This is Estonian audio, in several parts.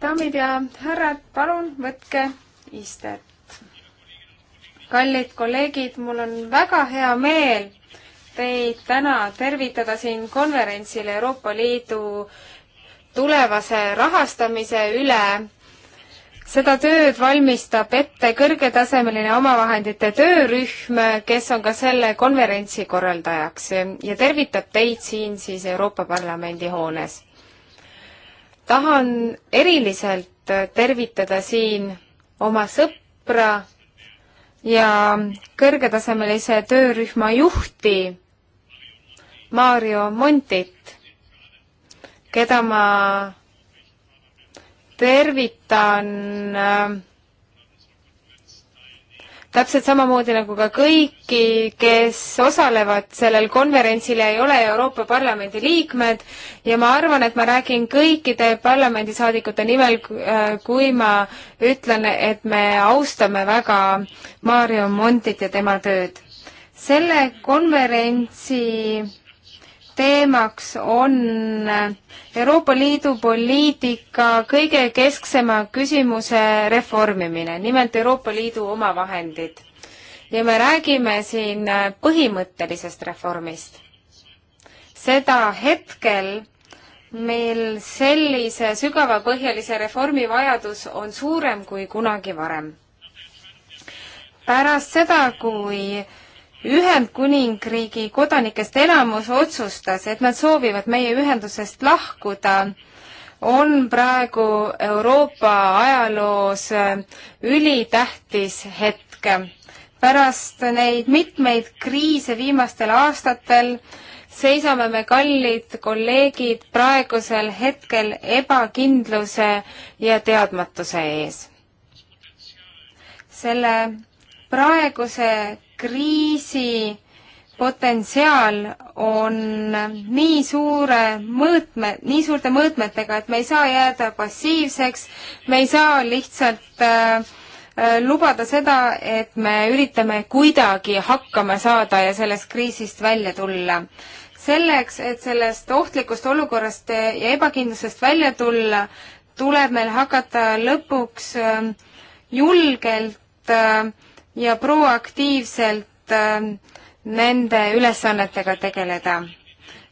daamid ja härrad, palun võtke istet. kallid kolleegid, mul on väga hea meel teid täna tervitada siin konverentsil Euroopa Liidu tulevase rahastamise üle. seda tööd valmistab ette kõrgetasemeline omavahendite töörühm, kes on ka selle konverentsi korraldajaks ja tervitab teid siin siis Euroopa Parlamendi hoones tahan eriliselt tervitada siin oma sõpra ja kõrgetasemelise töörühma juhti Mario Montit, keda ma tervitan äh, täpselt samamoodi nagu ka kõiki, kes osalevad sellel konverentsil ja ei ole Euroopa Parlamendi liikmed ja ma arvan, et ma räägin kõikide parlamendisaadikute nimel, äh, kui ma ütlen, et me austame väga Mario Montit ja tema tööd. selle konverentsi teemaks on Euroopa Liidu poliitika kõige kesksema küsimuse reformimine, nimelt Euroopa Liidu omavahendid. ja me räägime siin põhimõttelisest reformist. seda hetkel, mil sellise sügavapõhjalise reformi vajadus on suurem kui kunagi varem. pärast seda, kui Ühendkuningriigi kodanikest enamus otsustas, et nad soovivad meie ühendusest lahkuda, on praegu Euroopa ajaloos äh, ülitähtis hetk. pärast neid mitmeid kriise viimastel aastatel seisame me, kallid kolleegid, praegusel hetkel ebakindluse ja teadmatuse ees. selle praeguse kriisi potentsiaal on nii suure mõõtme, nii suurte mõõtmetega, et me ei saa jääda passiivseks, me ei saa lihtsalt äh, äh, lubada seda, et me üritame kuidagi hakkama saada ja sellest kriisist välja tulla. selleks, et sellest ohtlikust olukorrast ja ebakindlusest välja tulla, tuleb meil hakata lõpuks äh, julgelt äh, ja proaktiivselt ähm, nende ülesannetega tegeleda.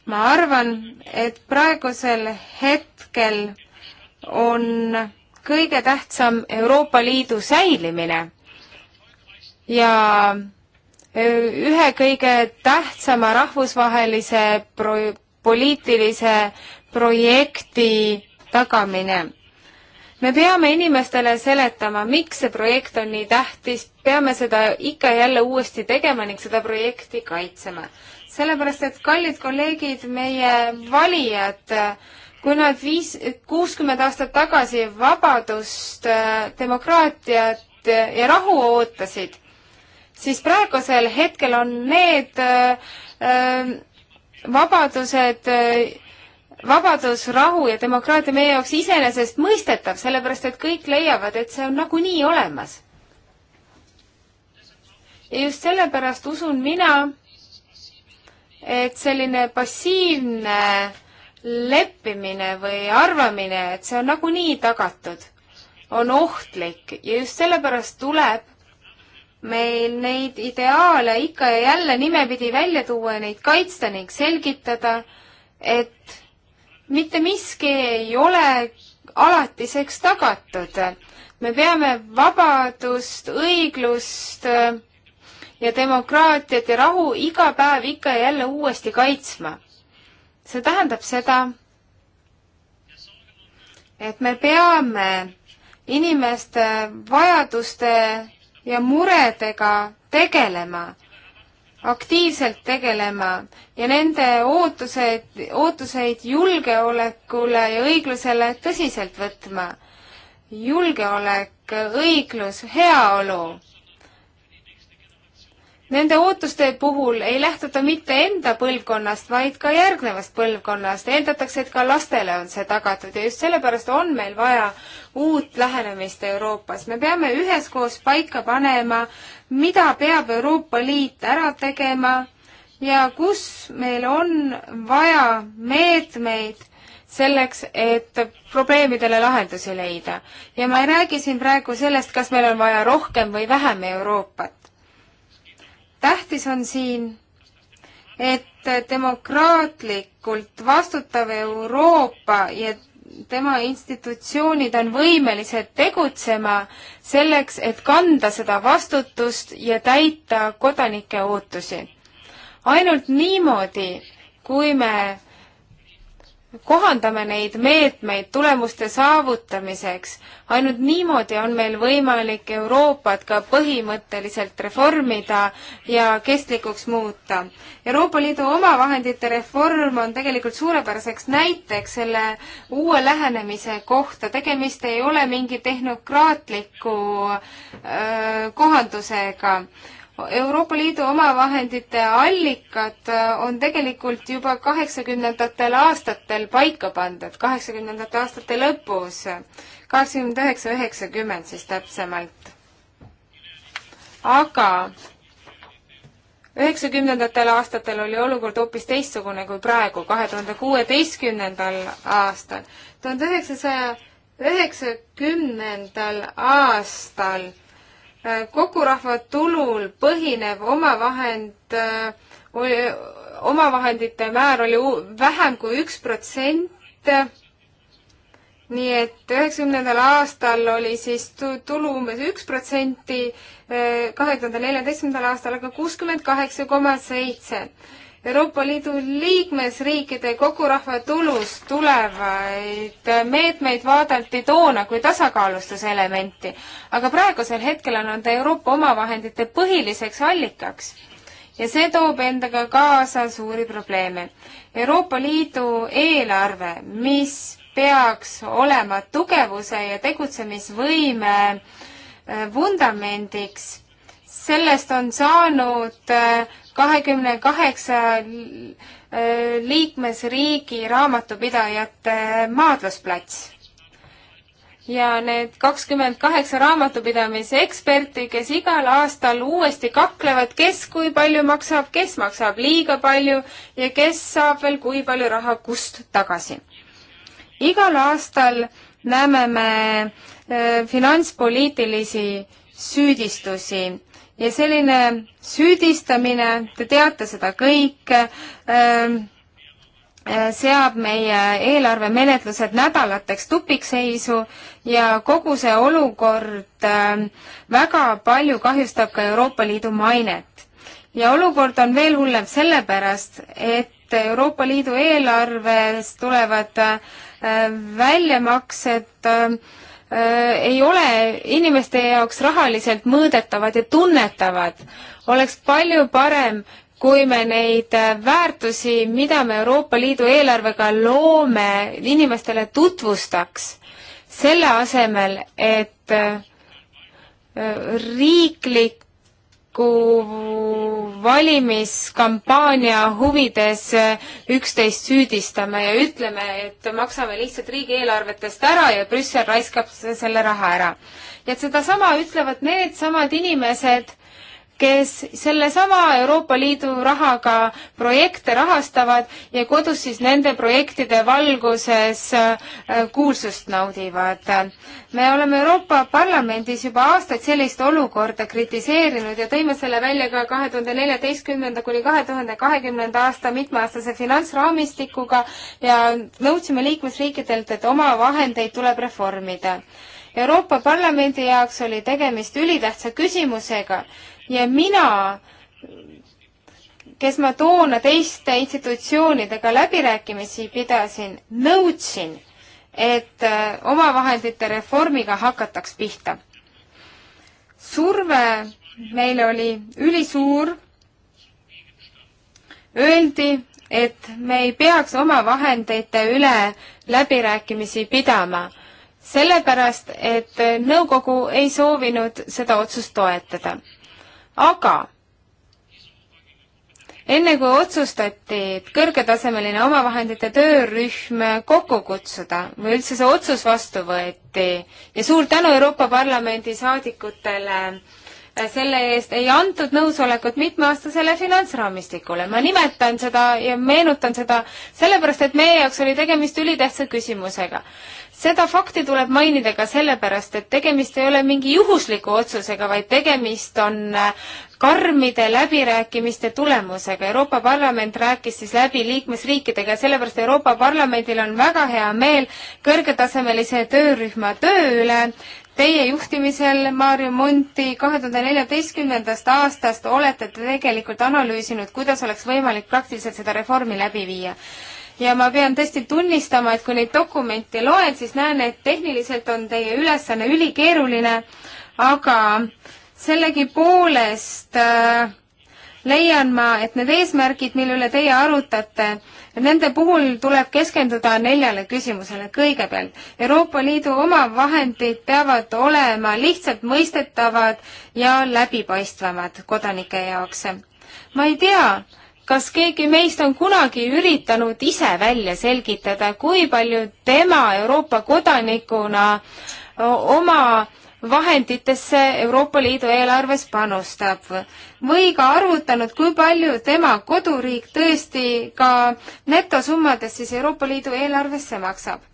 ma arvan, et praegusel hetkel on kõige tähtsam Euroopa Liidu säilimine ja äh, ühe kõige tähtsama rahvusvahelise pro-, poliitilise projekti tagamine me peame inimestele seletama, miks see projekt on nii tähtis, peame seda ikka ja jälle uuesti tegema ning seda projekti kaitsema. sellepärast, et kallid kolleegid, meie valijad, kui nad viis, kuuskümmend aastat tagasi vabadust, demokraatiat ja rahu ootasid, siis praegusel hetkel on need öö, äh, äh, vabadused äh, vabadus, rahu ja demokraatia meie jaoks iseenesestmõistetav, sellepärast et kõik leiavad, et see on nagunii olemas. ja just sellepärast usun mina, et selline passiivne leppimine või arvamine, et see on nagunii tagatud, on ohtlik ja just sellepärast tuleb meil neid ideaale ikka ja jälle nimepidi välja tuua ja neid kaitsta ning selgitada, et mitte miski ei ole alatiseks tagatud. me peame vabadust, õiglust äh, ja demokraatiat ja rahu iga päev ikka ja jälle uuesti kaitsma. see tähendab seda, et me peame inimeste vajaduste ja muredega tegelema aktiivselt tegelema ja nende ootused, ootuseid julgeolekule ja õiglusele tõsiselt võtma. julgeolek, õiglus, heaolu. Nende ootuste puhul ei lähtuta mitte enda põlvkonnast, vaid ka järgnevast põlvkonnast. eeldatakse, et ka lastele on see tagatud ja just sellepärast on meil vaja äh, uut lähenemist Euroopas. me peame üheskoos paika panema, mida peab Euroopa Liit ära tegema ja kus meil on vaja meetmeid selleks, et probleemidele lahendusi leida. ja ma ei räägi siin praegu sellest, kas meil on vaja rohkem või vähem Euroopat. tähtis on siin, et demokraatlikult vastutav Euroopa ja tema institutsioonid on võimelised tegutsema selleks, et kanda seda vastutust ja täita kodanike ootusi. ainult niimoodi, kui me kohandame neid meetmeid tulemuste saavutamiseks. ainult niimoodi on meil võimalik Euroopat ka põhimõtteliselt reformida ja kestlikuks muuta. Euroopa Liidu omavahendite reform on tegelikult suurepäraseks näiteks selle uue lähenemise kohta. tegemist ei ole mingi tehnokraatliku öö, kohandusega Euroopa Liidu omavahendite allikad äh, on tegelikult juba kaheksakümnendatel aastatel paika pandud, kaheksakümnendate aastate lõpus, kaheksakümmend üheksa, üheksakümmend siis täpsemalt. aga üheksakümnendatel aastatel oli olukord hoopis teistsugune kui praegu, kahe tuhande kuueteistkümnendal aastal. tuhande üheksasaja üheksakümnendal aastal kogu rahva tulul põhinev omavahend, äh, omavahendite määr oli vähem kui üks protsent. nii et üheksakümnendal aastal oli siis tulu umbes üks protsenti, äh, kahe tuhande neljateistkümnendal aastal aga kuuskümmend kaheksa koma seitse Euroopa Liidu liikmesriikide kogurahvatulust tulevaid meetmeid vaadeldi toona kui tasakaalustuselementi, aga praegusel hetkel on nad Euroopa omavahendite põhiliseks allikaks ja see toob endaga kaasa suuri probleeme. Euroopa Liidu eelarve, mis peaks olema tugevuse ja tegutsemisvõime eh, vundamendiks, sellest on saanud eh, kahekümne kaheksa äh, liikmesriigi raamatupidajate maadlusplats. ja need kakskümmend kaheksa raamatupidamise eksperti, kes igal aastal uuesti kaklevad, kes kui palju maksab, kes maksab liiga palju ja kes saab veel kui palju raha kust tagasi. igal aastal näeme me äh, finantspoliitilisi süüdistusi ja selline süüdistamine, te teate seda kõike ähm,, äh, seab meie eelarvemenetlused nädalateks tupikseisu ja kogu see olukord ähm, väga palju kahjustab ka Euroopa Liidu mainet. ja olukord on veel hullem sellepärast, et Euroopa Liidu eelarves tulevad äh, väljamaksed äh, Äh, ei ole inimeste jaoks rahaliselt mõõdetavad ja tunnetavad. oleks palju parem, kui me neid äh, väärtusi, mida me Euroopa Liidu eelarvega loome, inimestele tutvustaks, selle asemel, et äh, riiklik paraku valimiskampaania huvides üksteist süüdistame ja ütleme, et maksame lihtsalt riigieelarvetest ära ja Brüssel raiskab selle raha ära. nii et sedasama ütlevad needsamad inimesed, kes sellesama Euroopa Liidu rahaga projekte rahastavad ja kodus siis nende projektide valguses äh, kuulsust naudivad. me oleme Euroopa Parlamendis juba aastaid sellist olukorda kritiseerinud ja tõime selle välja ka kahe tuhande neljateistkümnenda kuni kahe tuhande kahekümnenda aasta mitmeaastase finantsraamistikuga ja nõudsime liikmesriikidelt, et oma vahendeid tuleb reformida Euroopa Parlamendi jaoks oli tegemist ülitähtsa küsimusega ja mina kes ma toona teiste institutsioonidega läbirääkimisi pidasin, nõudsin, et äh, omavahendite reformiga hakataks pihta. surve meile oli ülisuur, öeldi, et me ei peaks omavahendite üle läbirääkimisi pidama, sellepärast et nõukogu ei soovinud seda otsust toetada aga enne kui otsustati kõrgetasemeline omavahendite töörühm kokku kutsuda või üldse see otsus vastu võeti ja suur tänu Euroopa Parlamendi saadikutele äh, selle eest ei antud nõusolekut mitmeaastasele finantsraamistikule. ma nimetan seda ja meenutan seda sellepärast, et meie jaoks oli tegemist ülitähtsa küsimusega seda fakti tuleb mainida ka sellepärast, et tegemist ei ole mingi juhusliku otsusega, vaid tegemist on äh, karmide läbirääkimiste tulemusega. Euroopa Parlament rääkis siis läbi liikmesriikidega ja sellepärast Euroopa Parlamendil on väga hea meel kõrgetasemelise töörühma töö üle, Teie juhtimisel, Maarju Munti, kahe tuhande neljateistkümnendast aastast olete te tegelikult analüüsinud, kuidas oleks võimalik praktiliselt seda reformi läbi viia ja ma pean tõesti tunnistama, et kui neid dokumente loen, siis näen, et tehniliselt on teie ülesanne ülikeeruline, aga sellegipoolest äh, leian ma, et need eesmärgid, mille üle teie arutate, nende puhul tuleb keskenduda neljale küsimusele. kõigepealt, Euroopa Liidu omavahendid peavad olema lihtsalt mõistetavad ja läbipaistvamad kodanike jaoks. ma ei tea, kas keegi meist on kunagi üritanud ise välja selgitada, kui palju tema Euroopa kodanikuna oma vahenditesse Euroopa Liidu eelarves panustab või ka arvutanud, kui palju tema koduriik tõesti ka netosummades siis Euroopa Liidu eelarvesse maksab.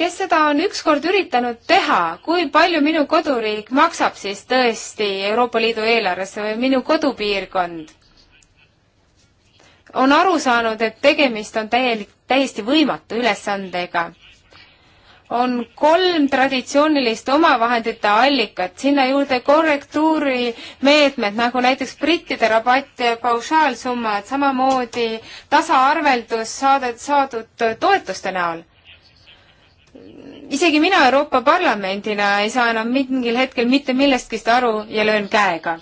kes seda on ükskord üritanud teha, kui palju minu koduriik maksab siis tõesti Euroopa Liidu eelarvesse või minu kodupiirkond? on aru saanud, et tegemist on täielik, täiesti võimatu ülesandega. on kolm traditsioonilist omavahendite allikat, sinna juurde korrektuuri meetmed, nagu näiteks brittide rabatt ja paušaalsummad, samamoodi tasaarveldus saadet, saadud toetuste näol isegi mina Euroopa Parlamendina ei saa enam mingil hetkel mitte millestki aru ja löön käega.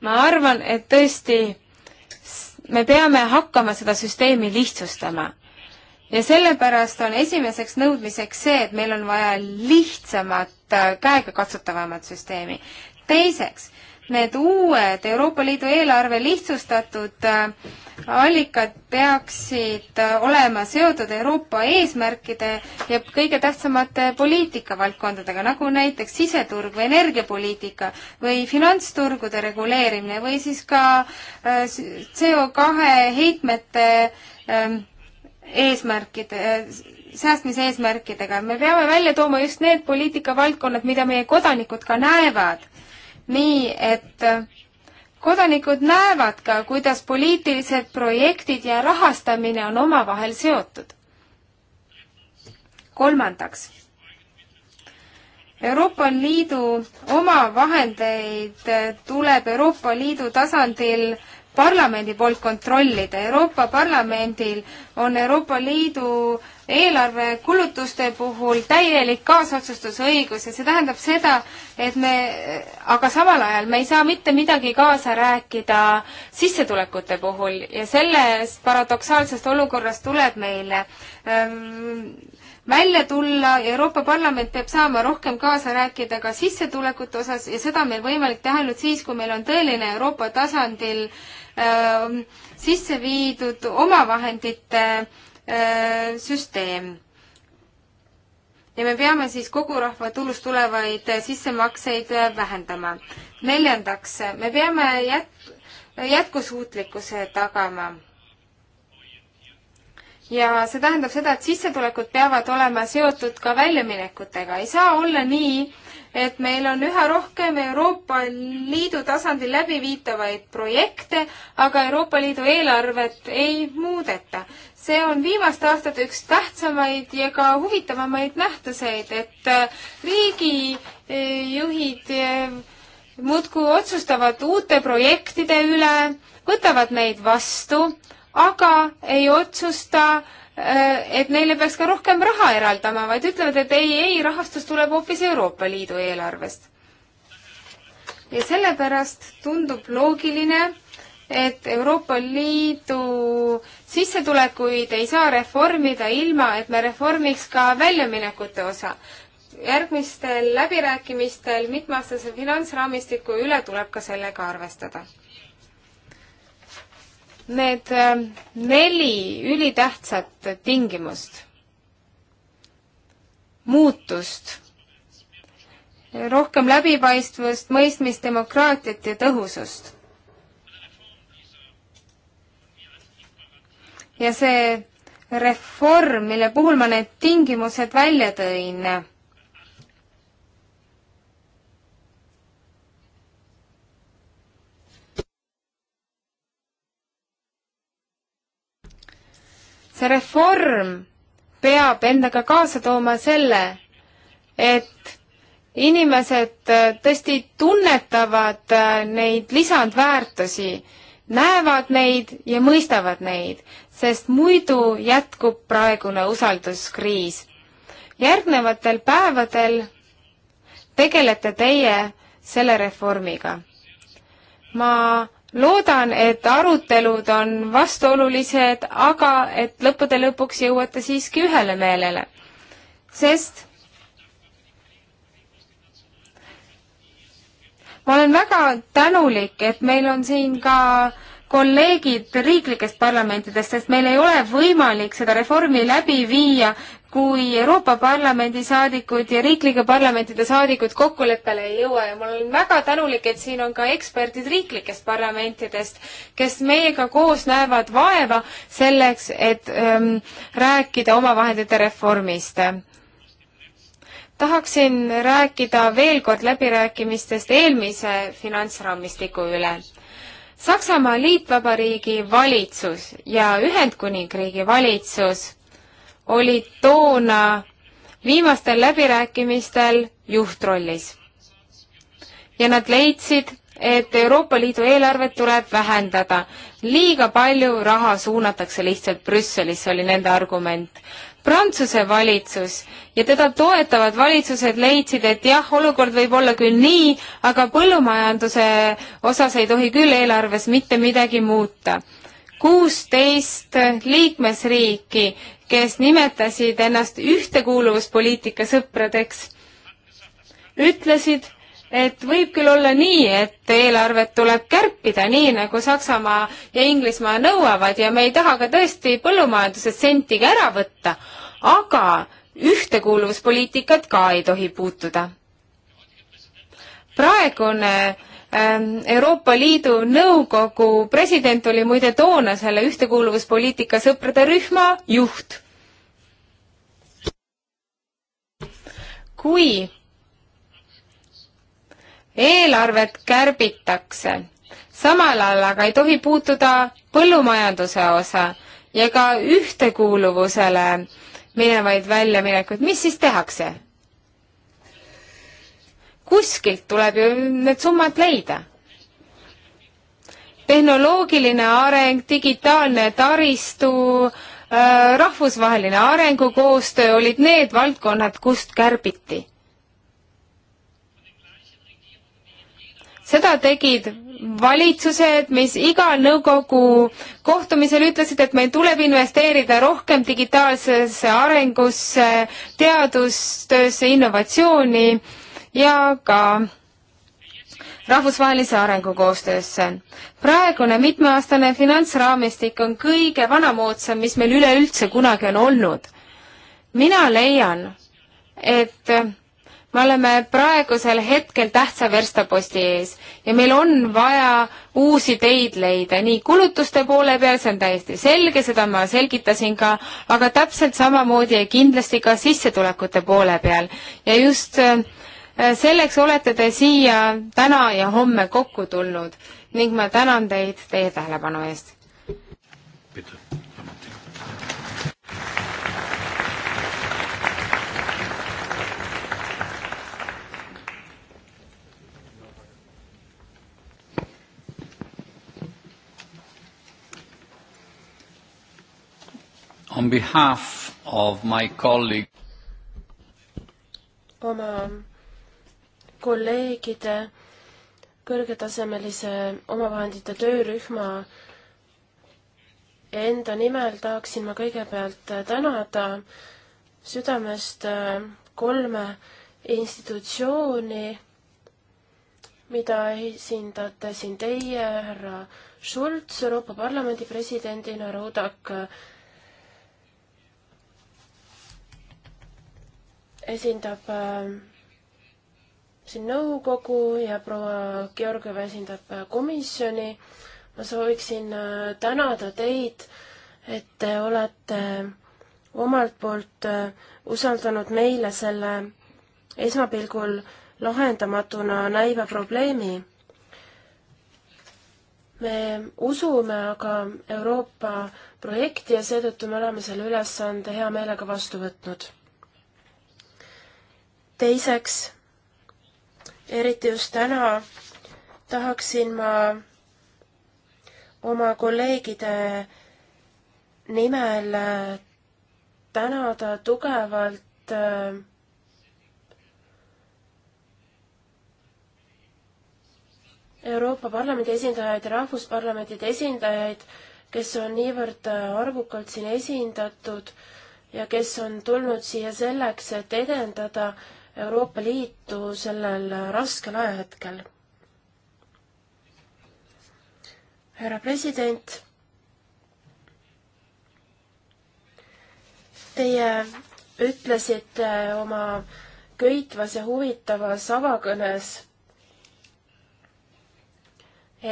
ma arvan, et tõesti me peame hakkama seda süsteemi lihtsustama. ja sellepärast on esimeseks nõudmiseks see, et meil on vaja lihtsamat, käegakatsutavamat süsteemi. teiseks, need uued Euroopa Liidu eelarve lihtsustatud äh, allikad peaksid äh, olema seotud Euroopa eesmärkide ja kõige tähtsamate poliitikavaldkondadega, nagu näiteks siseturg või energiapoliitika või finantsturgude reguleerimine või siis ka äh, CO2 heitmete ähm, eesmärkide, säästmise eesmärkidega. me peame välja tooma just need poliitikavaldkonnad, mida meie kodanikud ka näevad nii, et kodanikud näevad ka, kuidas poliitilised projektid ja rahastamine on omavahel seotud. kolmandaks, Euroopa Liidu omavahendeid tuleb Euroopa Liidu tasandil parlamendi poolt kontrollida. Euroopa Parlamendil on Euroopa Liidu eelarve kulutuste puhul täielik kaasotsustusõigus ja see tähendab seda, et me, aga samal ajal me ei saa mitte midagi kaasa rääkida sissetulekute puhul ja sellest paradoksaalsest olukorrast tuleb meile ähm, välja tulla ja Euroopa Parlament peab saama rohkem kaasa rääkida ka sissetulekute osas ja seda on meil võimalik teha ainult siis, kui meil on tõeline Euroopa tasandil äh, sisse viidud omavahendite äh, süsteem ja me peame siis kogu rahva tulust tulevaid äh, sissemakseid äh, vähendama. neljandaks, me peame jät-, jätkusuutlikkuse tagama ja see tähendab seda, et sissetulekud peavad olema seotud ka väljaminekutega. ei saa olla nii, et meil on üha rohkem Euroopa Liidu tasandil läbiviitavaid projekte, aga Euroopa Liidu eelarvet ei muudeta. see on viimaste aastate üks tähtsamaid ja ka huvitavamaid nähtuseid, et äh, riigijuhid äh, äh, muudkui otsustavad uute projektide üle, võtavad neid vastu aga ei otsusta, äh, et neile peaks ka rohkem raha eraldama, vaid ütlevad, et ei, ei, rahastus tuleb hoopis Euroopa Liidu eelarvest. ja sellepärast tundub loogiline, et Euroopa Liidu sissetulekuid ei saa reformida ilma, et me reformiks ka väljaminekute osa. järgmistel läbirääkimistel mitmeaastase finantsraamistiku üle tuleb ka sellega arvestada need ähm, neli ülitähtsat tingimust, muutust, rohkem läbipaistvust, mõistmist, demokraatiat ja tõhusust. ja see reform, mille puhul ma need tingimused välja tõin see reform peab endaga kaasa tooma selle, et inimesed äh, tõesti tunnetavad äh, neid lisandväärtusi, näevad neid ja mõistavad neid, sest muidu jätkub praegune usalduskriis. järgnevatel päevadel tegelete teie selle reformiga. ma loodan, et arutelud on vastuolulised, aga et lõppude lõpuks jõuate siiski ühele meelele, sest ma olen väga tänulik, et meil on siin ka kolleegid riiklikest parlamentidest, sest meil ei ole võimalik seda reformi läbi viia kui Euroopa Parlamendi saadikud ja riiklike parlamentide saadikud kokkuleppele ei jõua ja ma olen väga tänulik, et siin on ka eksperdid riiklikest parlamentidest, kes meiega koos näevad vaeva selleks, et ähm, rääkida omavahendite reformist. tahaksin rääkida veel kord läbirääkimistest eelmise finantsraamistiku üle Saksamaa Liitvabariigi valitsus ja Ühendkuningriigi valitsus olid toona viimastel läbirääkimistel juhtrollis. ja nad leidsid, et Euroopa Liidu eelarvet tuleb vähendada. liiga palju raha suunatakse lihtsalt Brüsselisse, oli nende argument. Prantsuse valitsus ja teda toetavad valitsused leidsid, et jah, olukord võib olla küll nii, aga põllumajanduse osas ei tohi küll eelarves mitte midagi muuta kuusteist liikmesriiki, kes nimetasid ennast ühtekuuluvuspoliitika sõpradeks, ütlesid, et võib küll olla nii, et eelarvet tuleb kärpida, nii nagu Saksamaa ja Inglismaa nõuavad ja me ei taha ka tõesti põllumajandusest sentigi ära võtta, aga ühtekuuluvuspoliitikat ka ei tohi puutuda. praegune äh, Ähm, Euroopa Liidu Nõukogu president oli muide toona selle ühtekuuluvuspoliitika sõprade rühma juht. kui eelarvet kärbitakse, samal ajal aga ei tohi puutuda põllumajanduse osa ja ka ühtekuuluvusele minevaid väljaminekuid, mis siis tehakse? kuskilt tuleb ju need summad leida. tehnoloogiline areng, digitaalne taristu, äh, rahvusvaheline arengukoostöö olid need valdkonnad, kust kärbiti. seda tegid valitsused, mis igal nõukogu kohtumisel ütlesid, et meil tuleb investeerida rohkem digitaalsesse arengusse, teadustöösse, innovatsiooni ja ka rahvusvahelise arengukoostöösse. praegune mitmeaastane finantsraamistik on kõige vanamoodsam, mis meil üleüldse kunagi on olnud. mina leian, et me oleme praegusel hetkel tähtsa verstaposti ees ja meil on vaja uusi teid leida, nii kulutuste poole peal, see on täiesti selge, seda ma selgitasin ka, aga täpselt samamoodi ja kindlasti ka sissetulekute poole peal. ja just äh, Äh, selleks olete te siia täna ja homme kokku tulnud ning ma tänan teid teie tähelepanu eest. On behalf of my colleague oma kolleegide kõrgetasemelise omavahendite töörühma enda nimel tahaksin ma kõigepealt tänada südamest äh, kolme institutsiooni, mida esindate siin teie, härra Schulz Euroopa Parlamendi presidendina, härra Udak äh, esindab äh, siin nõukogu ja proua Georgieva esindab äh, komisjoni. ma sooviksin äh, tänada teid, et te olete omalt poolt äh, usaldanud meile selle esmapilgul lahendamatuna näiva probleemi me usume aga Euroopa projekti ja seetõttu me oleme selle ülesande hea meelega vastu võtnud. teiseks, eriti just täna tahaksin ma oma kolleegide nimel äh, tänada tugevalt äh, Euroopa Parlamendi esindajaid ja Rahvusparlamentide esindajaid, kes on niivõrd äh, arvukalt siin esindatud ja kes on tulnud siia selleks, et edendada Euroopa Liitu sellel raskel ajahetkel. härra president, teie ütlesite oma köitvas ja huvitavas avakõnes,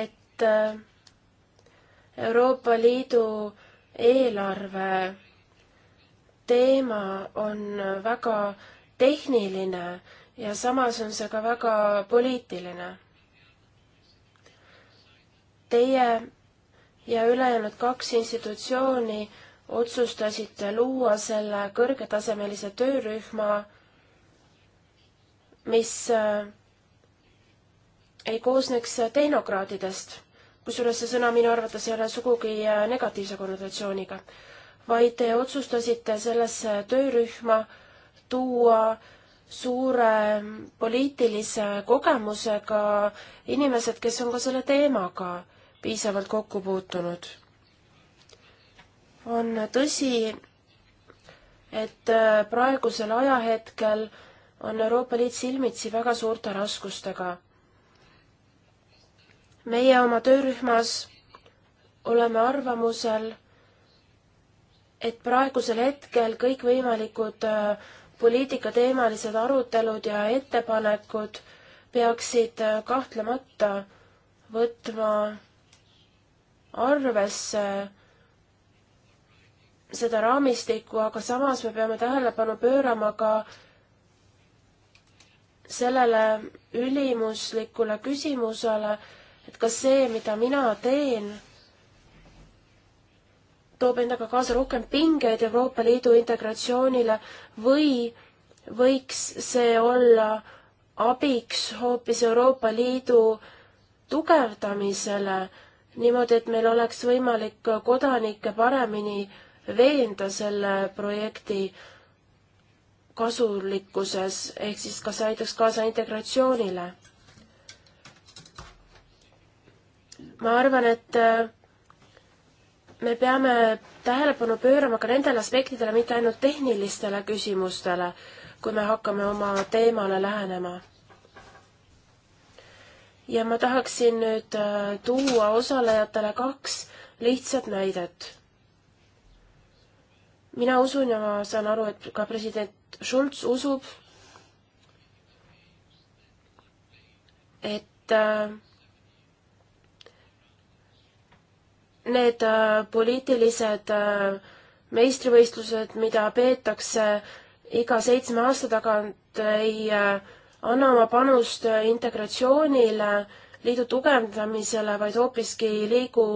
et äh, Euroopa Liidu eelarve teema on väga tehniline ja samas on see ka väga poliitiline. Teie ja ülejäänud kaks institutsiooni otsustasite luua selle kõrgetasemelise töörühma, mis äh, ei koosneks tehnokraadidest, kusjuures see sõna minu arvates ei ole sugugi äh, negatiivse konnotatsiooniga, vaid te otsustasite sellesse töörühma tuua suure poliitilise kogemusega inimesed, kes on ka selle teemaga piisavalt kokku puutunud. on tõsi, et äh, praegusel ajahetkel on Euroopa Liit silmitsi väga suurte raskustega. meie oma töörühmas oleme arvamusel, et praegusel hetkel kõikvõimalikud äh, poliitikateemalised arutelud ja ettepanekud peaksid äh, kahtlemata võtma arvesse seda raamistikku, aga samas me peame tähelepanu pöörama ka sellele ülimuslikule küsimusele, et kas see, mida mina teen, toob endaga kaasa rohkem pingeid Euroopa Liidu integratsioonile või võiks see olla abiks hoopis Euroopa Liidu tugevdamisele, niimoodi, et meil oleks võimalik kodanikke paremini veenda selle projekti kasulikkuses, ehk siis kas see aitaks kaasa integratsioonile? ma arvan, et äh, me peame tähelepanu pöörama ka nendele aspektidele, mitte ainult tehnilistele küsimustele, kui me hakkame oma teemale lähenema. ja ma tahaksin nüüd äh, tuua osalejatele kaks lihtsat näidet. mina usun ja ma saan aru, et ka president Schulz usub, et äh, Need äh, poliitilised äh, meistrivõistlused, mida peetakse iga seitsme aasta tagant, ei äh, anna oma panust integratsioonile, liidu tugevdamisele, vaid hoopiski liigu,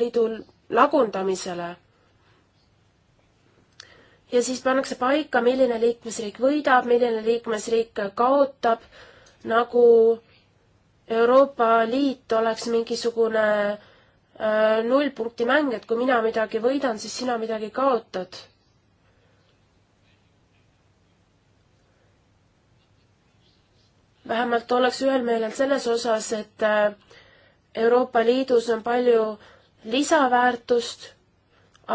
liidu lagundamisele ja siis pannakse paika, milline liikmesriik võidab, milline liikmesriik kaotab, nagu Euroopa Liit oleks mingisugune Äh, nullpunkti mäng, et kui mina midagi võidan, siis sina midagi kaotad. vähemalt oleks ühel meelel selles osas, et äh, Euroopa Liidus on palju lisaväärtust,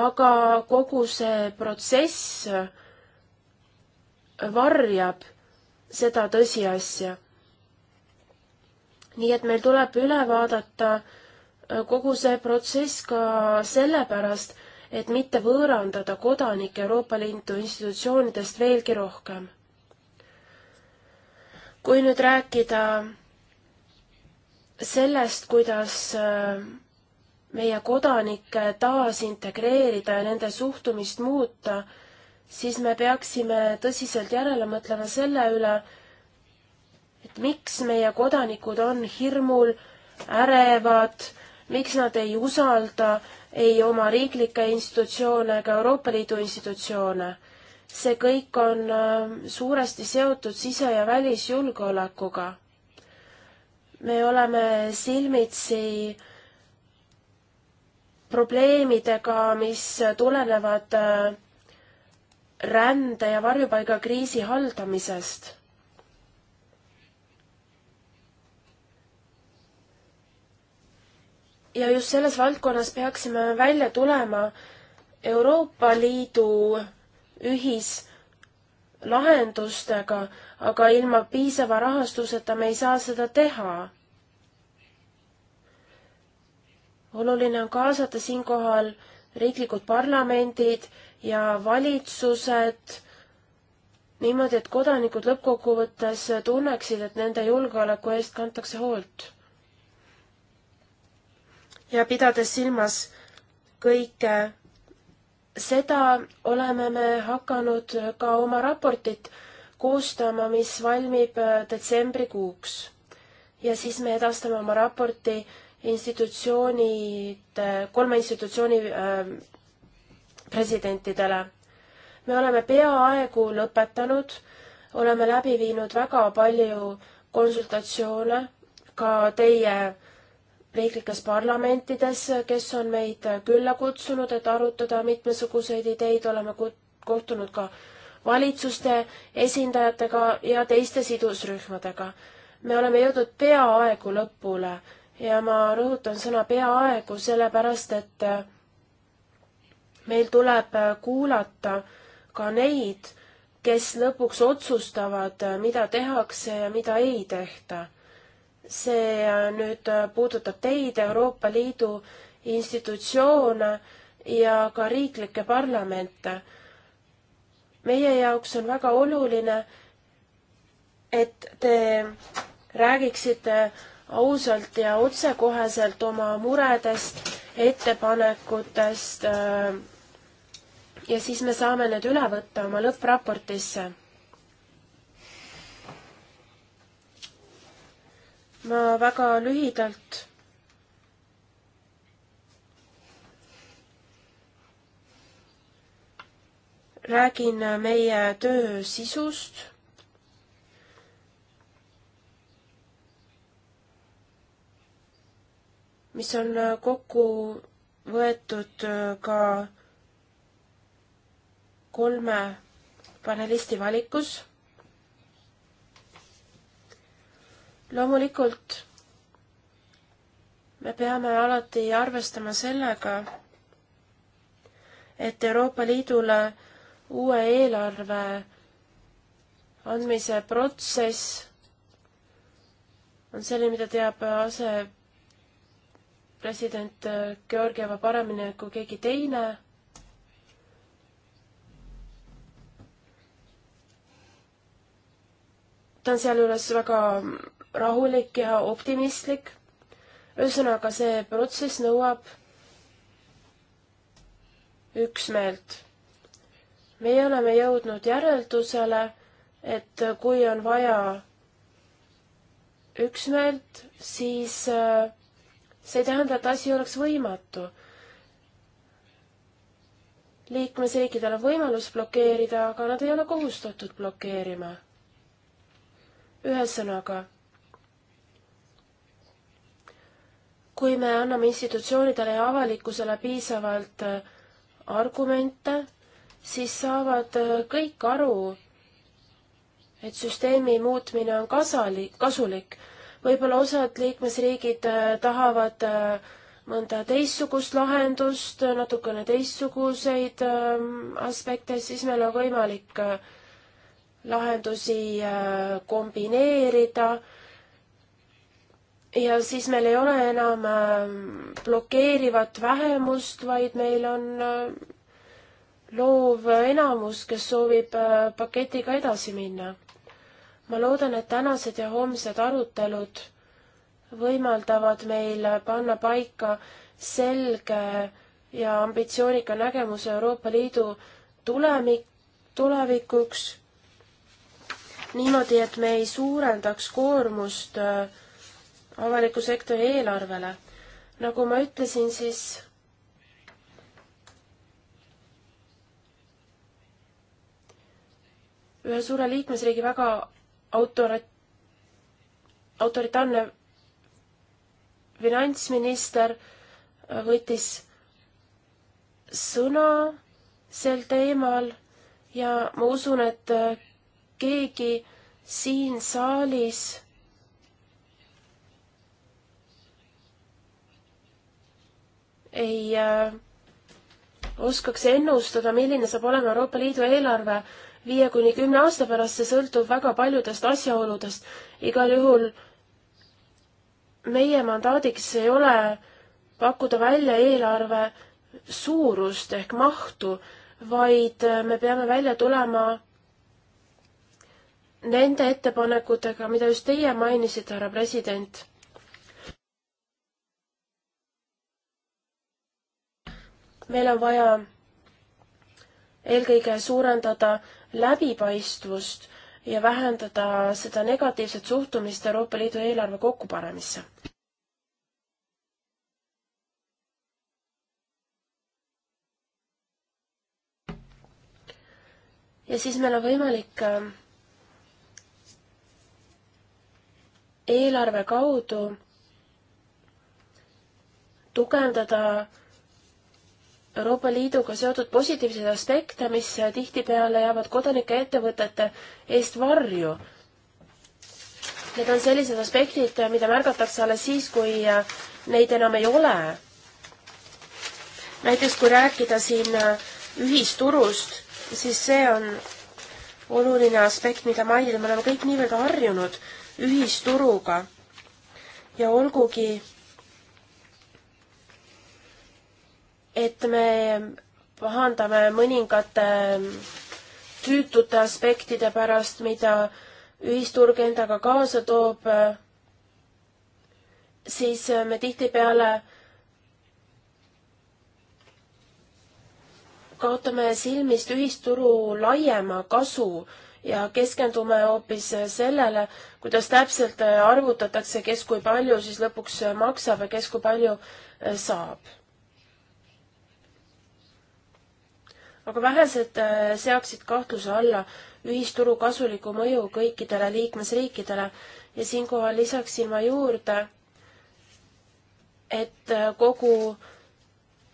aga kogu see protsess äh, varjab seda tõsiasja. nii et meil tuleb üle vaadata äh, kogu see protsess ka sellepärast, et mitte võõrandada kodanikke Euroopa Liidu institutsioonidest veelgi rohkem. kui nüüd rääkida sellest, kuidas äh, meie kodanikke taasintegreerida ja nende suhtumist muuta, siis me peaksime tõsiselt järele mõtlema selle üle, et miks meie kodanikud on hirmul, ärevad miks nad ei usalda ei oma riiklikke institutsioone ega Euroopa Liidu institutsioone. see kõik on äh, suuresti seotud sise- ja välisjulgeolekuga. me oleme silmitsi probleemidega, mis tulenevad äh, rände ja varjupaigakriisi haldamisest ja just selles valdkonnas peaksime välja tulema Euroopa Liidu ühislahendustega, aga ilma piisava rahastuseta me ei saa seda teha. oluline on kaasata siinkohal riiklikud parlamendid ja valitsused niimoodi, et kodanikud lõppkokkuvõttes tunneksid, et nende julgeoleku eest kantakse hoolt ja pidades silmas kõike seda, oleme me hakanud ka oma raportit koostama, mis valmib äh, detsembrikuuks. ja siis me edastame oma raporti institutsioonide, kolme institutsiooni äh, presidentidele. me oleme peaaegu lõpetanud, oleme läbi viinud väga palju konsultatsioone ka teie äh, riiklikes parlamentides, kes on meid külla kutsunud, et arutada mitmesuguseid ideid, oleme kohtunud ka valitsuste esindajatega ja teiste sidusrühmadega. me oleme jõudnud peaaegu lõpule ja ma rõhutan sõna peaaegu sellepärast, et meil tuleb kuulata ka neid, kes lõpuks otsustavad, mida tehakse ja mida ei tehta see äh, nüüd äh, puudutab teid, Euroopa Liidu institutsioone ja ka riiklikke parlamente. meie jaoks on väga oluline, et te räägiksite ausalt ja otsekoheselt oma muredest, ettepanekutest äh, ja siis me saame need üle võtta oma lõppraportisse ma väga lühidalt räägin meie töö sisust. mis on kokku võetud ka kolme panelisti valikus loomulikult me peame alati arvestama sellega, et Euroopa Liidule uue eelarve andmise protsess on selline, mida teab asepresident Georgieva paremini kui keegi teine. ta on sealjuures väga rahulik ja optimistlik. ühesõnaga, see protsess nõuab üksmeelt. meie oleme jõudnud järeldusele, et kui on vaja üksmeelt, siis äh, see ei tähenda, et asi oleks võimatu. liikmesriikidel on võimalus blokeerida, aga nad ei ole kohustatud blokeerima. ühesõnaga kui me anname institutsioonidele ja avalikkusele piisavalt äh, argumente, siis saavad äh, kõik aru, et süsteemi muutmine on kasali-, kasulik. võib-olla osad liikmesriigid äh, tahavad mõnda teistsugust lahendust, natukene teistsuguseid aspekte, siis meil on võimalik lahendusi kombineerida ja siis meil ei ole enam ähm, blokeerivat vähemust, vaid meil on äh, loov enamus, kes soovib äh, paketiga edasi minna. ma loodan, et tänased ja homsed arutelud võimaldavad meil panna paika selge ja ambitsioonika nägemuse Euroopa Liidu tulemik, tulevikuks niimoodi, et me ei suurendaks koormust äh, avaliku sektori eelarvele. nagu ma ütlesin, siis ühe suure liikmesriigi väga autori-, autoritaarne finantsminister võttis sõna sel teemal ja ma usun, et keegi siin saalis ei äh, oskaks ennustada, milline saab olema Euroopa Liidu eelarve viie kuni kümne aasta pärast, see sõltub väga paljudest asjaoludest. igal juhul meie mandaadiks ei ole pakkuda välja eelarve suurust ehk mahtu, vaid äh, me peame välja tulema nende ettepanekutega, mida just teie mainisite, härra president meil on vaja eelkõige suurendada läbipaistvust ja vähendada seda negatiivset suhtumist Euroopa Liidu eelarve kokkupanemisse. ja siis meil on võimalik äh, eelarve kaudu tugevdada Euroopa Liiduga seotud positiivseid aspekte, mis tihtipeale jäävad kodanike ettevõtete eest varju. Need on sellised aspektid, mida märgatakse alles siis, kui neid enam ei ole. näiteks kui rääkida siin ühisturust, siis see on oluline aspekt, mida mainida, me oleme kõik niivõrd harjunud ühisturuga ja olgugi, et me pahandame mõningate tüütute aspektide pärast, mida ühisturg endaga kaasa toob, siis me tihtipeale kaotame silmist ühisturu laiema kasu ja keskendume hoopis sellele, kuidas täpselt arvutatakse, kes kui palju siis lõpuks maksab ja kes kui palju saab aga vähesed äh, seaksid kahtluse alla ühisturu kasuliku mõju kõikidele liikmesriikidele ja siinkohal lisaksin ma juurde, et äh, kogu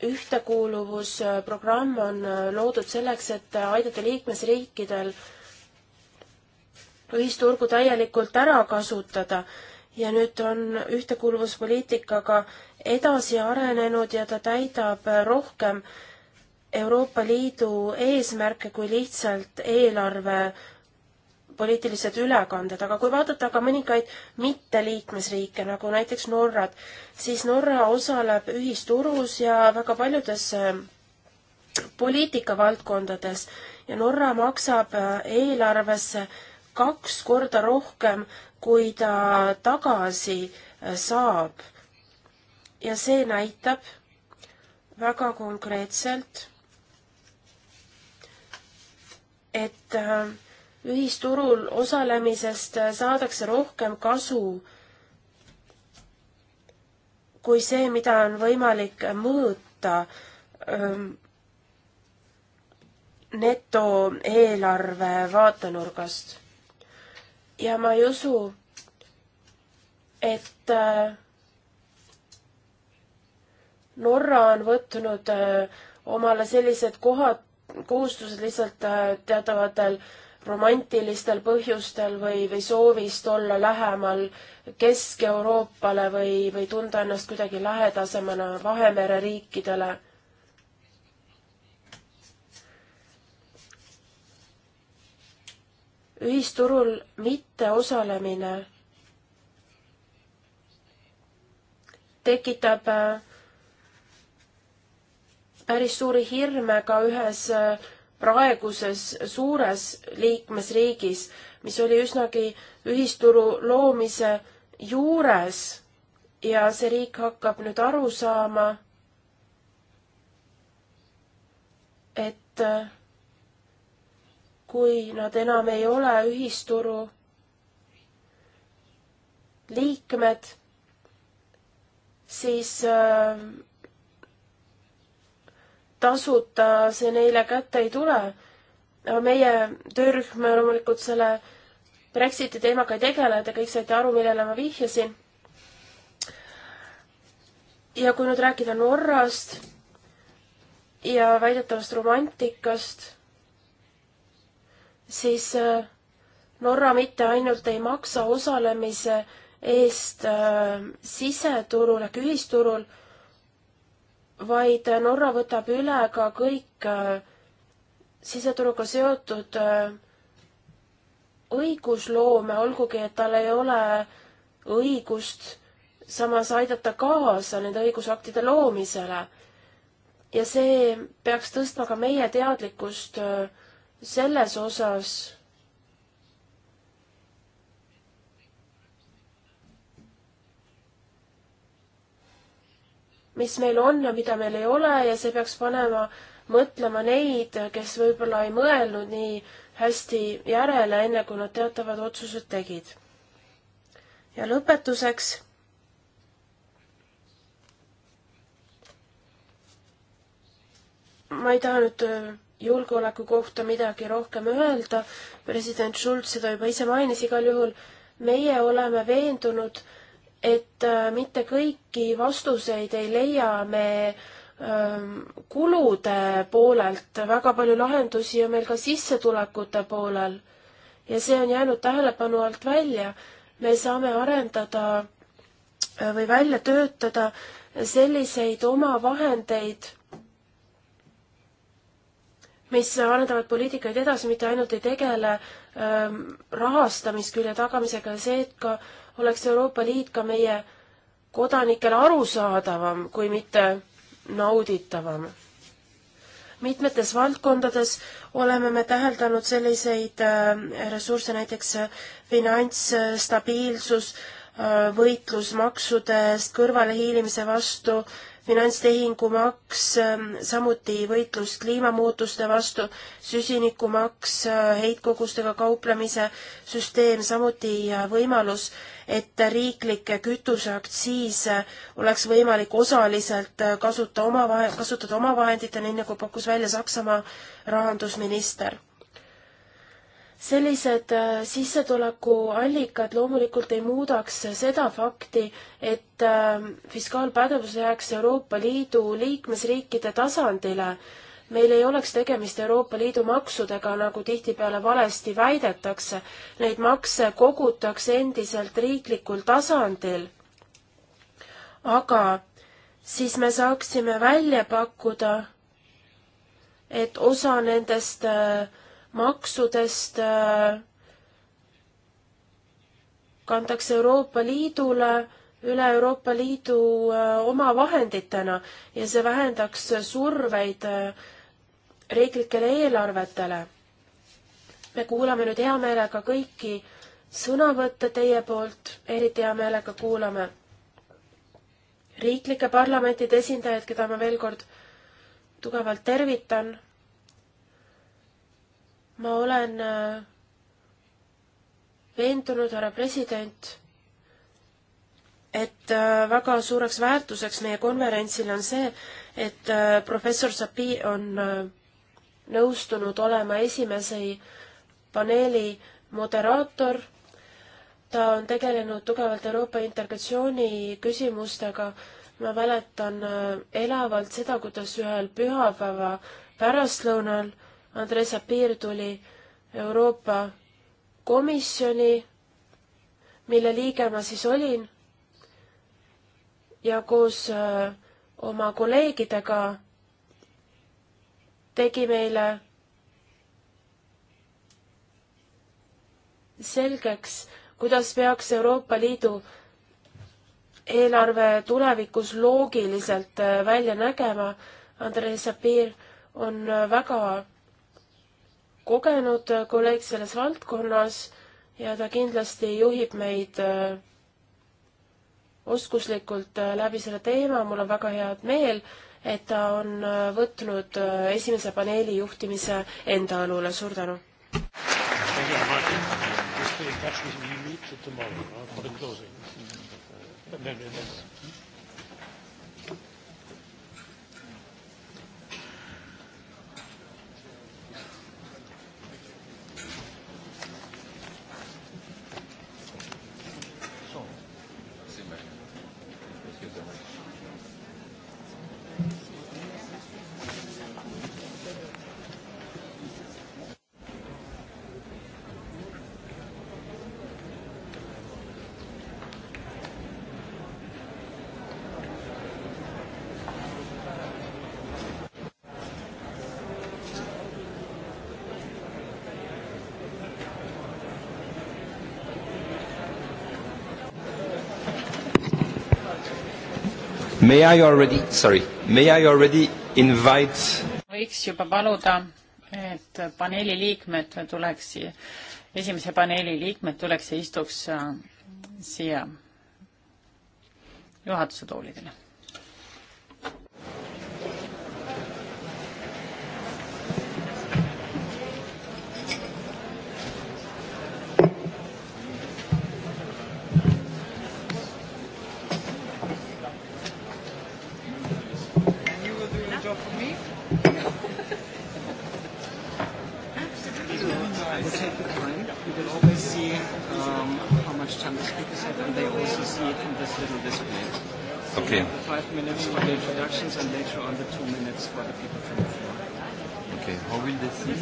ühtekuuluvusprogramm on äh, loodud selleks, et aidata liikmesriikidel ühisturgu täielikult ära kasutada ja nüüd on ühtekuuluvuspoliitikaga edasi arenenud ja ta täidab rohkem äh, Euroopa Liidu eesmärke kui lihtsalt eelarve poliitilised ülekanded, aga kui vaadata ka mõningaid mitteliikmesriike, nagu näiteks Norrat, siis Norra osaleb ühisturus ja väga paljudes äh, poliitikavaldkondades ja Norra maksab äh, eelarvesse kaks korda rohkem, kui ta tagasi äh, saab. ja see näitab väga konkreetselt et äh, ühisturul osalemisest äh, saadakse rohkem kasu kui see, mida on võimalik mõõta ähm, netoeelarve vaatenurgast. ja ma ei usu, et äh, Norra on võtnud omale sellised kohad, kohustused lihtsalt äh, teatavatel romantilistel põhjustel või, või soovist olla lähemal Kesk-Euroopale või, või tunda ennast kuidagi lähedasemana Vahemere riikidele. ühisturul mitteosalemine tekitab äh, päris suuri hirme ka ühes äh, praeguses suures liikmesriigis, mis oli üsnagi ühisturu loomise juures ja see riik hakkab nüüd aru saama, et äh, kui nad enam ei ole ühisturu liikmed, siis äh, tasuta see neile kätte ei tule. aga meie töörühm loomulikult selle Brexiti teemaga ei tegele, te kõik saite aru, millele ma vihjasin. ja kui nüüd rääkida Norrast ja väidetavast romantikast, siis äh, Norra mitte ainult ei maksa osalemise eest äh, siseturul ehk ühisturul vaid Norra võtab üle ka kõik äh, siseturuga seotud äh, õigusloome, olgugi et tal ei ole õigust samas aidata kaasa nende õigusaktide loomisele. ja see peaks tõstma ka meie teadlikkust äh, selles osas, mis meil on ja mida meil ei ole ja see peaks panema mõtlema neid, kes võib-olla ei mõelnud nii hästi järele, enne kui nad teatavad otsused tegid. ja lõpetuseks. ma ei taha nüüd äh, julgeoleku kohta midagi rohkem öelda, president Schulz seda juba ise mainis, igal juhul meie oleme veendunud, et äh, mitte kõiki vastuseid ei leia me ähm, kulude poolelt, väga palju lahendusi on meil ka sissetulekute poolel ja see on jäänud tähelepanu alt välja. me saame arendada äh, või välja töötada selliseid omavahendeid, mis arendavad poliitikaid edasi, mitte ainult ei tegele ähm, rahastamiskülje tagamisega ja see, et ka äh, oleks Euroopa Liit ka meie kodanikele arusaadavam, kui mitte nauditavam. mitmetes valdkondades oleme me täheldanud selliseid äh, ressursse, näiteks äh, finantsstabiilsus, äh, võitlus maksude eest kõrvalehiilimise vastu, finantstehingumaks, ähm, samuti võitlus kliimamuutuste vastu, süsinikumaks, äh, heitkogustega kauplemise süsteem, samuti äh, võimalus, et riiklikke kütuseaktsiise oleks võimalik osaliselt äh, kasuta omavahe, kasutada omavahenditena, nii nagu pakkus välja Saksamaa rahandusminister sellised äh, sissetulekuallikad loomulikult ei muudaks seda fakti, et ähm, fiskaalpädevus jääks Euroopa Liidu liikmesriikide tasandile. meil ei oleks tegemist Euroopa Liidu maksudega, nagu tihtipeale valesti väidetakse. Neid makse kogutakse endiselt riiklikul tasandil. aga siis me saaksime välja pakkuda, et osa nendest äh, maksudest äh, kantakse Euroopa Liidule üle Euroopa Liidu äh, omavahenditena ja see vähendaks surveid äh, riiklikele eelarvetele. me kuulame nüüd hea meelega kõiki sõnavõtte teie poolt, eriti hea meelega kuulame riiklike parlamentide esindajaid, keda ma veel kord tugevalt tervitan ma olen äh, veendunud, härra president, et äh, väga suureks väärtuseks meie konverentsil on see, et äh, professor Sapi on nõustunud olema esimese paneeli moderaator. ta on tegelenud tugevalt Euroopa integratsiooni küsimustega. ma mäletan elavalt seda, kuidas ühel pühapäeva pärastlõunal äh, Andres Apir tuli Euroopa Komisjoni, mille liige ma siis olin ja koos äh, oma kolleegidega tegi meile selgeks, kuidas peaks Euroopa Liidu eelarve tulevikus loogiliselt äh, välja nägema. Andrei Sapir on äh, väga kogenud kolleeg selles valdkonnas ja ta kindlasti juhib meid äh, oskuslikult äh, läbi selle teema, mul on väga head meel, et ta on äh, võtnud esimese paneeli juhtimise enda õlule, suur tänu! Just stay in touch with me, meet tomorrow for the closing. No, no, no. May I already, sorry, may I already invite võiks juba paluda, et paneeli liikmed tuleks, esimese paneeli liikmed tuleks ja istuks äh, siia juhatuse toolidele for the people from the floor. Okay. How will the, the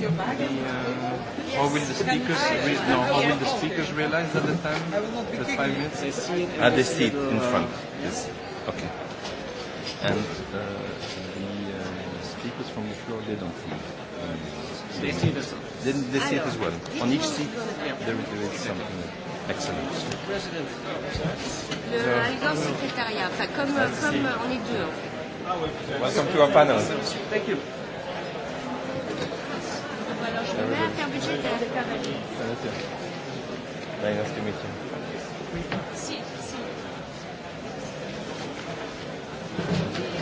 uh, how will the speakers re- no, how will the speakers realize that the time the five minutes is at the seat in uh, front? Yes. Okay. And uh, the uh, speakers from the floor they don't leave. Um, they see this. They, they see it as well. On each seat there, there is something. Like Excellent. Le, so, les secrétariat, enfin, comme, comme on est deux en fait. Welcome to our panel. Thank you. Very nice to meet you. Si, si.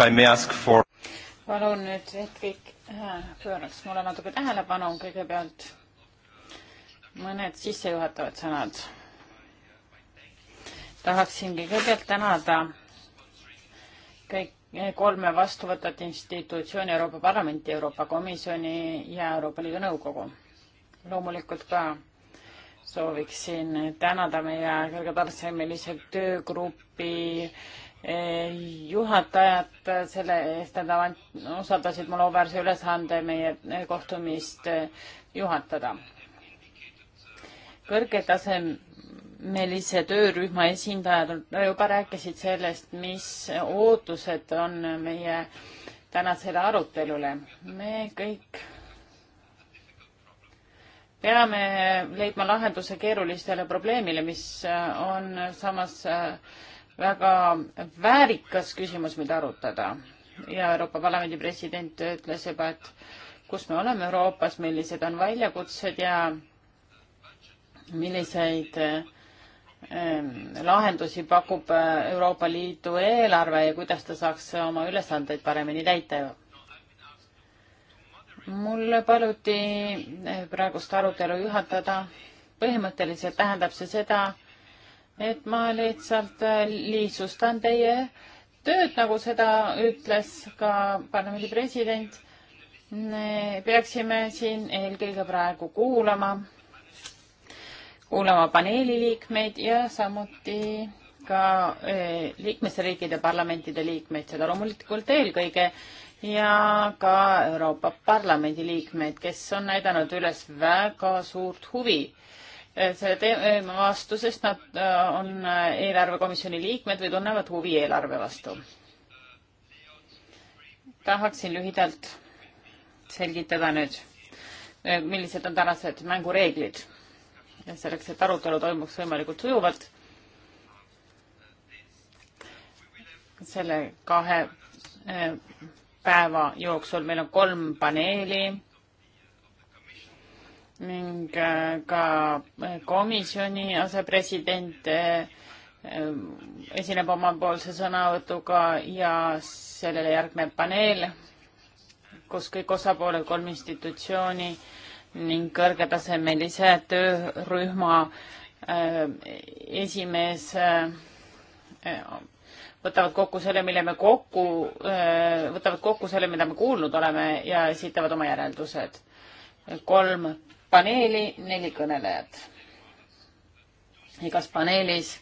if I may ask for palun nüüd, et kõik äh, pööraks mulle natuke tähelepanu, kõigepealt mõned sissejuhatavad sõnad. tahaksin kõigepealt tänada kõik äh, kolme vastuvõtvat institutsiooni, Euroopa Parlamenti, Euroopa Komisjoni ja Euroopa Liidu Nõukogu. loomulikult ka sooviksin tänada meie kõrgetasemelise töögrupi äh, Eh, juhatajat eh, selle eest, et nad usaldasid mulle auväärse ülesande meie eh, kohtumist juhatada. kõrgetasemelise töörühma esindajad juba rääkisid sellest, mis ootused on meie tänasele arutelule. me kõik peame leidma lahenduse keerulistele probleemile, mis on samas äh, väga väärikas küsimus, mida arutada. ja Euroopa Parlamendi president ütles juba, et kus me oleme Euroopas, millised on väljakutsed ja milliseid ehm, lahendusi pakub äh, Euroopa Liidu eelarve ja kuidas ta saaks oma ülesandeid paremini täita. mulle paluti äh, praegust arutelu juhatada. põhimõtteliselt tähendab see seda, et ma lihtsalt äh, lihtsustan teie tööd, nagu seda ütles ka parlamendi president. me peaksime siin eelkõige praegu kuulama, kuulama paneeli liikmeid ja samuti ka äh, liikmesriikide parlamentide liikmeid, seda loomulikult eelkõige ja ka Euroopa Parlamendi liikmeid, kes on näidanud üles väga suurt huvi selle teema vastu, sest nad äh, on äh, eelarvekomisjoni liikmed või tunnevad huvi eelarve vastu. tahaksin lühidalt selgitada nüüd, äh, millised on tänased mängureeglid selleks, et arutelu toimuks võimalikult sujuvalt. selle kahe päeva jooksul meil on kolm paneeli ning äh, ka äh, komisjoni asepresident äh, esineb omapoolse sõnavõtuga ja sellele järgneb paneel, kus kõik osapooled, kolm institutsiooni ning kõrgetasemelise töörühma esimees võtavad kokku selle, mille me kokku, võtavad kokku selle, mida me kuulnud oleme ja esitavad oma järeldused. kolm paneeli, neli kõnelejat. igas paneelis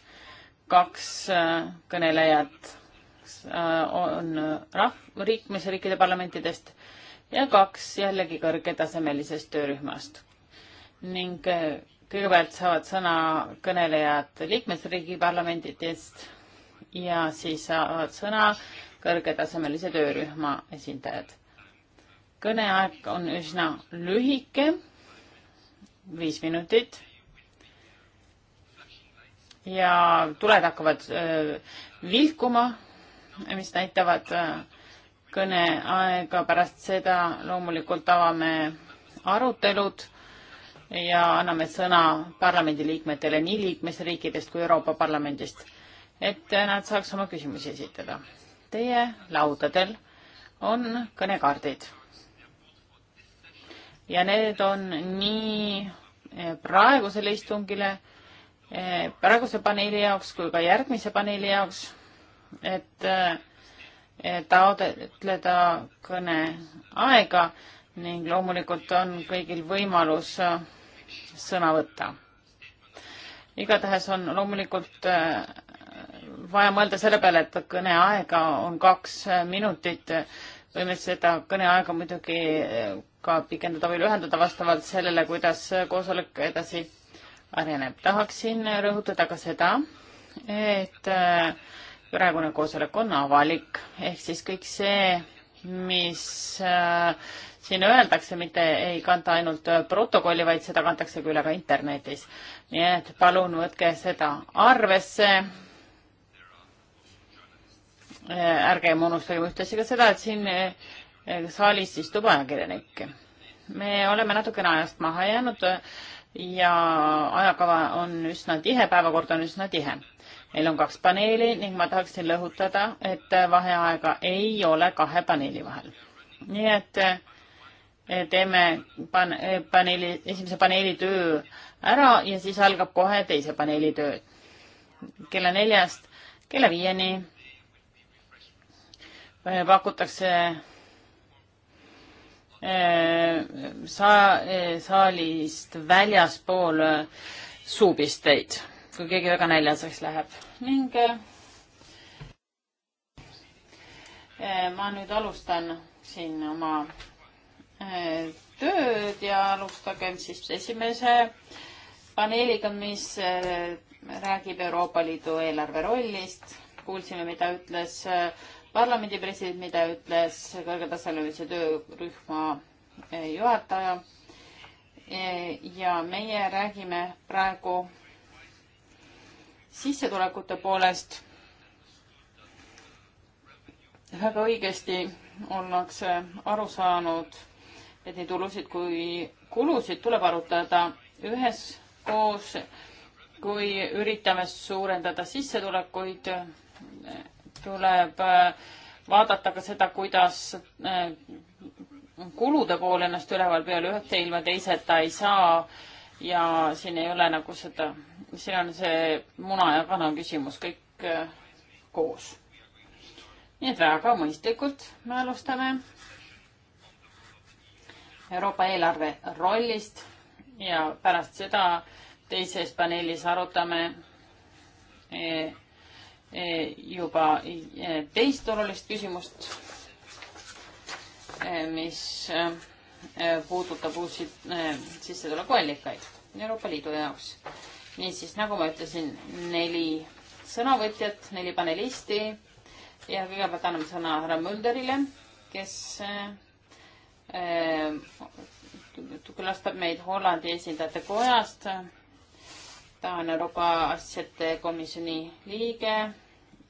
kaks äh, kõnelejat äh, on rahv-, liikmesriikide parlamentidest ja kaks jällegi kõrgetasemelisest töörühmast. ning äh, kõigepealt saavad sõna kõnelejad liikmesriigi parlamentidest ja siis saavad sõna kõrgetasemelise töörühma esindajad. kõneaeg on üsna lühike viis minutit. ja tuled hakkavad äh, vilkuma, mis näitavad äh, kõneaega, pärast seda loomulikult avame arutelud ja anname sõna parlamendiliikmetele nii liikmesriikidest kui Euroopa Parlamendist, et nad saaks oma küsimusi esitada. Teie laudadel on kõnekaardid ja need on nii eh, praegusele istungile, eh, praeguse paneeli jaoks kui ka järgmise paneeli jaoks, et eh, taotleda kõneaega ning loomulikult on kõigil võimalus sõna võtta. igatahes on loomulikult vaja mõelda selle peale, et kõneaega on kaks minutit võime seda kõneaega muidugi eh, ka pikendada või lühendada vastavalt sellele, kuidas koosolek edasi areneb. tahaksin rõhutada ka seda, et eh, praegune koosolek on avalik, ehk siis kõik see, mis eh, siin öeldakse, mitte ei kanta ainult protokolli, vaid seda kantakse ka üle ka internetis. nii et palun võtke seda arvesse Äh, ärgem unustagem ühtlasi ka seda, et siin äh, saalis istub ajakirjanik. me oleme natukene ajast maha jäänud ja ajakava on üsna tihe, päevakord on üsna tihe. meil on kaks paneeli ning ma tahaksin rõhutada, et vaheaega ei ole kahe paneeli vahel. nii et äh, teeme pan-, paneeli, esimese paneeli töö ära ja siis algab kohe teise paneeli töö. kella neljast kella viieni Eh, pakutakse eh, saa-, eh, saalist väljaspool suupisteid, kui keegi väga näljaseks läheb ning ma nüüd alustan siin oma tööd ja alustagem siis esimese paneeliga, mis räägib Euroopa Liidu eelarve rollist. kuulsime, mida ütles äh, parlamendi president, mida ütles kõrgetasemelise töörühma eh, juhataja. Eh, ja meie räägime praegu sissetulekute poolest. väga õigesti ollakse aru saanud, et nii tulusid kui kulusid tuleb arutada üheskoos, kui üritame suurendada sissetulekuid tuleb äh, vaadata ka seda, kuidas äh, kulude pool ennast üleval peal, ühte ilma teiseta ei saa ja siin ei ole nagu seda, siin on see muna ja kana küsimus kõik äh, koos. nii et väga mõistlikult me alustame Euroopa eelarve rollist ja pärast seda teises paneelis arutame eh, Eh, juba eh, teist olulist küsimust, eh, mis puudutab uusi sissetulekuallikaid Euroopa Liidu jaoks. niisiis, nagu ma ütlesin, neli sõnavõtjat, neli panelisti ja kõigepealt anname sõna härra Mölderile, kes külastab meid Hollandi esindajate kojast. ta on Euroopa Asjade Komisjoni liige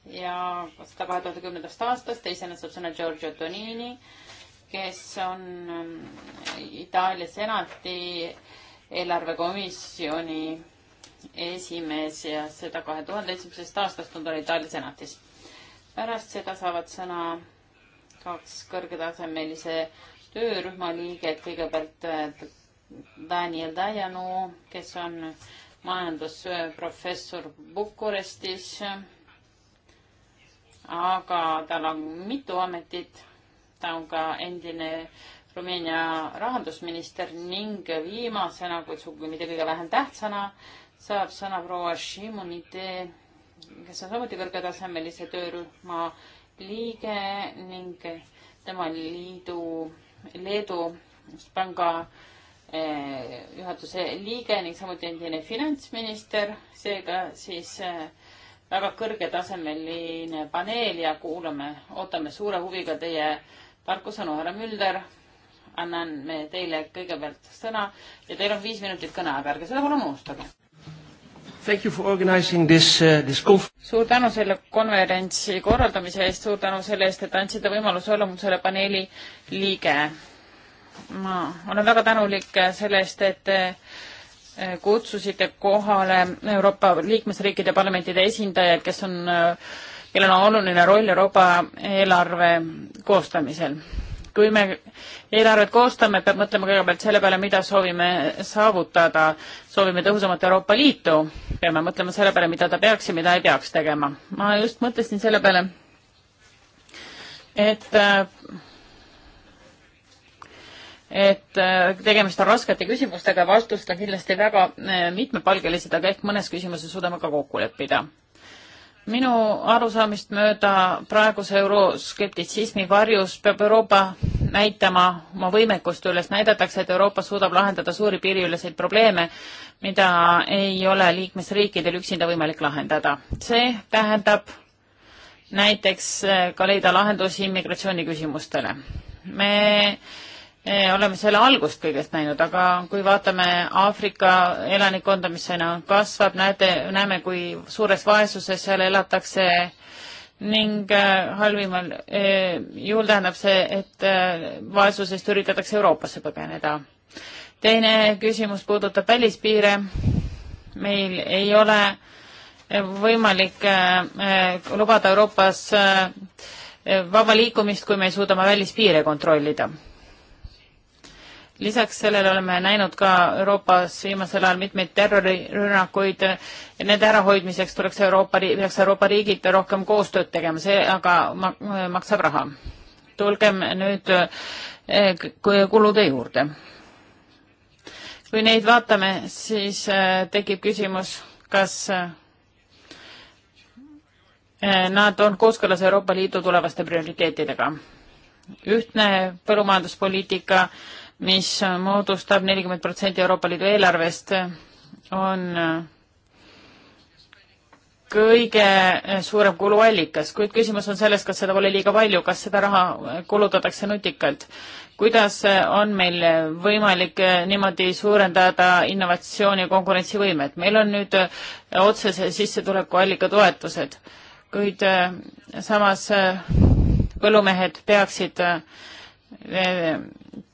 ja seda kahe tuhande kümnendast aastast, teisena saab sõna Giorgio Tonini, kes on ähm, Itaalia senati eelarvekomisjoni esimees ja seda kahe tuhande esimesest aastast on ta Itaalia senatis. pärast seda saavad sõna kaks kõrgetasemelise töörühma liiget, kõigepealt äh, Daniel Dajanu, kes on majandusprofessor Bukurestis aga tal on mitu ametit. ta on ka endine Rumeenia rahandusminister ning viimasena, kuid sugugi mitte kõige vähem tähtsana, saab sõna proua Šimunite, kes on samuti kõrgetasemelise töörühma liige ning tema liidu, Leedu panga eh, juhatuse liige ning samuti endine finantsminister, seega siis äh, väga kõrgetasemeline paneel ja kuulame, ootame suure huviga teie tarkusõnu, härra Mülder. annan me teile kõigepealt sõna ja teil on viis minutit kõneaega, ärge seda palun unustage. Thank you for organizing this uh,, this conf-. suur tänu selle konverentsi korraldamise eest, suur tänu selle eest, et andsite võimaluse olla mul selle paneeli liige. ma olen väga tänulik selle eest, et uh, kutsusite kohale Euroopa liikmesriikide parlamentide esindajaid, kes on, kellel on oluline roll Euroopa eelarve koostamisel. kui me eelarvet koostame, peab mõtlema kõigepealt selle peale, mida soovime saavutada. soovime tõhusamat Euroopa Liitu, peame mõtlema selle peale, mida ta peaks ja mida ei peaks tegema. ma just mõtlesin selle peale, et äh, et äh, tegemist on raskete küsimustega ja vastused on kindlasti väga äh, mitmepalgelised, aga ehk mõnes küsimuses suudame ka kokku leppida. minu arusaamist mööda praeguse euroskeptitsismi varjus peab Euroopa näitama oma võimekust üles, näidatakse, et Euroopa suudab lahendada suuri piiriüleseid probleeme, mida ei ole liikmesriikidel üksinda võimalik lahendada. see tähendab näiteks äh, ka leida lahendusi immigratsiooniküsimustele. me oleme selle algust kõigest näinud, aga kui vaatame Aafrika elanikkonda, mis aina kasvab, näete, näeme, kui suures vaesuses seal elatakse ning äh, halvimal äh, juhul tähendab see, et äh, vaesusest üritatakse Euroopasse põgeneda. teine küsimus puudutab välispiire. meil ei ole võimalik lubada Euroopas vaba liikumist, kui me ei suuda oma välispiire kontrollida lisaks sellele oleme näinud ka Euroopas viimasel ajal mitmeid terrorirünnakuid ja nende ärahoidmiseks tuleks Euroopa, peaks Euroopa riigid rohkem koostööd tegema, see aga maksab raha. tulgem nüüd eh, kulude juurde. kui neid vaatame, siis eh, tekib küsimus, kas eh, nad on kooskõlas Euroopa Liidu tulevaste prioriteetidega. ühtne põllumajanduspoliitika mis moodustab nelikümmend protsenti Euroopa Liidu eelarvest, on kõige suurem kuluallikas, kuid küsimus on selles, kas seda pole liiga palju, kas seda raha kulutatakse nutikalt. kuidas on meil võimalik niimoodi suurendada innovatsiooni ja konkurentsivõimet? meil on nüüd otsese sissetulekuallika toetused, kuid eh, samas eh, põllumehed peaksid eh,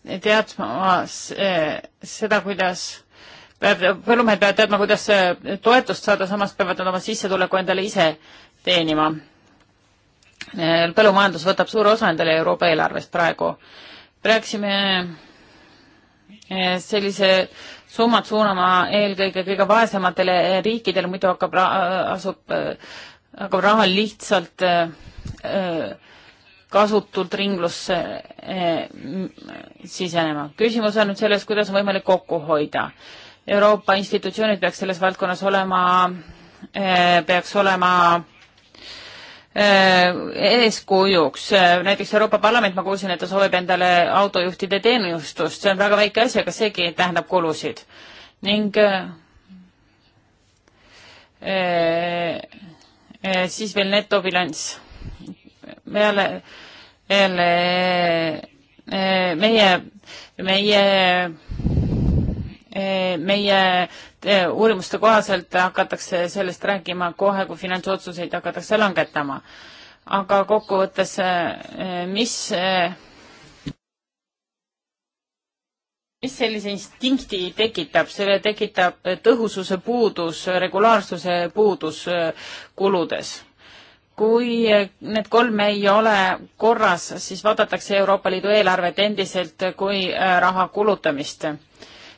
teadma eh, seda, kuidas põllumehed peavad teadma, kuidas eh, toetust saada, samas peavad nad oma sissetuleku endale ise teenima. Eh, põllumajandus võtab suure osa endale Euroopa eelarvest praegu. peaksime sellise summad suunama eelkõige kõige vaesematele riikidele, muidu hakkab, asub, hakkab raha lihtsalt öö, kasutult ringlusse eh, sisenema. küsimus on nüüd selles, kuidas on võimalik kokku hoida. Euroopa institutsioonid peaks selles valdkonnas olema, eh, peaks olema eh, eeskujuks, näiteks Euroopa Parlament, ma kuulsin, et ta soovib endale autojuhtide teenustust, see on väga väike asi, aga seegi tähendab kulusid. ning siis veel netobilanss. peale Eh, meie, meie eh, meie eh, uurimuste kohaselt hakatakse sellest rääkima kohe, kui finantsotsuseid hakatakse langetama. aga kokkuvõttes, mis, mis sellise instinkti tekitab, selle tekitab tõhususe puudus, regulaarsuse puudus kuludes kui need kolm ei ole korras, siis vaadatakse Euroopa Liidu eelarvet endiselt kui äh, raha kulutamist.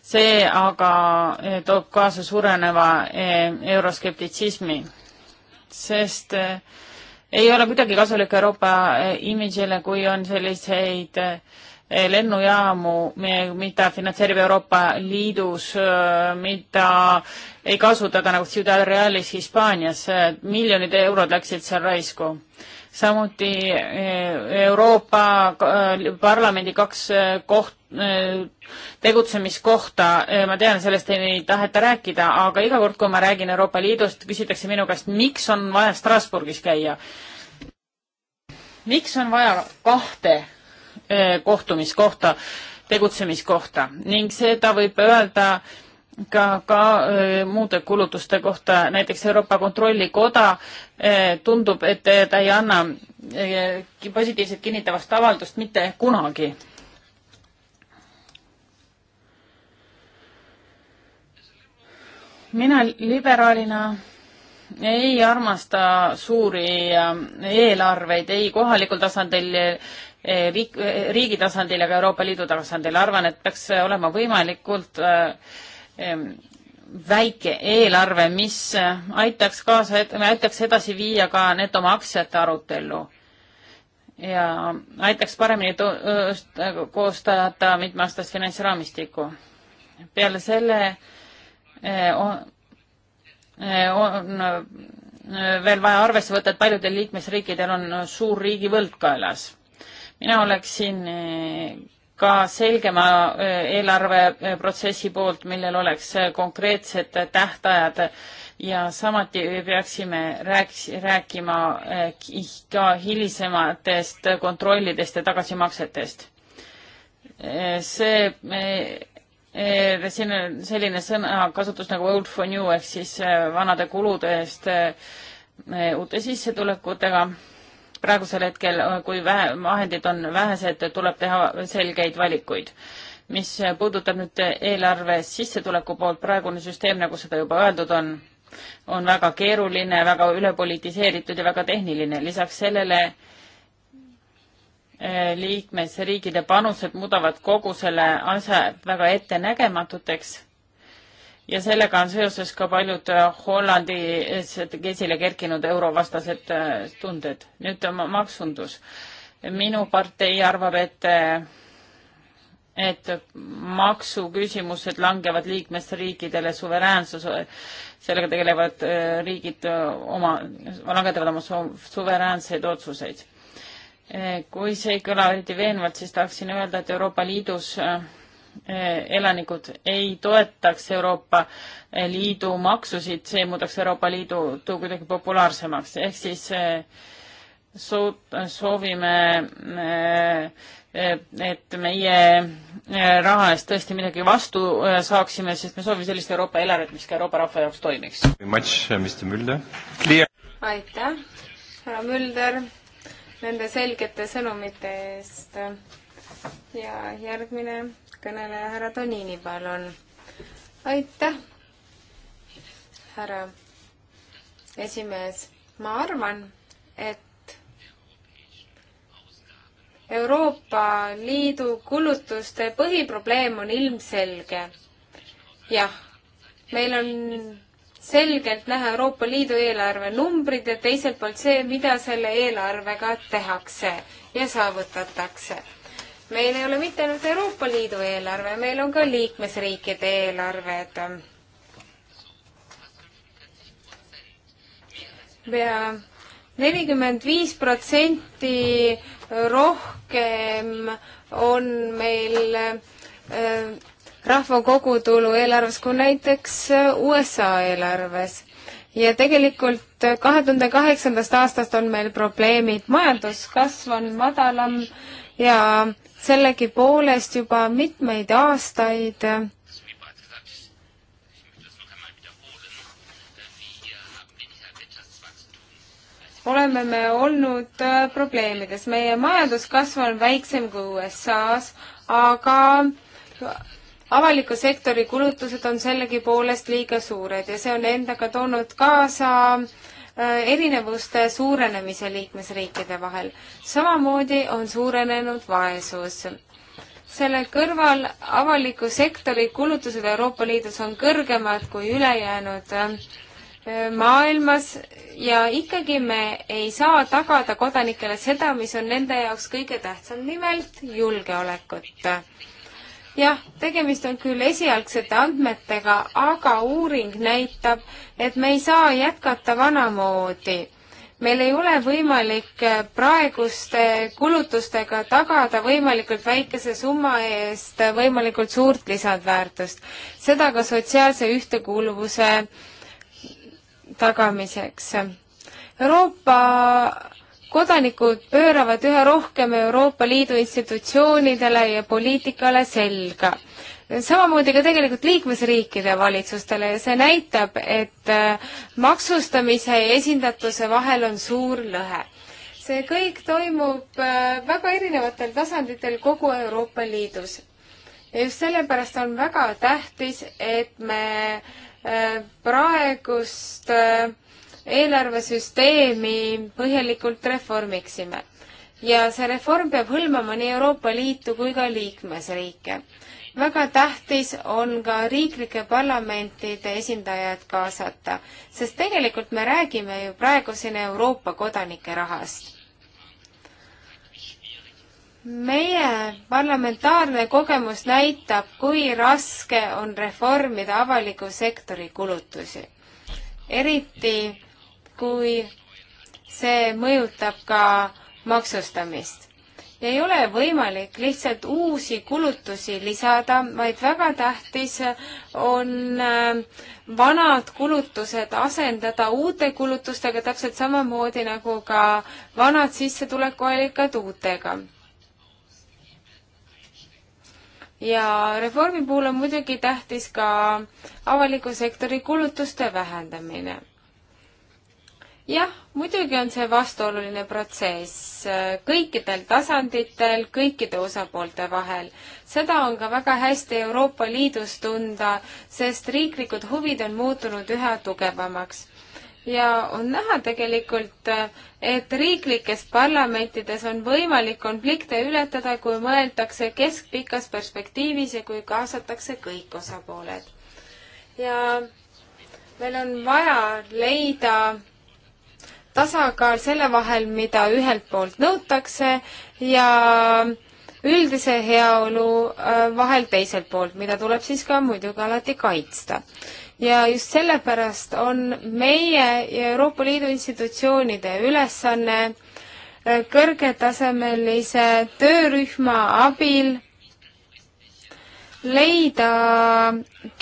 see aga äh, toob kaasa suureneva äh, euroskeptitsismi, sest ei ole kuidagi kasulik Euroopa imidžile, kui on selliseid äh, Eh, lennujaamu, mida finantseerib Euroopa Liidus, eh, mida ei kasutata nagu Ciudad Realis Hispaanias, eh, miljonid eurod läksid seal raisku. samuti Euroopa Parlamendi kaks koht-, tegutsemiskohta, ma tean, sellest ei taheta rääkida, aga iga kord, kui ma räägin Euroopa Liidust, küsitakse minu käest, miks on vaja Strasbourgis käia? miks on vaja kahte Äh, kohtumiskohta, tegutsemiskohta ning seda võib öelda ka, ka äh, muude kulutuste kohta, näiteks Euroopa Kontrollikoda äh, tundub, et ta ei anna positiivset kinnitavast avaldust mitte kunagi. mina liberaalina ei armasta suuri eelarveid ei kohalikul tasandil Eh, riik, eh, riigi tasandil ja ka Euroopa Liidu tasandil. arvan, et peaks eh, olema võimalikult väike eelarve, mis aitaks kaasa, aitaks edasi viia ka netomaksjate arutellu ja aitaks paremini koostada mitmeaastast finantsraamistikku. peale selle on, on veel vaja arvesse võtta, et paljudel liikmesriikidel on suur riigivõlg kaelas mina oleksin eh, ka selgema eh, eelarveprotsessi eh, poolt, millel oleks konkreetsed tähtajad ja samuti peaksime rääks, rääkima ka hilisematest kontrollidest ja tagasimaksetest. see, siin on selline sõnakasutus nagu old for new ehk siis vanade kulude eest uute sissetulekutega praegusel hetkel, kui vähe, vahendid on vähesed, tuleb teha selgeid valikuid. mis puudutab nüüd eelarve sissetuleku poolt, praegune süsteem, nagu seda juba öeldud on, on väga keeruline, väga ülepolitiseeritud ja väga tehniline. lisaks sellele eh, liikmesriigide panused muudavad kogu selle asja väga ettenägematuteks ja sellega on seoses ka paljud äh, Hollandi esile kerkinud eurovastased äh, tunded. nüüd maksundus. minu partei arvab, et äh, et maksuküsimused langevad liikmesriikidele suveräänsuse, sellega tegelevad riigid oma, langetavad oma suveräänseid otsuseid. kui see ei kõla eriti veenvalt, siis tahaksin öelda, et Euroopa Liidus Eh, elanikud ei toetaks Euroopa Liidu maksusid, see muudaks Euroopa Liidu kuidagi populaarsemaks, ehk siis eh, soo-, soovime, eh, et meie raha eest tõesti midagi vastu saaksime, sest me soovime sellist Euroopa eelarvet, mis ka Euroopa rahva jaoks toimiks. aitäh, härra Mölder, nende selgete sõnumite eest ja järgmine kõneleja härra Tonini, palun. aitäh, härra esimees. ma arvan, et Euroopa Liidu kulutuste põhiprobleem on ilmselge. jah, meil on selgelt näha Euroopa Liidu eelarve numbrid ja teiselt poolt see, mida selle eelarvega tehakse ja saavutatakse meil ei ole mitte ainult Euroopa Liidu eelarve, meil on ka liikmesriikide eelarved. pea nelikümmend viis protsenti rohkem on meil äh, rahva kogutulu eelarves kui näiteks USA eelarves. ja tegelikult kahe tuhande kaheksandast aastast on meil probleemid, majanduskasv on madalam ja sellegipoolest juba mitmeid aastaid oleme me olnud äh, probleemides. meie majanduskasv on väiksem kui USA-s, aga avaliku sektori kulutused on sellegipoolest liiga suured ja see on endaga toonud kaasa äh, Äh, erinevuste suurenemise liikmesriikide vahel. samamoodi on suurenenud vaesus selle kõrval avaliku sektori kulutused Euroopa Liidus on kõrgemad kui ülejäänud äh, maailmas ja ikkagi me ei saa tagada kodanikele seda, mis on nende jaoks kõige tähtsam, nimelt julgeolekut jah, tegemist on küll esialgsete andmetega, aga uuring näitab, et me ei saa jätkata vanamoodi meil ei ole võimalik eh, praeguste kulutustega tagada võimalikult väikese summa eest võimalikult suurt lisandväärtust. seda ka sotsiaalse ühtekuuluvuse tagamiseks. Euroopa kodanikud pööravad üha rohkem Euroopa Liidu institutsioonidele ja poliitikale selga. samamoodi ka tegelikult liikmesriikide valitsustele ja see näitab, et äh, maksustamise ja esindatuse vahel on suur lõhe. see kõik toimub äh, väga erinevatel tasanditel kogu Euroopa Liidus. ja just sellepärast on väga tähtis, et me äh, praegust äh, eelarvesüsteemi põhjalikult reformiksime. ja see reform peab hõlmama nii Euroopa Liitu kui ka liikmesriike. väga tähtis on ka riiklike parlamentide esindajad kaasata, sest tegelikult me räägime ju praegu siin Euroopa kodanike rahast meie parlamentaarne kogemus näitab, kui raske on reformida avaliku sektori kulutusi. eriti kui see mõjutab ka maksustamist. ei ole võimalik lihtsalt uusi kulutusi lisada, vaid väga tähtis on äh, vanad kulutused asendada uute kulutustega, täpselt samamoodi nagu ka vanad sissetulekuallikad uutega ja reformi puhul on muidugi tähtis ka avaliku sektori kulutuste vähendamine jah, muidugi on see vastuoluline protsess äh, kõikidel tasanditel, kõikide osapoolte vahel. seda on ka väga hästi Euroopa Liidus tunda, sest riiklikud huvid on muutunud üha tugevamaks ja on näha tegelikult, äh, et riiklikes parlamentides on võimalik konflikte ületada, kui mõeldakse keskpikas perspektiivis ja kui kaasatakse kõik osapooled. ja meil on vaja leida tasakaal selle vahel, mida ühelt poolt nõutakse ja üldise heaolu äh, vahel teiselt poolt, mida tuleb siis ka muidugi alati kaitsta. ja just sellepärast on meie ja Euroopa Liidu institutsioonide ülesanne äh, kõrgetasemelise töörühma abil leida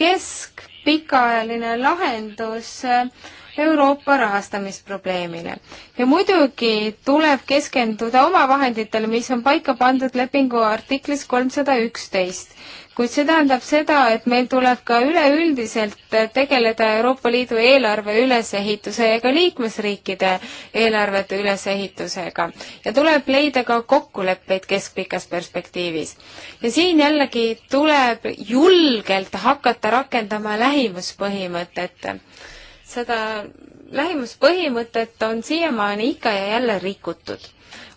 keskpikaajaline lahendus äh, Euroopa rahastamisprobleemile. ja muidugi tuleb keskenduda omavahenditele, mis on paika pandud lepingu artiklis kolmsada üksteist kuid see tähendab seda, et meil tuleb ka üleüldiselt tegeleda Euroopa Liidu eelarve ülesehituse ja ka liikmesriikide eelarvete ülesehitusega. ja tuleb leida ka kokkuleppeid keskpikas perspektiivis. ja siin jällegi tuleb julgelt hakata rakendama lähimuspõhimõtet seda lähimuspõhimõtet on siiamaani ikka ja jälle rikutud.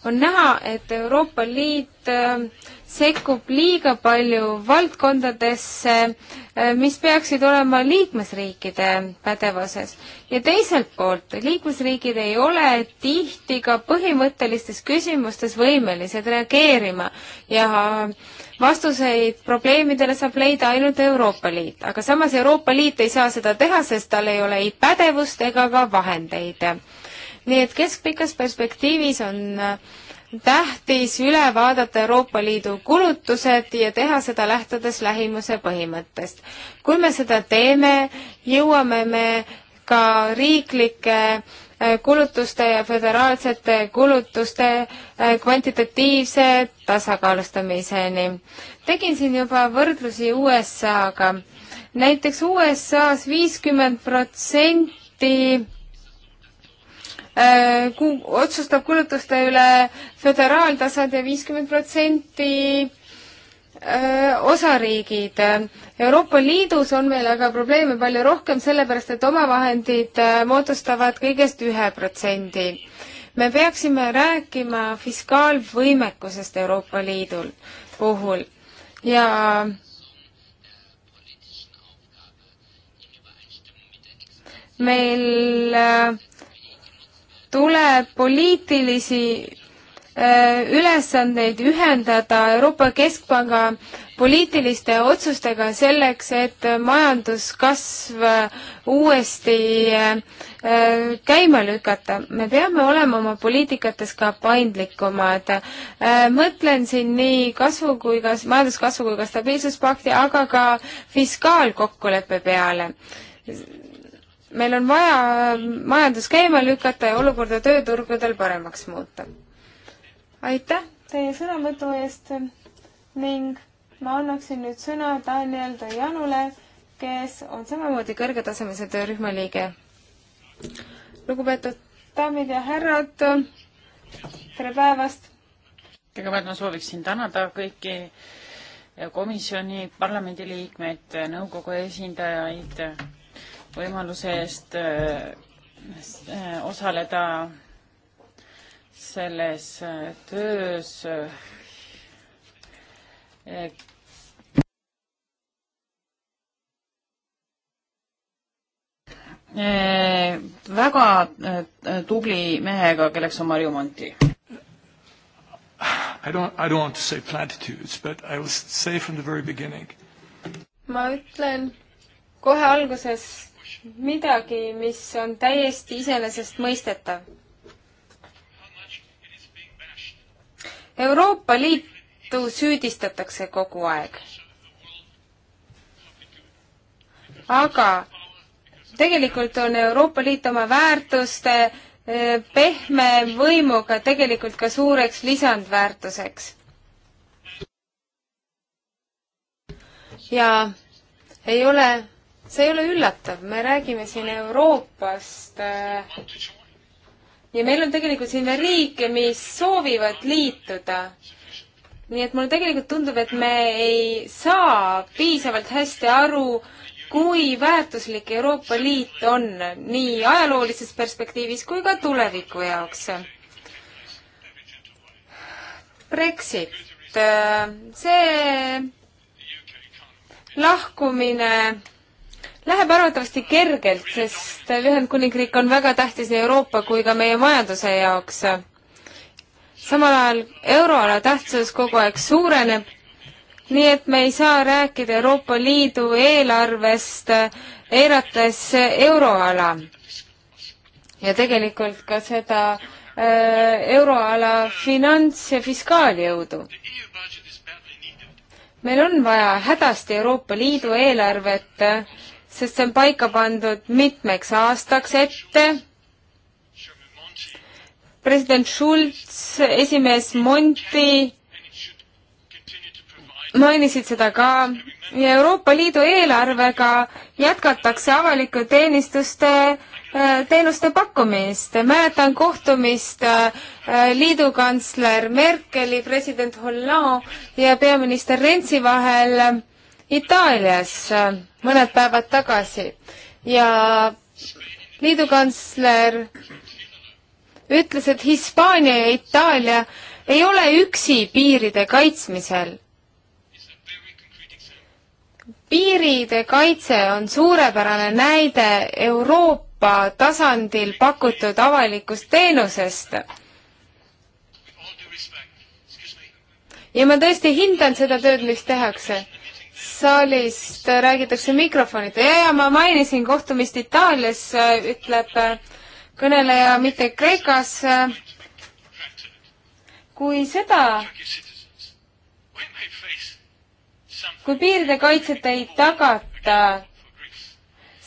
on näha, et Euroopa Liit äh, sekkub liiga palju valdkondadesse, eh, mis peaksid olema liikmesriikide pädevuses. ja teiselt poolt, liikmesriigid ei ole tihti ka põhimõttelistes küsimustes võimelised reageerima ja vastuseid probleemidele saab leida ainult Euroopa Liit, aga samas Euroopa Liit ei saa seda teha, sest tal ei ole ei pädevust ega ka vahendeid. nii et keskpikas perspektiivis on äh, tähtis üle vaadata Euroopa Liidu kulutused ja teha seda lähtudes lähimuse põhimõttest. kui me seda teeme, jõuame me ka riiklike äh, kulutuste ja föderaalsete kulutuste äh, kvantitatiivse tasakaalustamiseni. tegin siin juba võrdlusi USA-ga. näiteks USA-s viiskümmend protsenti Äh, ku-, otsustab kulutuste üle föderaaltasand ja viiskümmend protsenti äh, osariigid. Euroopa Liidus on meil aga probleeme palju rohkem, sellepärast et omavahendid äh, moodustavad kõigest ühe protsendi. me peaksime rääkima fiskaalvõimekusest Euroopa Liidul puhul ja meil tuleb poliitilisi äh, ülesandeid ühendada Euroopa Keskpanga poliitiliste otsustega selleks, et majanduskasv uuesti äh, käima lükata. me peame olema oma poliitikates ka paindlikumad. Äh, mõtlen siin nii kasvu kui ka, majanduskasvu kui ka stabiilsuspakti, aga ka fiskaalkokkuleppe peale meil on vaja majandus käima lükata ja olukorda tööturgudel paremaks muuta. aitäh teie sõnavõtu eest ning ma annaksin nüüd sõna Daniel Dajanule, kes on samamoodi kõrgetasemelise töörühma liige. lugupeetud daamid ja härrad, tere päevast! kõigepealt ma sooviksin tänada kõiki komisjoni, parlamendiliikmeid, nõukogu esindajaid võimaluse eest äh, äh, osaleda selles äh, töös. väga tubli mehega, kelleks on Marju Monti. I don't, I don't want to say platitudes, but I will say from the very beginning. ma ütlen kohe alguses midagi, mis on täiesti iseenesestmõistetav. Euroopa Liitu süüdistatakse kogu aeg. aga tegelikult on Euroopa Liit oma väärtuste eh, pehme võimuga tegelikult ka suureks lisandväärtuseks. ja ei ole see ei ole üllatav, me räägime siin Euroopast äh, ja meil on tegelikult siin veel riike, mis soovivad liituda. nii et mulle tegelikult tundub, et me ei saa piisavalt hästi aru, kui väärtuslik Euroopa Liit on nii ajaloolises perspektiivis kui ka tuleviku jaoks. Brexit, äh, see lahkumine Läheb arvatavasti kergelt, sest Ühendkuningriik on väga tähtis nii Euroopa kui ka meie majanduse jaoks. samal ajal euroala tähtsus kogu aeg suureneb, nii et me ei saa rääkida Euroopa Liidu eelarvest, eirates euroala. ja tegelikult ka seda äh, euroala finants- ja fiskaaljõudu. meil on vaja hädasti Euroopa Liidu eelarvet, sest see on paika pandud mitmeks aastaks ette. president Schulz, esimees Monti mainisid seda ka ja Euroopa Liidu eelarvega jätkatakse avaliku teenistuste äh, teenuste pakkumist. mäletan kohtumist äh, liidu kantsler Merkeli, president Hollande ja peaminister Rentsi vahel Itaalias äh, mõned päevad tagasi ja liidukantsler ütles, et Hispaania ja Itaalia ei ole üksi piiride kaitsmisel. piiride kaitse on suurepärane näide Euroopa tasandil pakutud avalikust teenusest ja ma tõesti hindan seda tööd, mis tehakse saalist räägitakse mikrofonita ja, ja ma mainisin kohtumist Itaalias, ütleb kõneleja, mitte Kreekas. kui seda, kui piiride kaitset ei tagata,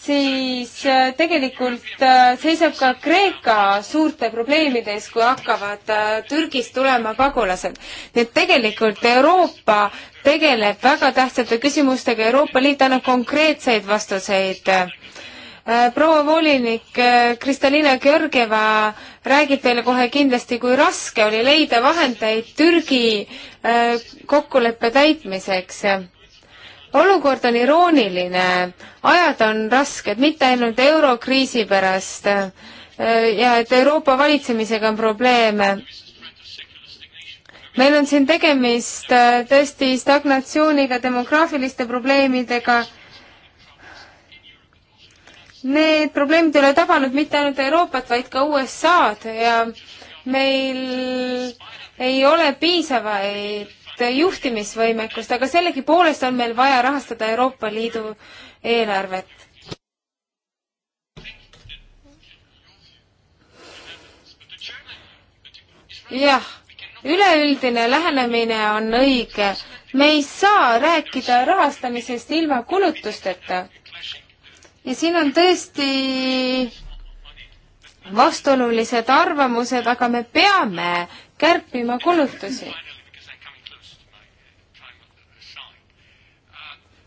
siis äh, tegelikult äh, seisab ka Kreeka suurte probleemide ees, kui hakkavad äh, Türgist tulema pagulased. nii et tegelikult Euroopa tegeleb väga tähtsate küsimustega, Euroopa Liit annab konkreetseid vastuseid. Äh, proua volinik äh, Kristalina Georgieva räägib teile kohe kindlasti, kui raske oli leida vahendeid Türgi äh, kokkuleppe täitmiseks olukord on irooniline, ajad on rasked, mitte ainult eurokriisi pärast ja et Euroopa valitsemisega on probleeme meil on siin tegemist äh, tõesti stagnatsiooniga, demograafiliste probleemidega. Need probleemid ei ole tabanud mitte ainult Euroopat, vaid ka USA-d ja meil ei ole piisavaid juhtimisvõimekust, aga sellegipoolest on meil vaja rahastada Euroopa Liidu eelarvet. jah üleüldine lähenemine on õige. me ei saa rääkida rahastamisest ilma kulutusteta. ja siin on tõesti vastuolulised arvamused, aga me peame kärpima kulutusi.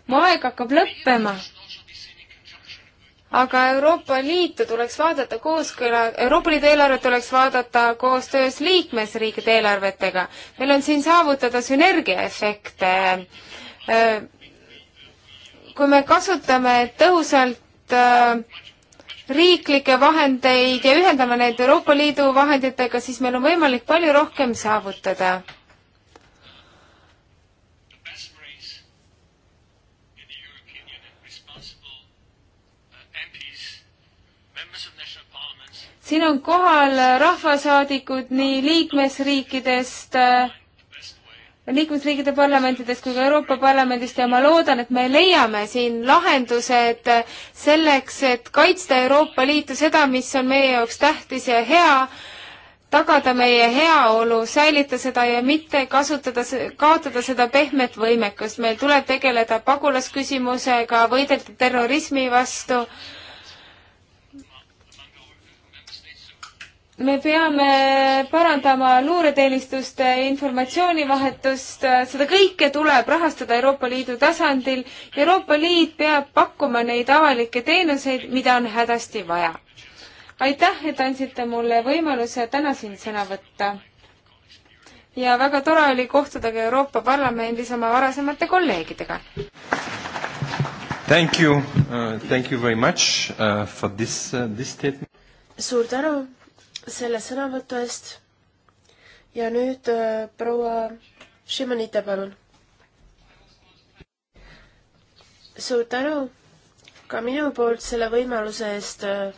mu aeg hakkab lõppema aga Euroopa Liitu tuleks vaadata kooskõla, Euroopa Liidu eelarvet tuleks vaadata koostöös liikmesriikide eelarvetega. meil on siin saavutada sünergiaefekte. Äh, kui me kasutame tõhusalt äh, riiklikke vahendeid ja ühendame need Euroopa Liidu vahenditega, siis meil on võimalik palju rohkem saavutada siin on kohal rahvasaadikud nii liikmesriikidest, äh, liikmesriikide parlamentidest kui ka Euroopa Parlamendist ja ma loodan, et me leiame siin lahendused selleks, et kaitsta Euroopa Liitu, seda, mis on meie jaoks tähtis ja hea, tagada meie heaolu, säilita seda ja mitte kasutada, kaotada seda pehmet võimekust. meil tuleb tegeleda pagulasküsimusega, võidelda terrorismi vastu me peame parandama luureteenistuste informatsioonivahetust, seda kõike tuleb rahastada Euroopa Liidu tasandil. Euroopa Liit peab pakkuma neid avalikke teenuseid, mida on hädasti vaja. aitäh, et andsite mulle võimaluse täna siin sõna võtta. ja väga tore oli kohtuda ka Euroopa Parlamendis oma varasemate kolleegidega. Thank you uh,, thank you very much uh, for this uh,, this statement. suur tänu selle sõnavõtu eest. ja nüüd äh, proua Šimonite, palun. suur tänu ka minu poolt selle võimaluse eest äh,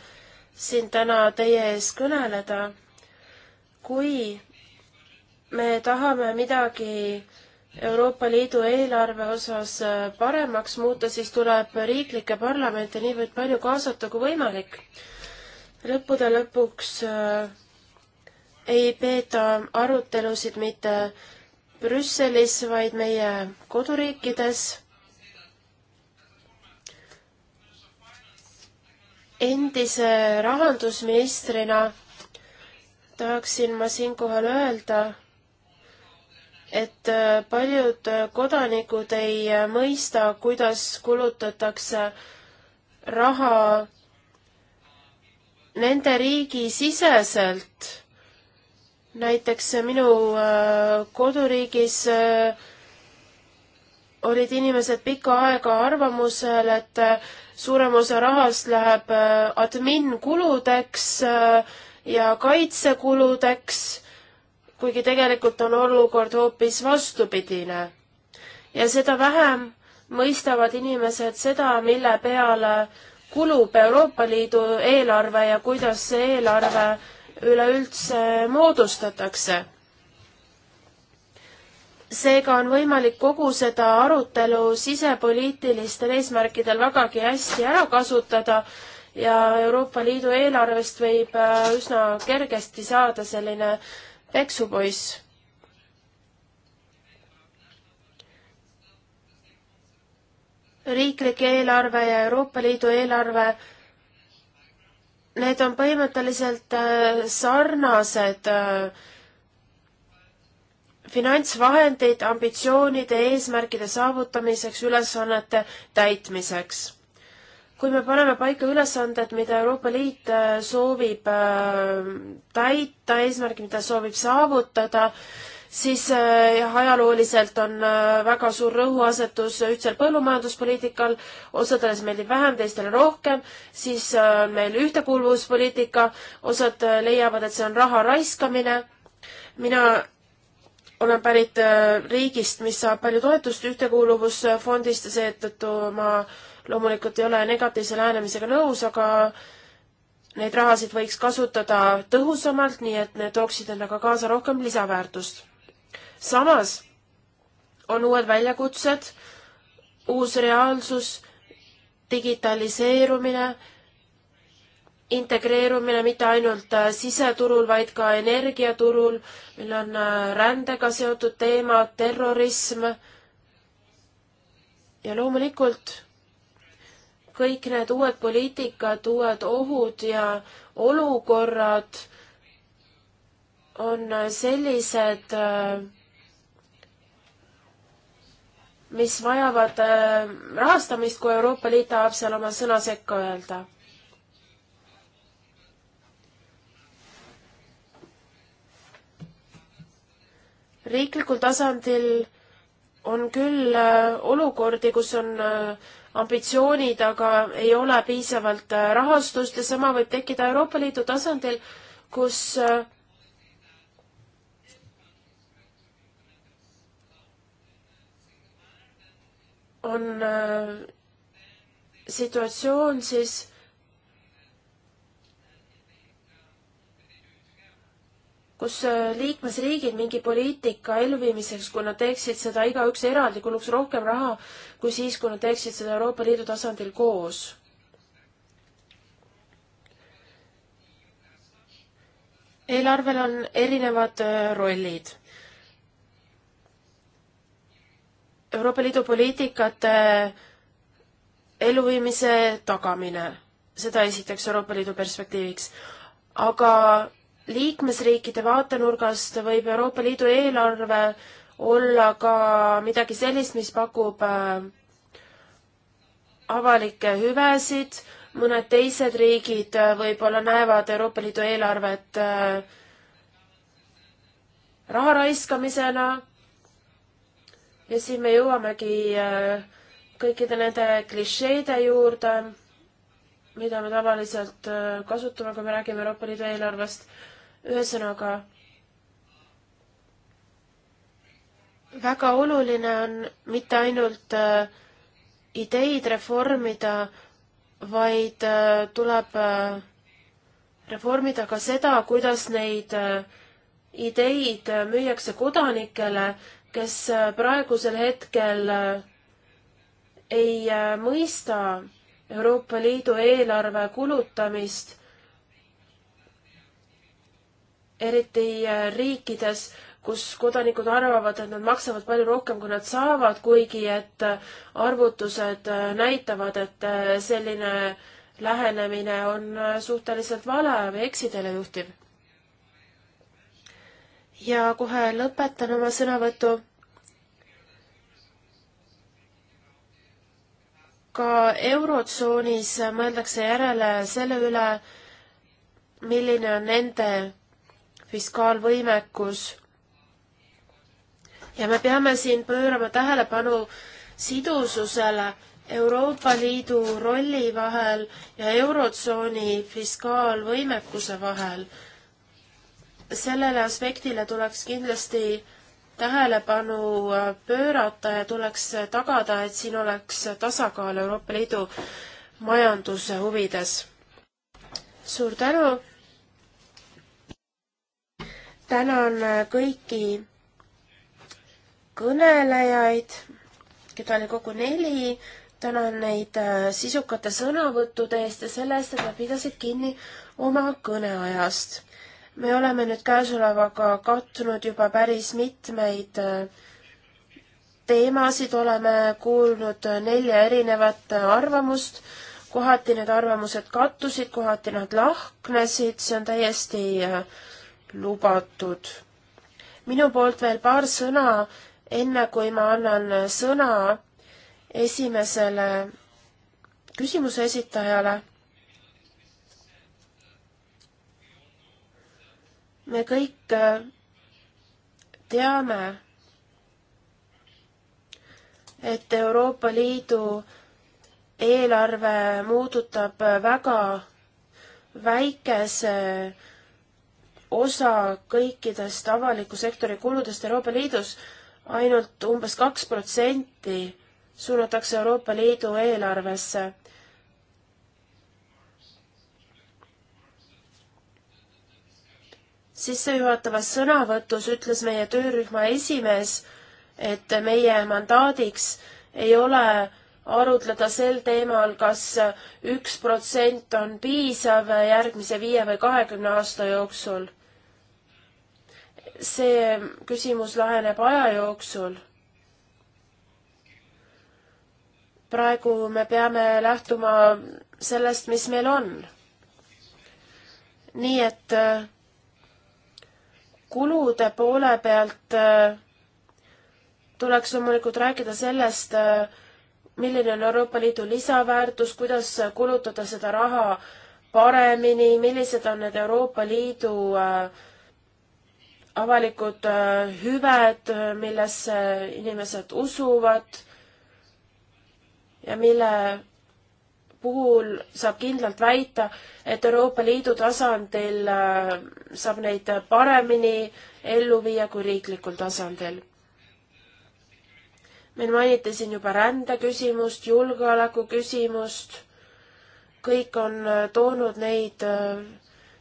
siin täna teie ees kõneleda. kui me tahame midagi Euroopa Liidu eelarve osas äh, paremaks muuta, siis tuleb riiklikke parlamente niivõrd palju kaasata kui võimalik lõppude lõpuks äh, ei peeta arutelusid mitte Brüsselis, vaid meie koduriikides. endise rahandusministrina tahaksin ma siinkohal öelda, et äh, paljud kodanikud ei äh, mõista, kuidas kulutatakse raha nende riigi siseselt, näiteks minu äh, koduriigis äh, olid inimesed pikka aega arvamusel, et äh, suurem osa rahast läheb adminkuludeks ja kaitsekuludeks, kuigi tegelikult on olukord hoopis vastupidine. ja seda vähem mõistavad inimesed seda, mille peale kulub Euroopa Liidu eelarve ja kuidas see eelarve üleüldse moodustatakse. seega on võimalik kogu seda arutelu sisepoliitilistel eesmärkidel vägagi hästi ära kasutada ja Euroopa Liidu eelarvest võib äh, üsna kergesti saada selline peksupoiss riiklik eelarve ja Euroopa Liidu eelarve, need on põhimõtteliselt äh, sarnased äh, finantsvahendeid ambitsioonide eesmärkide saavutamiseks, ülesannete täitmiseks. kui me paneme paika ülesanded, mida Euroopa Liit äh, soovib täita, eesmärgid, mida soovib saavutada, siis äh, jah, ajalooliselt on äh, väga suur rõhuasetus ühtsel põllumajanduspoliitikal, osadele see meeldib vähem, teistele rohkem, siis äh, on meil ühtekuuluvuspoliitika, osad leiavad, et see on raha raiskamine. mina olen pärit riigist, mis saab palju toetust ühtekuuluvusfondist ja seetõttu ma loomulikult ei ole negatiivse lähenemisega nõus, aga neid rahasid võiks kasutada tõhusamalt, nii et need tooksid endaga kaasa rohkem lisaväärtust samas on uued väljakutsed, uus reaalsus, digitaliseerumine, integreerumine mitte ainult äh, siseturul, vaid ka energiaturul, meil on äh, rändega seotud teemad, terrorism ja loomulikult kõik need uued poliitikad, uued ohud ja olukorrad on äh, sellised äh, mis vajavad äh, rahastamist, kui Euroopa Liit tahab seal oma sõna sekka öelda. riiklikul tasandil on küll äh, olukordi, kus on äh, ambitsioonid, aga ei ole piisavalt rahastust ja sama võib tekkida Euroopa Liidu tasandil, kus äh, on äh, situatsioon siis, kus äh, liikmesriigid mingi poliitika elluviimiseks, kui nad teeksid seda igaüks eraldi, kuluks rohkem raha kui siis, kui nad teeksid seda Euroopa Liidu tasandil koos. eelarvel on erinevad äh, rollid Euroopa Liidu poliitikate elluviimise tagamine, seda esiteks Euroopa Liidu perspektiiviks. aga liikmesriikide vaatenurgast võib Euroopa Liidu eelarve olla ka midagi sellist, mis pakub äh, avalikke hüvesid, mõned teised riigid äh, võib-olla näevad Euroopa Liidu eelarvet äh, raha raiskamisena ja siin me jõuamegi äh, kõikide nende klišeede juurde, mida me tavaliselt äh, kasutame, kui me räägime Euroopa Liidu eelarvest. ühesõnaga, väga oluline on mitte ainult äh, ideid reformida, vaid tuleb reformida ka seda, kuidas neid ideid müüakse kodanikele kes äh, praegusel hetkel äh, ei äh, mõista Euroopa Liidu eelarve kulutamist, eriti riikides, kus kodanikud arvavad, et nad maksavad palju rohkem, kui nad saavad, kuigi et arvutused näitavad, et selline lähenemine on suhteliselt vale või eksiteele juhtiv ja kohe lõpetan oma sõnavõtu. ka Eurotsoonis mõeldakse järele selle üle, milline on nende fiskaalvõimekus. ja me peame siin pöörama tähelepanu sidususele Euroopa Liidu rolli vahel ja Eurotsooni fiskaalvõimekuse vahel sellele aspektile tuleks kindlasti tähelepanu äh, pöörata ja tuleks äh, tagada, et siin oleks äh, tasakaal Euroopa Liidu majanduse huvides. suur tänu! tänan kõiki kõnelejaid, keda oli kogu neli, tänan neid sisukate sõnavõttude eest ja selle eest, et nad pidasid kinni oma kõneajast me oleme nüüd käesolevaga katnud juba päris mitmeid äh, teemasid, oleme kuulnud nelja erinevat arvamust, kohati need arvamused kattusid, kohati nad lahknesid, see on täiesti äh, lubatud. minu poolt veel paar sõna, enne kui ma annan sõna esimesele küsimuse esitajale me kõik äh, teame, et Euroopa Liidu eelarve muudutab äh, väga väikese osa kõikidest avaliku sektori kuludest Euroopa Liidus, ainult umbes kaks protsenti suunatakse Euroopa Liidu eelarvesse sissejuhatavas sõnavõtus ütles meie töörühma esimees, et meie mandaadiks ei ole arutleda sel teemal kas, kas üks protsent on piisav järgmise viie või kahekümne aasta jooksul. see küsimus laheneb aja jooksul. praegu me peame lähtuma sellest, mis meil on. nii et äh, kulude poole pealt äh, tuleks loomulikult rääkida sellest, äh, milline on Euroopa Liidu lisaväärtus, kuidas kulutada seda raha paremini, millised on need Euroopa Liidu äh, avalikud hüved, millesse inimesed usuvad ja mille puhul saab kindlalt väita, et Euroopa Liidu tasandil äh, saab neid paremini ellu viia kui riiklikul tasandil. meil mainiti siin juba rändeküsimust, julgeoleku küsimust, kõik on äh, toonud neid äh,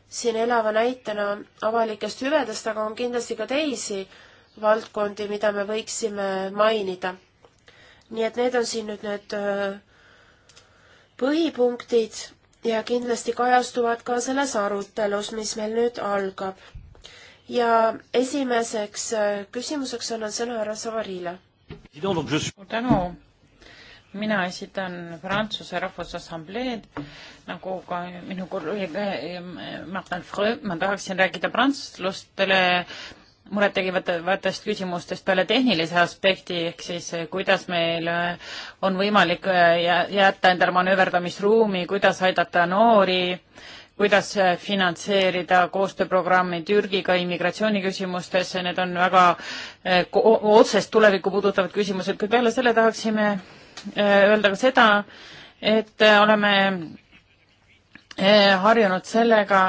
siin elava näitena avalikest hüvedest, aga on kindlasti ka teisi valdkondi, mida me võiksime mainida. nii et need on siin nüüd need öö, põhipunktid ja kindlasti kajastuvad ka selles arutelus, mis meil nüüd algab. ja esimeseks äh, küsimuseks annan sõna härra Savarile. suur tänu. mina esitan Prantsuse Rahvusassambleed, nagu ka minu kolleeg äh, Martin Freud, ma tahaksin rääkida prantslastele murettegivatest küsimustest peale tehnilise aspekti, ehk siis eh, kuidas meil eh, on võimalik eh, jätta endale manööverdamisruumi, kuidas aidata noori, kuidas finantseerida koostööprogrammi Türgiga immigratsiooniküsimustes, need on väga otsest tulevikku puudutavad küsimused, kui peale selle tahaksime öelda ka seda, et oleme harjunud sellega,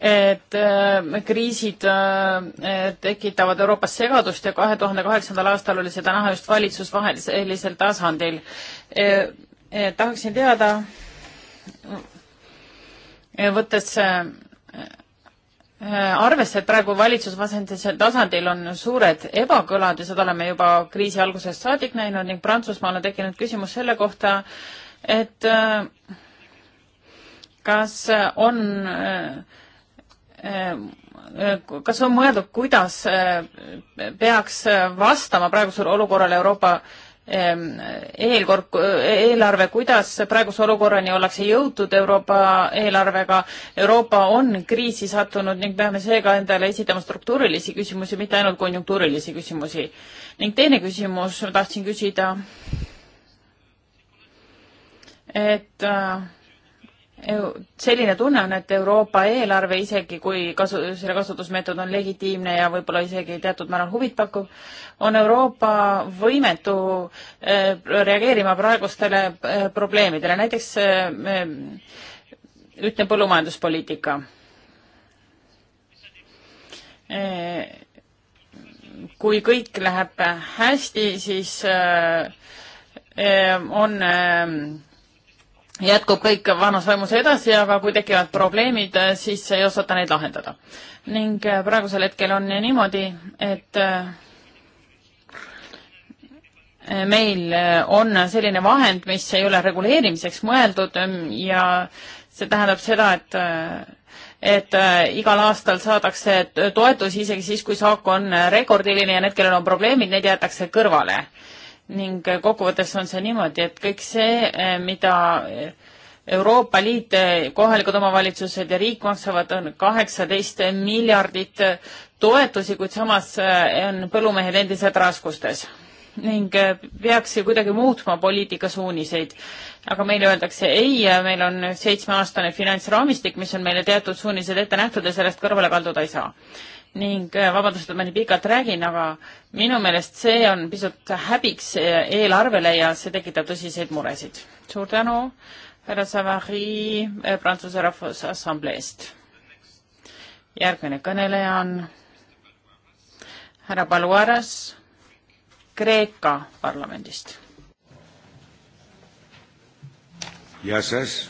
et äh, kriisid äh, tekitavad Euroopas segadust ja kahe tuhande kaheksandal aastal oli seda näha just valitsusvahelisel tasandil. Äh, tahaksin teada, võttes arvesse, et praegu valitsusvasendisel tasandil on suured ebakõlad ja seda oleme juba kriisi algusest saadik näinud ning Prantsusmaal on tekkinud küsimus selle kohta, et kas on äh, Äh, äh, kas on mõeldud, kuidas äh, peaks vastama praegusele olukorrale Euroopa ähm, eelkord, eelarve, kuidas praeguse olukorrani ollakse jõutud Euroopa eelarvega. Euroopa on kriisi sattunud ning peame seega endale esitama struktuurilisi küsimusi, mitte ainult konjunktuurilisi küsimusi. ning teine küsimus, ma tahtsin küsida, et äh, selline tunne on, et Euroopa eelarve, isegi kui kasu, selle kasutusmeetod on legitiimne ja võib-olla isegi teatud määral huvitpakkuv, on Euroopa võimetu äh, reageerima praegustele äh, probleemidele, näiteks äh, ütleme põllumajanduspoliitika. kui kõik läheb hästi, siis on jätkub kõik vanas vaimus edasi, aga kui tekivad probleemid, siis ei osata neid lahendada. ning äh, praegusel hetkel on niimoodi, et äh, meil äh, on selline vahend, mis ei ole reguleerimiseks mõeldud ähm, ja see tähendab seda, et et igal aastal saadakse toetusi isegi siis, kui saak on rekordiline ja need, kellel on probleemid, need jäetakse kõrvale ning kokkuvõttes on see niimoodi, et kõik see, mida Euroopa Liit, kohalikud omavalitsused ja riik maksavad, on kaheksateist miljardit toetusi, kuid samas eh, on põllumehed endiselt raskustes ning eh, peaks ju kuidagi muutma poliitikasuuniseid. aga meile öeldakse ei, meil on seitsmeaastane finantsraamistik, mis on meile teatud suunised ette nähtud ja sellest kõrvale kalduda ei saa ning äh, vabandust, et ma nii pikalt räägin, aga minu meelest see on pisut häbiks äh, eelarvele ja see tekitab tõsiseid muresid. suur tänu, härra Savary äh, Prantsuse Rahvusassambleest. järgmine kõneleja on härra Paluaras Kreeka parlamendist. Γεια σας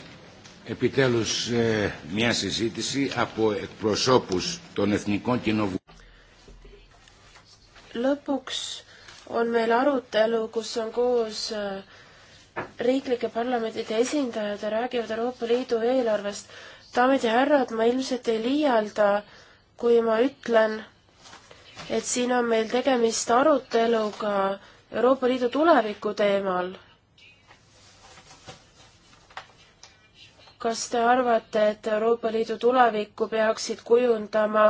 επιτέλους ε, μια συζήτηση από εκπροσώπους των Εθνικών Κοινοβουλίων. Lõpuks on meil arutelu, kus on koos äh, riiklike parlamentide esindajad ja räägivad Euroopa Liidu eelarvest. daamid ja härrad, ma ilmselt ei liialda, kui ma ütlen, et siin on meil tegemist aruteluga Euroopa Liidu tuleviku teemal kas te arvate, et Euroopa Liidu tulevikku peaksid kujundama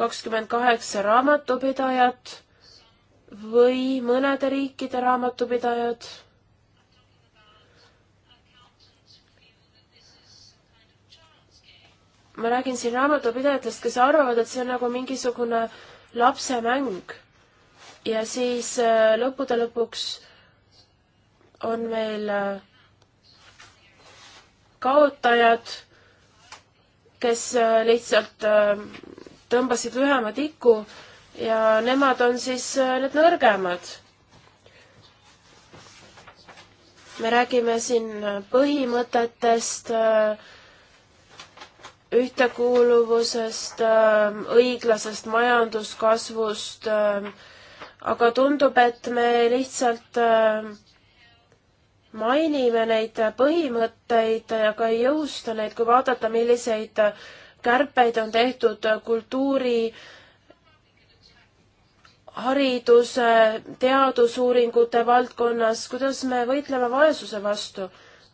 kakskümmend kaheksa raamatupidajat või mõnede riikide raamatupidajad? ma räägin siin raamatupidajatest, kes arvavad, et see on nagu mingisugune lapsemäng. ja siis äh, lõppude lõpuks on meil äh, kaotajad, kes äh, lihtsalt äh, tõmbasid lühema tiku ja nemad on siis äh, need nõrgemad. me räägime siin põhimõtetest, ühtekuuluvusest, õiglasest majanduskasvust, aga tundub, et me lihtsalt äh, mainime neid põhimõtteid, aga ei jõusta neid, kui vaadata, milliseid kärpeid on tehtud kultuuri, hariduse, teadusuuringute valdkonnas, kuidas me võitleme vaesuse vastu,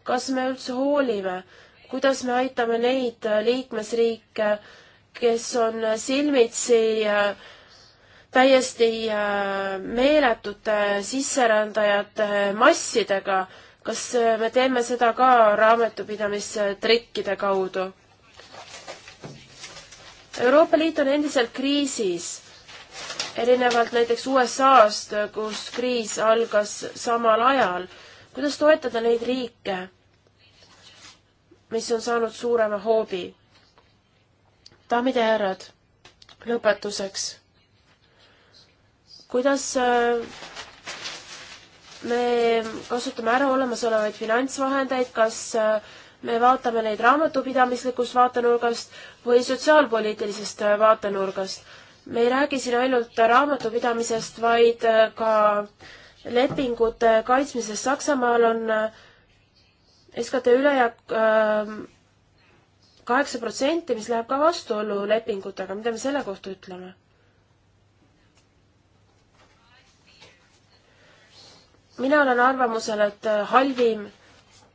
kas me üldse hoolime, kuidas me aitame neid liikmesriike, kes on silmitsi äh, täiesti äh, meeletute sisserändajate massidega kas äh, me teeme seda ka raamatupidamistrikkide kaudu? Euroopa Liit on endiselt kriisis, erinevalt näiteks USA-st, kus kriis algas samal ajal. kuidas toetada neid riike, mis on saanud suurema hoobi? daamid ja härrad, lõpetuseks. kuidas äh, me kasutame ära olemasolevaid finantsvahendeid, kas äh, me vaatame neid raamatupidamislikust vaatenurgast või sotsiaalpoliitilisest äh, vaatenurgast. me ei räägi siin ainult raamatupidamisest, vaid äh, ka lepingute kaitsmisest. Saksamaal on SKT ülejääk kaheksa protsenti, mis läheb ka vastuollu lepingutega. mida me selle kohta ütleme? mina olen arvamusel, et äh, halvim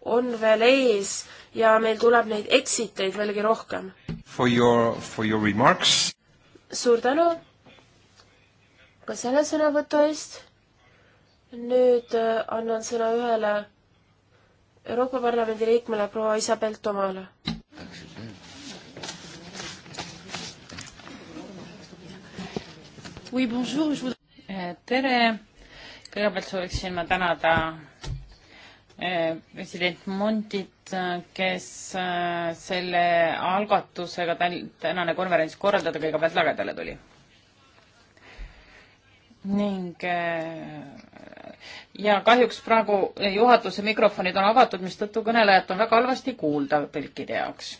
on veel ees ja meil tuleb neid exiteid veelgi rohkem. For your, for your remarks. suur tänu ka selle sõnavõtu eest. nüüd äh, annan sõna ühele Euroopa Parlamendi liikmele proua Isabel Tomale. tere kõigepealt sooviksin ma tänada eh, president Montit, eh, kes eh, selle algatusega tänane konverents korraldada kõigepealt lagedale tuli. ning ja kahjuks praegu juhatuse mikrofonid on avatud, mistõttu kõnelejat on väga halvasti kuulda tõlkide jaoks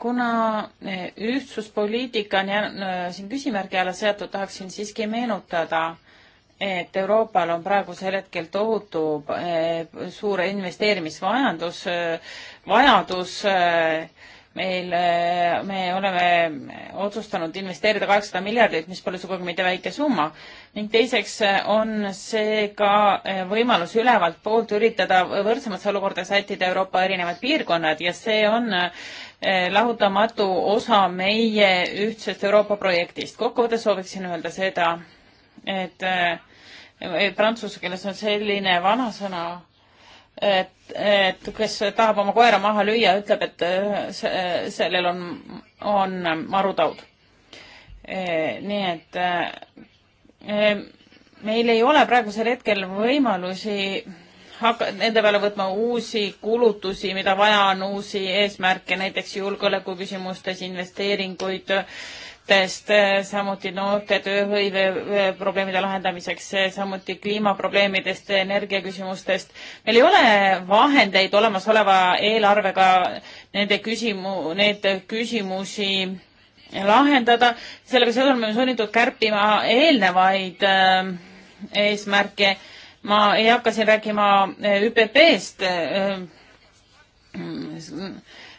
kuna eh, ühtsuspoliitika on jäänud siin küsimärgi alla seatud, tahaksin siiski meenutada, et Euroopal on praegusel hetkel tohutu eh, suure investeerimisvajadus, eh, vajadus, vajadus meil, äh, me oleme otsustanud investeerida kaheksasada miljardit, mis pole sugugi mitte väike summa ning teiseks äh, on see ka äh, võimalus ülevalt poolt üritada võrdsemasse olukorda sättida Euroopa erinevad piirkonnad ja see on lahutamatu osa meie ühtsest Euroopa projektist. kokkuvõttes sooviksin öelda seda, et prantsuse keeles on selline vanasõna, et, et kes tahab oma koera maha lüüa, ütleb, et äh, see, sellel on, on ähm, marutaud e,. nii et e, meil ei ole praegusel hetkel võimalusi hakka-, nende peale võtma uusi kulutusi, mida vaja on, uusi eesmärke, näiteks julgeolekuküsimustes investeeringuid, test, samuti noorte tööhõive probleemide lahendamiseks, samuti kliimaprobleemidest, energiaküsimustest. meil ei ole vahendeid olemasoleva eelarvega nende küsimu-, need küsimusi lahendada, sellega seoses me oleme sunnitud kärpima eelnevaid äh, eesmärke äh, ma ei hakka siin rääkima eh, ÜPP-st, eh,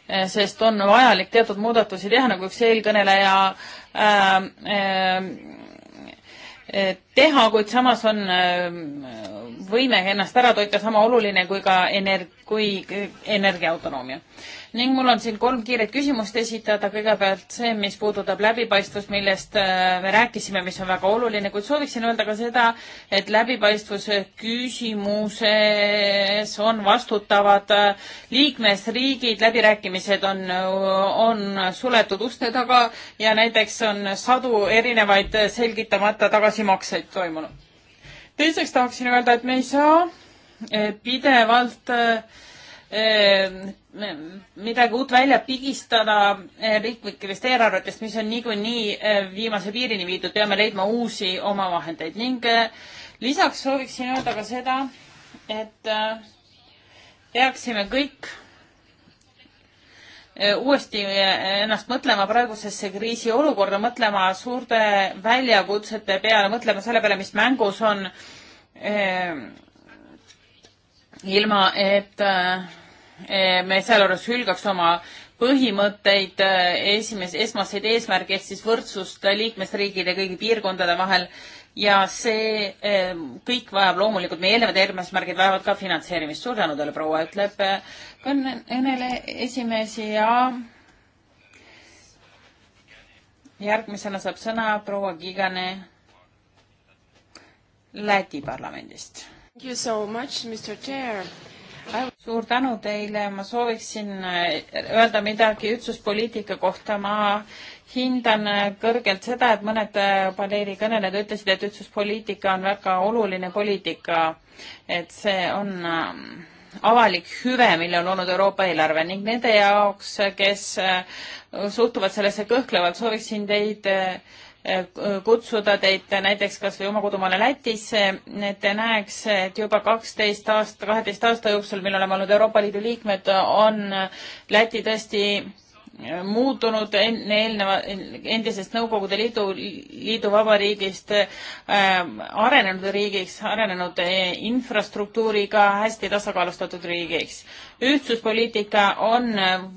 eh, sest on vajalik teatud muudatusi teha, nagu üks eelkõneleja teha, kuid samas on võime ennast ära toita sama oluline kui ka ener-, kui energiaautonoomia ning mul on siin kolm kiiret küsimust esitada. kõigepealt see, mis puudutab läbipaistvust, millest äh, me rääkisime, mis on väga oluline, kuid sooviksin öelda ka seda, et läbipaistvuse küsimuses on vastutavad äh, liikmesriigid, läbirääkimised on, on suletud uste taga ja näiteks on sadu erinevaid selgitamata tagasimakseid toimunud. teiseks tahaksin öelda, et me ei saa äh, pidevalt midagi uut välja pigistada eh, riiklikest eelarvetest, mis on niikuinii eh, viimase piirini viidud, peame leidma uusi omavahendeid ning eh, lisaks sooviksin öelda ka seda, et peaksime kõik uuesti ennast mõtlema praegusesse kriisiolukorda, mõtlema suurte väljakutsete peale, mõtlema selle peale, mis mängus on eh,. ilma, et eh, Eh, me sealjuures hülgaks oma põhimõtteid, eh, esimes-, esmaseid eesmärke ehk siis võrdsust liikmesriigide kõigi piirkondade vahel ja see eh, kõik vajab loomulikult, meie eelnevad eesmärgid vajavad ka finantseerimist. suur tänu teile, proua, ütleb kõnele esimees ja järgmisena saab sõna proua Gigane Läti parlamendist. Thank you so much, Mr Chair suur tänu teile, ma sooviksin äh, öelda midagi ühtsuspoliitika kohta, ma hindan äh, kõrgelt seda, et mõned äh, paneeli kõnelejad ütlesid, et ühtsuspoliitika on väga oluline poliitika, et see on avalik hüve, mille on olnud Euroopa eelarve ning nende jaoks, kes suhtuvad sellesse kõhklevalt, sooviksin teid kutsuda teid näiteks kas või oma kodumaale Lätisse, et te näeks, et juba kaksteist aasta, kaheteist aasta jooksul, mil oleme olnud Euroopa Liidu liikmed, on Läti tõesti muutunud enne eelneva, endisest Nõukogude Liidu, liiduvabariigist äh, arenenud riigiks, arenenud äh, infrastruktuuriga, hästi tasakaalustatud riigiks. ühtsuspoliitika on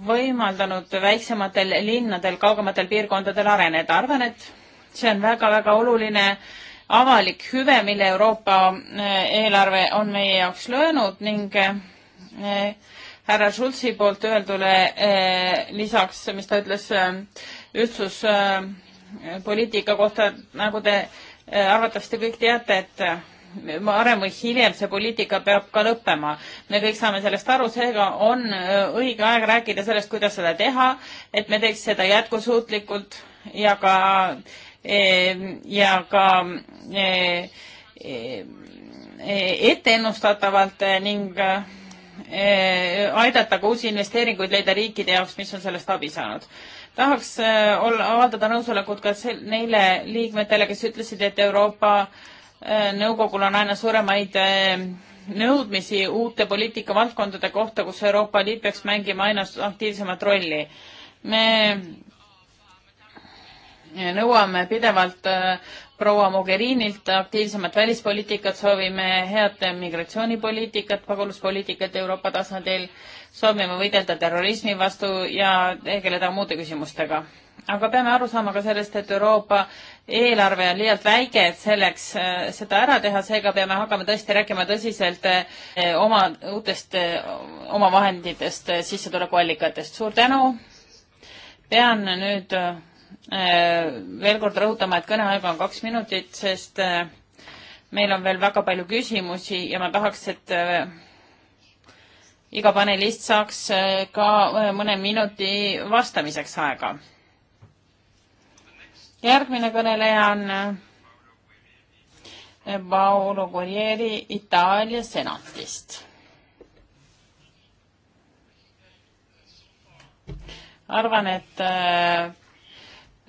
võimaldanud väiksematel linnadel, kaugematel piirkondadel areneda. arvan, et see on väga-väga oluline avalik hüve, mille Euroopa eh, eelarve on meie jaoks löönud ning eh, härra Schulzi poolt öeldule eh, lisaks, mis ta ütles ühtsuspoliitika kohta, nagu te arvatavasti kõik teate, et varem või hiljem see poliitika peab ka lõppema. me kõik saame sellest aru, seega on õige aeg rääkida sellest, kuidas seda teha, et me teeks seda jätkusuutlikult ja ka Ehm, ja ka eh, eh, etteennustatavalt eh, ning aidata ka uusi investeeringuid leida riikide jaoks, mis on sellest abi saanud. tahaks olla, avaldada nõusolekut ka neile liikmetele, kes ütlesid, et Euroopa Nõukogul on aina suuremaid nõudmisi uute poliitikavaldkondade kohta, kus Euroopa Liit peaks mängima aina aktiivsemat rolli. me nõuame pidevalt äh, proua Mogherinilt aktiivsemat välispoliitikat, soovime head migratsioonipoliitikat, pagulaspoliitikat Euroopa tasandil, soovime võidelda terrorismi vastu ja tegeleda muude küsimustega. aga peame aru saama ka sellest, et Euroopa eelarve on liialt väike, et selleks äh, seda ära teha, seega peame hakkama tõesti rääkima tõsiselt äh, oma uutest omavahenditest, sissetulekuallikatest. suur tänu, pean nüüd Äh, veel kord rõhutama, et kõneaega on kaks minutit, sest äh, meil on veel väga palju küsimusi ja ma tahaks, et äh, iga panelist saaks ka mõne minuti vastamiseks aega. järgmine kõneleja on Paolo Guerrieri Itaalia senatist. arvan, et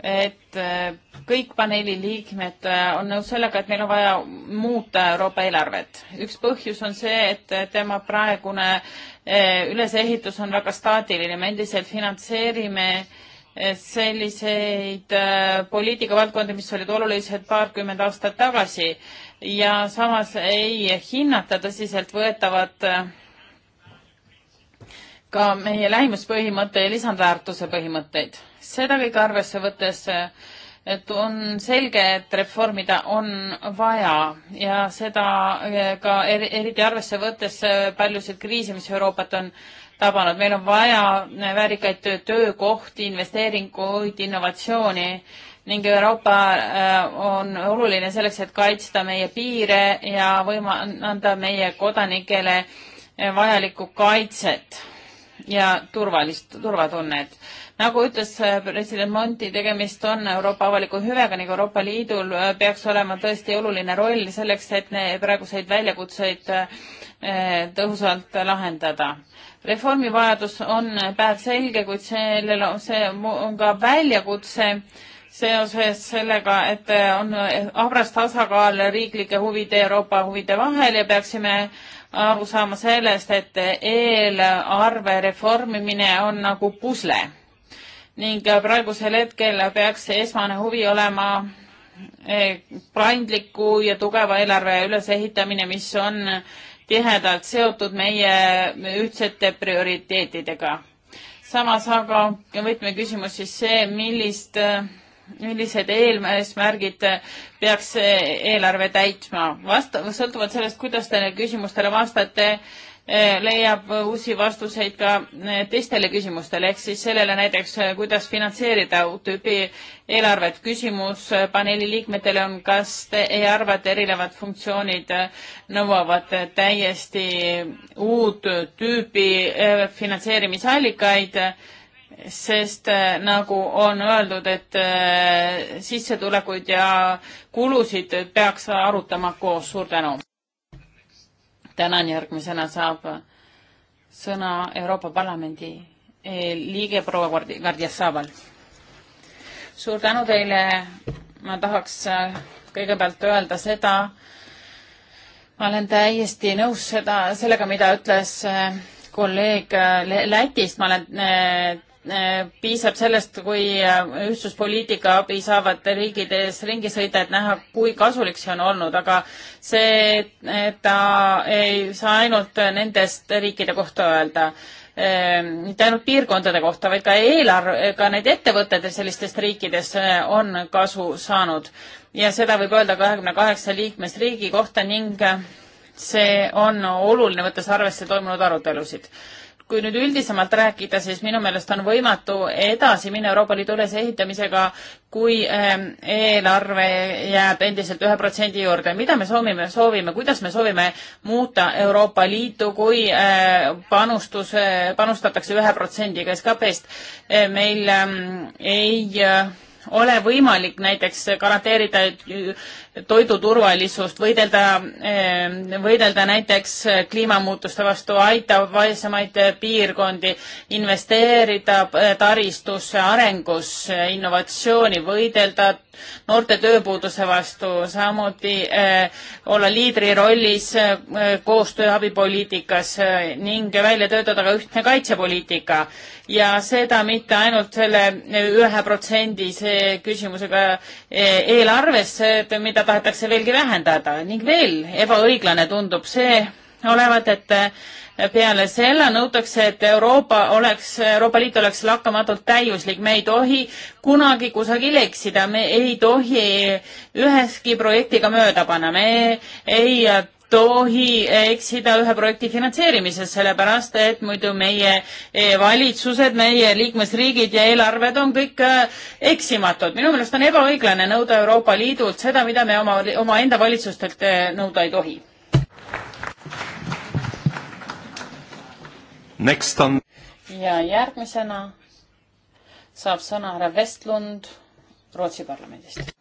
et äh, kõik paneeli liikmed äh, on nõus sellega, et meil on vaja muuta Euroopa eelarvet. üks põhjus on see, et äh, tema praegune ülesehitus on väga staatiline, me endiselt finantseerime selliseid poliitikavaldkondi, mis olid olulised paarkümmend aastat tagasi ja samas ei hinnata tõsiseltvõetavat ka meie lähimuspõhimõtte ja lisandväärtuse põhimõtteid seda kõike arvesse võttes, et on selge, et reformida on vaja ja seda eh, ka eriti arvesse võttes eh, paljusid kriise, mis Euroopat on tabanud. meil on vaja eh, väärikaid töö, töökohti, investeeringuid, innovatsiooni ning Euroopa on oluline selleks, et kaitsta meie piire ja võima-, anda meie kodanikele vajalikku kaitset ja turvalist, turvatunnet nagu ütles äh, president Monti, tegemist on Euroopa avaliku hüvega ning Euroopa Liidul äh, peaks olema tõesti oluline roll selleks, et praeguseid väljakutseid äh, tõhusalt lahendada. reformi vajadus on päevselge, kuid sellel on, see on ka väljakutse seoses sellega, et on habras tasakaal riiklike huvide ja Euroopa huvide vahel ja peaksime aru saama sellest, et eelarve reformimine on nagu pusle ning praegusel hetkel peaks esmane huvi olema eh, paindliku ja tugeva eelarve ülesehitamine, mis on tihedalt seotud meie ühtsete prioriteetidega. samas aga võtmeküsimus siis see, millist, millised eelmärgid peaks eelarve täitma. vasta-, sõltuvalt sellest, kuidas te küsimustele vastate, Äh, leiab äh, uusi vastuseid ka äh, teistele küsimustele, ehk siis sellele näiteks, kuidas finantseerida uut tüüpi eelarvet. küsimus paneeli liikmetele on, kas te ei arva, et erinevad funktsioonid nõuavad täiesti uut tüüpi finantseerimisallikaid, sest nagu on öeldud, et sissetulekuid ja kulusid peaks arutama koos. suur tänu! tänan, järgmisena saab sõna Euroopa Parlamendi liige proua Gardiassaval. suur tänu teile, ma tahaks kõigepealt öelda seda, ma olen täiesti nõus seda, sellega, mida ütles kolleeg Lätist, ma olen Äh, piisab sellest, kui äh, ühtsuspoliitika abi saavad riigides ringi sõita, et näha, kui kasulik see on olnud, aga see, et ta ei saa ainult nendest riikide kohta öelda äh, mitte ainult piirkondade kohta, vaid ka eelarve, ka need ettevõtted sellistest riikidest on kasu saanud. ja seda võib öelda kahekümne kaheksa liikmesriigi kohta ning see on oluline, võttes arvesse toimunud arutelusid kui nüüd üldisemalt rääkida, siis minu meelest on võimatu edasi minna Euroopa Liidu ülesehitamisega, kui ähm, eelarve jääb endiselt ühe protsendi juurde. mida me soovime, soovime, kuidas me soovime muuta Euroopa Liitu, kui äh, panustus, äh, panustatakse ühe protsendiga SKP-st. Äh, meil ähm, ei ole võimalik näiteks garanteerida toiduturvalisust, võidelda, eh, võidelda näiteks kliimamuutuste vastu, aitab vaesemaid piirkondi, investeerida eh, taristusse, arengusse, innovatsiooni, võidelda noorte tööpuuduse vastu, samuti eh, olla liidri rollis eh, koostöö abipoliitikas eh, ning välja töötada ka ühtne kaitsepoliitika ja seda mitte ainult selle ühe protsendise küsimusega eelarves, mida tahetakse veelgi vähendada ning veel ebaõiglane tundub see, olevat, et äh, peale selle nõutakse, et Euroopa oleks, Euroopa Liit oleks lakkamatult täiuslik, me ei tohi kunagi kusagil eksida, me ei tohi üheski projektiga mööda panna, me ei tohi eksida ühe projekti finantseerimises, sellepärast et muidu meie eh, valitsused, meie liikmesriigid ja eelarved on kõik äh, eksimatud. minu meelest on ebaõiglane nõuda Euroopa Liidult seda, mida me oma, omaenda valitsustelt äh, nõuda ei tohi. Next on ja järgmisena saab sõna härra Vestlund Rootsi parlamendist.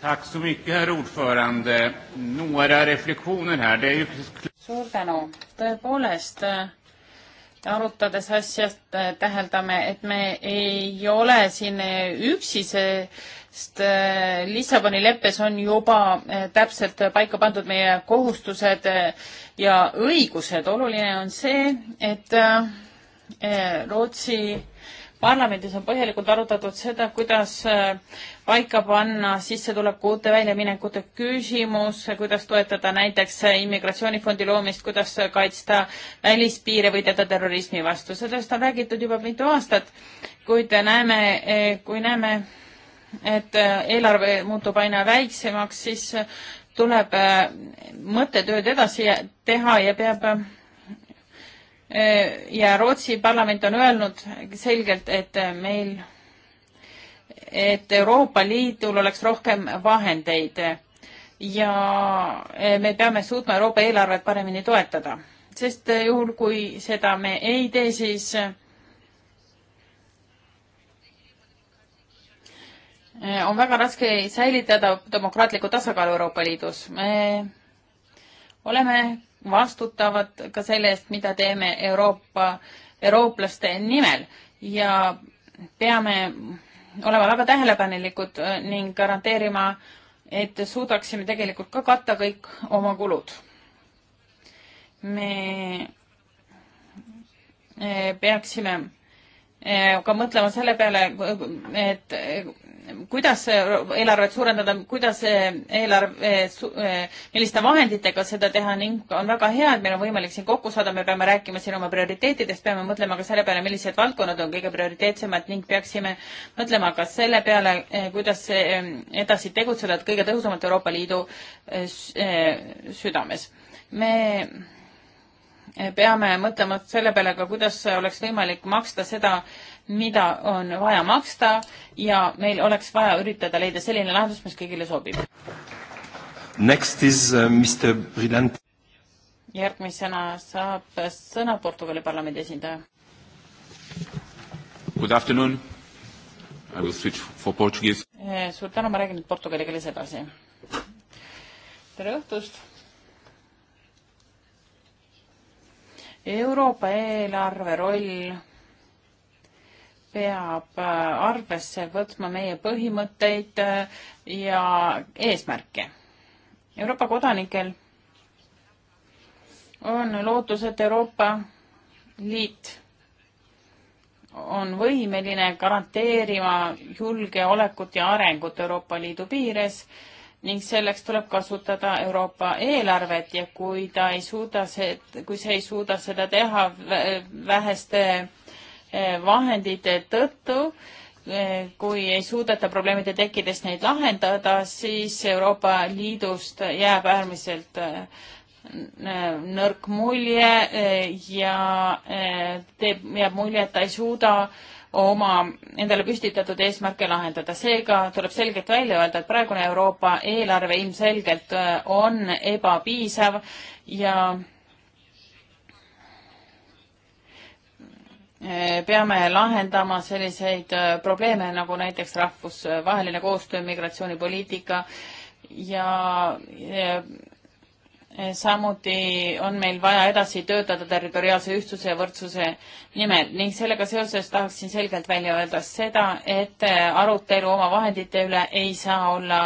Tack så mycket, herr ordförande. Några reflektioner här. Det är ju... Suur tänu. Tõepoolest, äh, arutades asjast äh, täheldame, et me ei ole siin äh, üksi, see sest äh, Lissaboni leppes on juba äh, täpselt paika pandud meie kohustused äh, ja õigused. oluline on see, et Rootsi parlamendis on põhjalikult arutatud seda, kuidas paika panna sissetulekute väljaminekute küsimus, kuidas toetada näiteks immigratsioonifondi loomist, kuidas kaitsta välispiire, võidelda terrorismi vastu. sellest on räägitud juba mitu aastat, kuid näeme, eh, kui näeme et äh, eelarve muutub aina väiksemaks, siis äh, tuleb äh, mõttetööd edasi teha ja peab ja Rootsi parlament on öelnud selgelt, et meil, et Euroopa Liidul oleks rohkem vahendeid ja me peame suutma Euroopa eelarvet paremini toetada, sest juhul, kui seda me ei tee, siis Eh, on väga raske säilitada demokraatlikku tasakaalu Euroopa Liidus. me oleme vastutavad ka selle eest, mida teeme Euroopa, eurooplaste nimel ja peame olema väga tähelepanelikud eh, ning garanteerima, et suudaksime tegelikult ka katta kõik oma kulud. me eh, peaksime ka mõtlema selle peale, et kuidas eelarvet suurendada, kuidas eelarve, eh, eh, milliste vahenditega seda teha ning on väga hea, et meil on võimalik siin kokku saada, me peame rääkima siin oma prioriteetidest, peame mõtlema ka selle peale, millised valdkonnad on kõige prioriteetsemad ning peaksime mõtlema ka selle peale, eh, kuidas edasi tegutseda, et kõige tõhusamalt Euroopa Liidu südames. me peame mõtlema selle peale ka, kuidas oleks võimalik maksta seda mida on vaja maksta ja meil oleks vaja üritada leida selline lahendus, mis kõigile sobib. Next is uh, Mr Brillant. järgmisena saab sõna Portugali parlamendi esindaja. Good afternoon. I will switch for portuguese. Eh, suur tänu, ma räägin nüüd portugali keeles edasi. tere õhtust Euroopa eelarve roll peab äh, arvesse võtma meie põhimõtteid äh, ja eesmärke. Euroopa kodanikel on lootus, et Euroopa Liit on võimeline garanteerima julgeolekut ja arengut Euroopa Liidu piires ning selleks tuleb kasutada Euroopa eelarvet ja kui ta ei suuda see, kui see ei suuda seda teha väheste Eh, vahendite tõttu, eh, kui ei suudeta probleemide tekkides neid lahendada, siis Euroopa Liidust jääb äärmiselt eh, nõrk mulje ja teeb, jääb mulje, et ta ei suuda oma endale püstitatud eesmärke lahendada. seega tuleb selgelt välja öelda, et praegune Euroopa eelarve ilmselgelt on ebapiisav ja peame lahendama selliseid äh, probleeme nagu näiteks rahvusvaheline äh, koostöö, migratsioonipoliitika ja äh, samuti on meil vaja edasi töötada territoriaalse ühtsuse ja võrdsuse nimel ning sellega seoses tahaksin selgelt välja öelda seda, et arutelu oma vahendite üle ei saa olla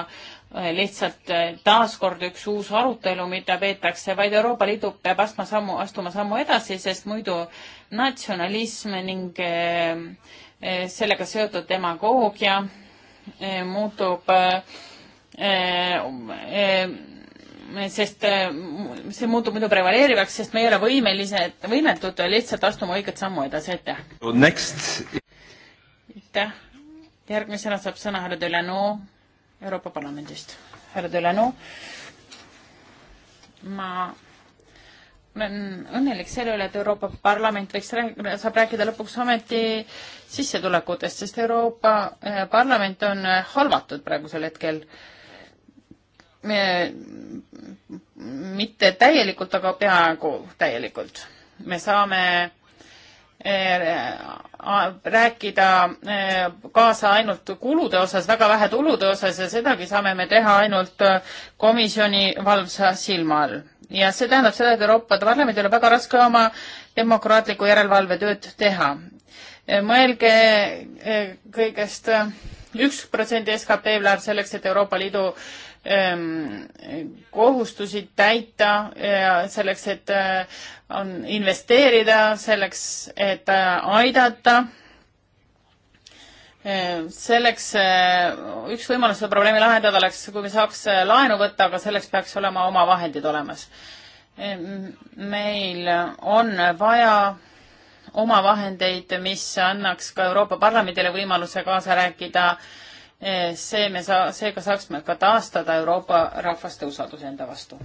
lihtsalt taaskord üks uus arutelu, mida peetakse, vaid Euroopa Liidu peab astma sammu, astuma sammu edasi, sest muidu natsionalism ning eh, eh, sellega seotud demagoogia eh, muutub, sest see muutub muidu prevaleerivaks, sest me ei ole võimelised, võimetud lihtsalt astuma õiget sammu edasi, aitäh. aitäh. järgmisena saab sõna härra Delano Euroopa Parlamendist. härra Delano, ma olen õnnelik selle üle, et Euroopa Parlament võiks rääkida, saab rääkida lõpuks ometi sissetulekutest, sest Euroopa eh, Parlament on eh, halvatud praegusel hetkel. mitte täielikult, aga peaaegu täielikult. me saame eh, rääkida kaasa ainult kulude osas, väga vähe tulude osas ja sedagi saame me teha ainult komisjoni valvsa silma all ja see tähendab seda, et Euroopa Parlamendil on väga raske oma demokraatlikku järelevalvetööd teha. mõelge e, kõigest e, üks protsendi skp läheb selleks, et Euroopa Liidu kohustusi täita ja selleks, et e, on investeerida, selleks, et aidata Ehm, selleks eh, üks võimalus seda probleemi lahendada oleks, kui me saaks eh, laenu võtta, aga selleks peaks olema oma vahendid olemas. Ehm, meil on vaja oma vahendeid, mis annaks ka Euroopa Parlamendile võimaluse kaasa rääkida. Ehm, see me saa-, seega saaksime ka taastada Euroopa rahvaste usalduse enda vastu.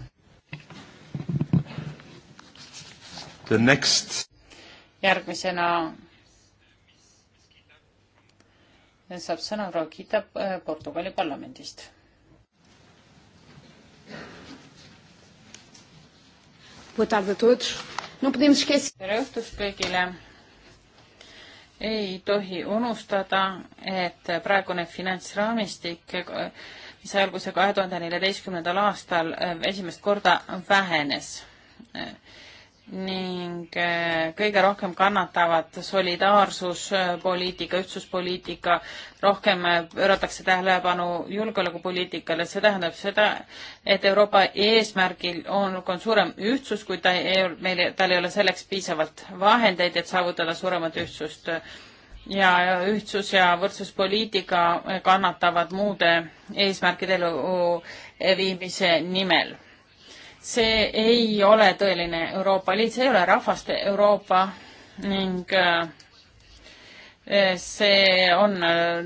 The next. järgmisena saab sõna Rogita äh, Portugali parlamendist. tere õhtust kõigile. ei tohi unustada, et praegune finantsraamistik, mis alguse kahe tuhande neljateistkümnendal aastal äh, esimest korda vähenes ning äh, kõige rohkem kannatavad solidaarsuspoliitika, ühtsuspoliitika, rohkem äh, pööratakse tähelepanu julgeolekupoliitikale, see tähendab seda, et Euroopa eesmärgil on, on suurem ühtsus, kuid ta ei, meil, tal ei ole selleks piisavalt vahendeid, et saavutada suuremat ühtsust. ja ühtsus ja võrdsuspoliitika kannatavad muude eesmärkide elluviimise nimel see ei ole tõeline Euroopa Liit, see ei ole rahvaste Euroopa ning äh, see on äh,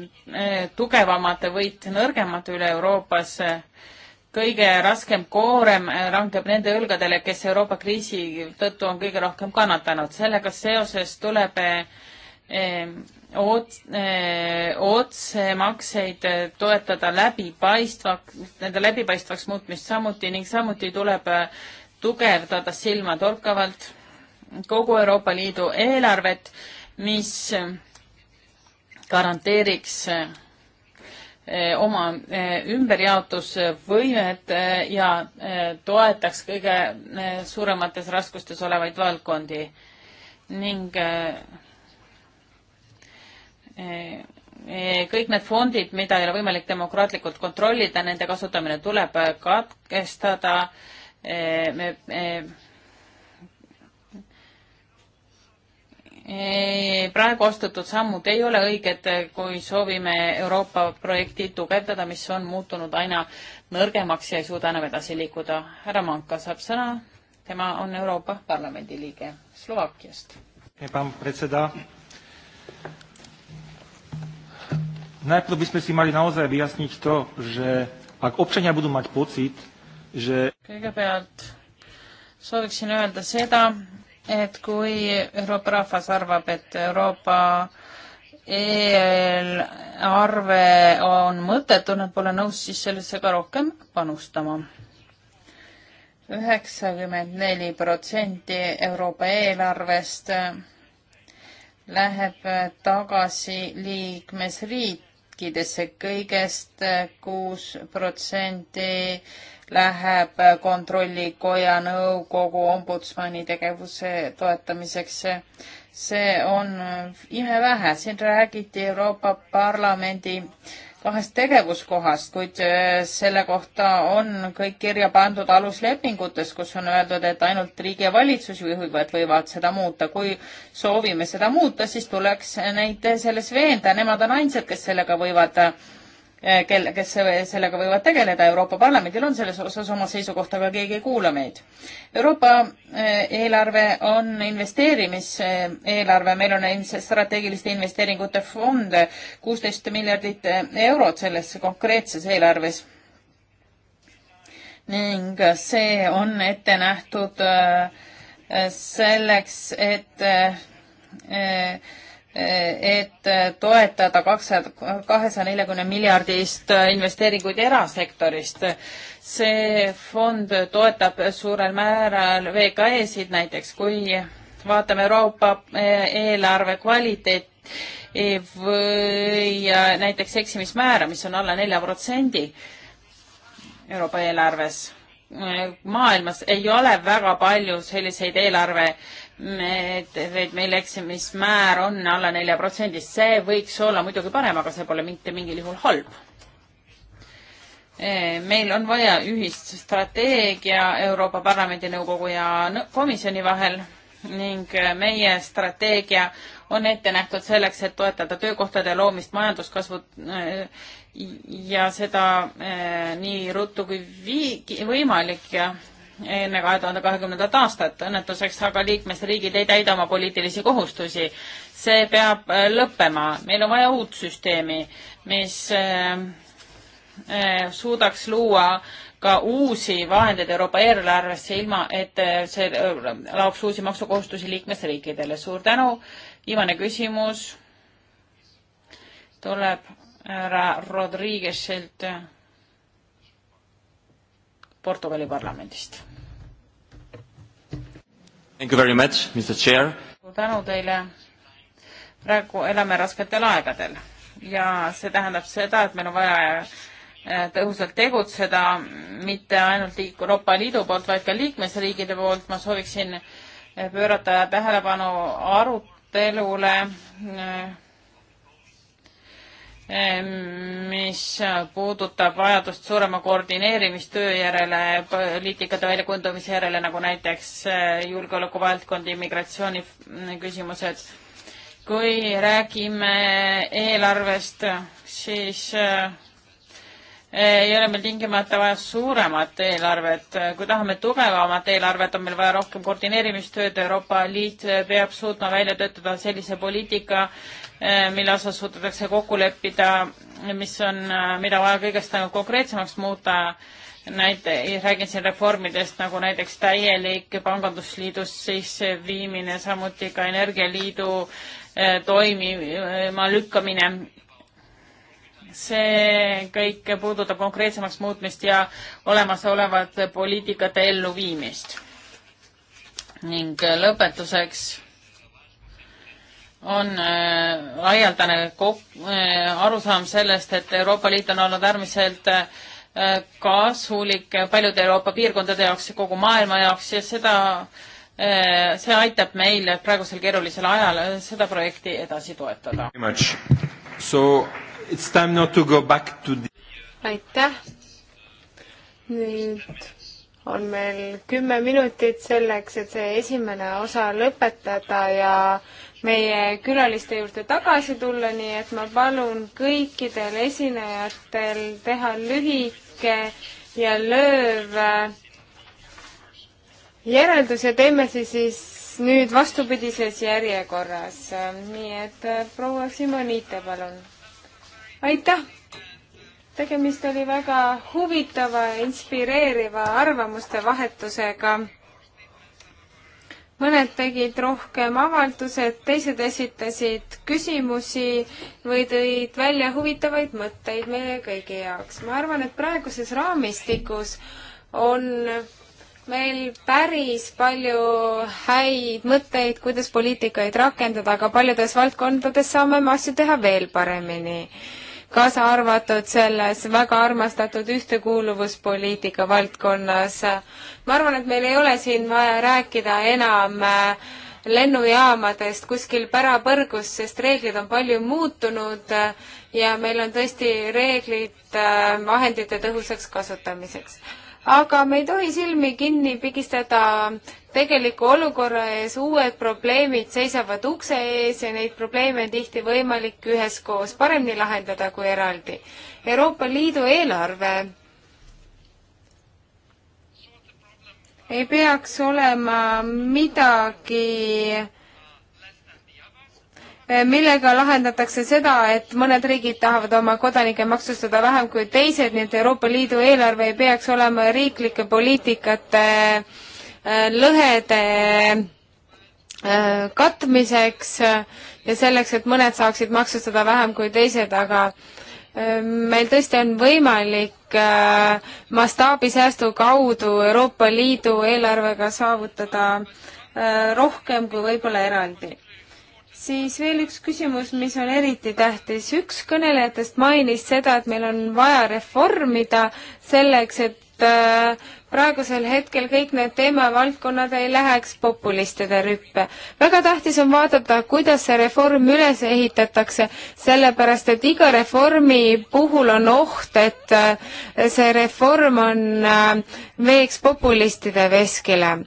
tugevamate võit nõrgemate üle Euroopas. kõige raskem koorem äh, langeb nende õlgadele, kes Euroopa kriisi tõttu on kõige rohkem kannatanud. sellega seoses tuleb Ehm, ots-, eh, otsemakseid eh, toetada läbipaistvaks, nende läbipaistvaks muutmist samuti ning samuti tuleb eh, tugevdada silmatorkavalt kogu Euroopa Liidu eelarvet, mis garanteeriks oma ümberjaotusvõimet ja toetaks kõige suuremates raskustes olevaid valdkondi ning Eh, eh, kõik need fondid, mida ei ole võimalik demokraatlikult kontrollida, nende kasutamine tuleb äh, katkestada. Eh, me praegu astutud sammud ei ole õiged, kui soovime Euroopa projekti tugevdada, mis on muutunud aina nõrgemaks ja ei suuda enam edasi liikuda. härra Manka saab sõna, tema on Euroopa Parlamendi liige Slovakkiast. najprv by sme si mali naozaj vyjasniť to, že ak občania budú mať pocit, že... Kõigepealt sooviksin öelda seda, et kui Euroopa rahvas arvab, et Euroopa eelarve on mõttetu, nad pole nõus siis sellesse ka rohkem panustama. üheksakümmend neli protsenti Euroopa eelarvest läheb tagasi liikmesriik, riskidesse kõigest, kõigest kuus protsenti läheb Kontrollikoja nõukogu ombudsmani tegevuse toetamiseks. see on imevähe, siin räägiti Euroopa Parlamendi äh, kahest tegevuskohast, kuid äh, selle kohta on kõik kirja pandud aluslepingutes, kus on öeldud, et ainult riigi ja valitsusjuhivad võivad seda muuta. kui soovime seda muuta, siis tuleks neid selles veenda, nemad on ainsad, kes sellega võivad äh, Eh, kel, kes sellega võivad tegeleda, Euroopa Parlamendil on selles osas oma seisukoht, aga keegi ei kuula meid. Euroopa eh, eelarve on investeerimiseelarve, eh, meil on strateegiliste investeeringute fond, kuusteist miljardit eurot selles konkreetses eelarves. ning see on ette nähtud selleks, et Eh, et eh, toetada kakssaja, kahesaja neljakümne miljardist eh, investeeringuid erasektorist. see fond toetab suurel määral VKE-sid näiteks, kui vaatame Euroopa eelarve kvaliteeti või näiteks eksimismäära, mis on alla nelja protsendi Euroopa eelarves maailmas ei ole väga palju selliseid eelarve meetmeid, meil eksimismäär on alla nelja protsendist, see võiks olla muidugi parem, aga see pole mitte mingil juhul halb. meil on vaja ühist strateegia Euroopa Parlamendi Nõukogu ja komisjoni vahel ning meie strateegia on ette nähtud selleks, et toetada töökohtade loomist, majanduskasvu ja seda eh, nii ruttu kui vii-, võimalik ja enne kahe tuhande kahekümnendat aastat. õnnetuseks aga liikmesriigid ei täida oma poliitilisi kohustusi. see peab eh, lõppema, meil on vaja uut süsteemi, mis eh, suudaks luua ka uusi vahendeid Euroopa eelarvesse, ilma et see laoks uusi maksukohustusi liikmesriikidele. suur tänu, viimane küsimus tuleb härra Rodriguezelt Portugali parlamendist. Thank you very much, Mr Chair. suur tänu teile. praegu elame rasketel aegadel ja see tähendab seda, et meil on vaja eh, tõhusalt tegutseda, mitte ainult Euroopa Liidu poolt, vaid ka liikmesriigide poolt. ma sooviksin eh, pöörata tähelepanu arutelule eh, mis puudutab vajadust suurema koordineerimistöö järele, poliitikate väljakujundamise järele, nagu näiteks eh, julgeolekuvaldkond, immigratsiooni küsimused. kui räägime eelarvest, siis eh, eh, ei ole meil tingimata vaja suuremat eelarvet, kui tahame tugevamat eelarvet, on meil vaja rohkem koordineerimistööd, Euroopa Liit peab suutma välja töötada sellise poliitika, Eh, mille osas suudetakse kokku leppida, mis on, eh, mida vaja kõigest nagu konkreetsemaks muuta, näite, räägin siin reformidest nagu näiteks täielik pangandusliidust sisseviimine, samuti ka energialiidu eh, toimima lükkamine. see kõik puudutab konkreetsemaks muutmist ja olemasolevat poliitikate elluviimist. ning lõpetuseks on laialdane äh, äh, arusaam sellest, et Euroopa Liit on olnud äärmiselt äh, kasulik paljude Euroopa piirkondade jaoks ja kogu maailma jaoks ja seda, see aitab meil praegusel keerulisel ajal seda projekti edasi toetada. aitäh. nüüd on meil kümme minutit selleks, et see esimene osa lõpetada ja meie külaliste juurde tagasi tulla, nii et ma palun kõikidel esinejatel teha lühike ja lööv äh, järeldus ja teeme siis siis nüüd vastupidises järjekorras. nii et äh, proua Simonite, palun. aitäh! tegemist oli väga huvitava, inspireeriva arvamuste vahetusega mõned tegid rohkem avaldused, teised esitasid küsimusi või tõid välja huvitavaid mõtteid meie kõigi jaoks. ma arvan, et praeguses raamistikus on meil päris palju häid mõtteid, kuidas poliitikaid rakendada, aga paljudes valdkondades saame me asju teha veel paremini kaasa arvatud selles väga armastatud ühtekuuluvuspoliitika valdkonnas. ma arvan, et meil ei ole siin vaja rääkida enam äh, lennujaamadest kuskil pärapõrgus, sest reeglid on palju muutunud ja meil on tõesti reeglid äh, vahendite tõhusaks kasutamiseks. aga me ei tohi silmi kinni pigistada tegeliku olukorra ees, uued probleemid seisavad ukse ees ja neid probleeme on tihti võimalik üheskoos paremini lahendada kui eraldi. Euroopa Liidu eelarve ei peaks olema midagi, millega lahendatakse seda, et mõned riigid tahavad oma kodanikke maksustada vähem kui teised, nii et Euroopa Liidu eelarve ei peaks olema riiklike poliitikate äh, Äh, lõhede äh, katmiseks äh, ja selleks, et mõned saaksid maksustada vähem kui teised, aga meil tõesti on võimalik mastaabisäästu kaudu Euroopa Liidu eelarvega saavutada rohkem kui võib-olla eraldi. siis veel üks küsimus, mis on eriti tähtis. üks kõnelejatest mainis seda, et meil on vaja reformida selleks, et praegusel hetkel kõik need teemavaldkonnad ei läheks populistide rüppe. väga tähtis on vaadata, kuidas see reform üles ehitatakse, sellepärast et iga reformi puhul on oht, et äh, see reform on äh, veeks populistide veskile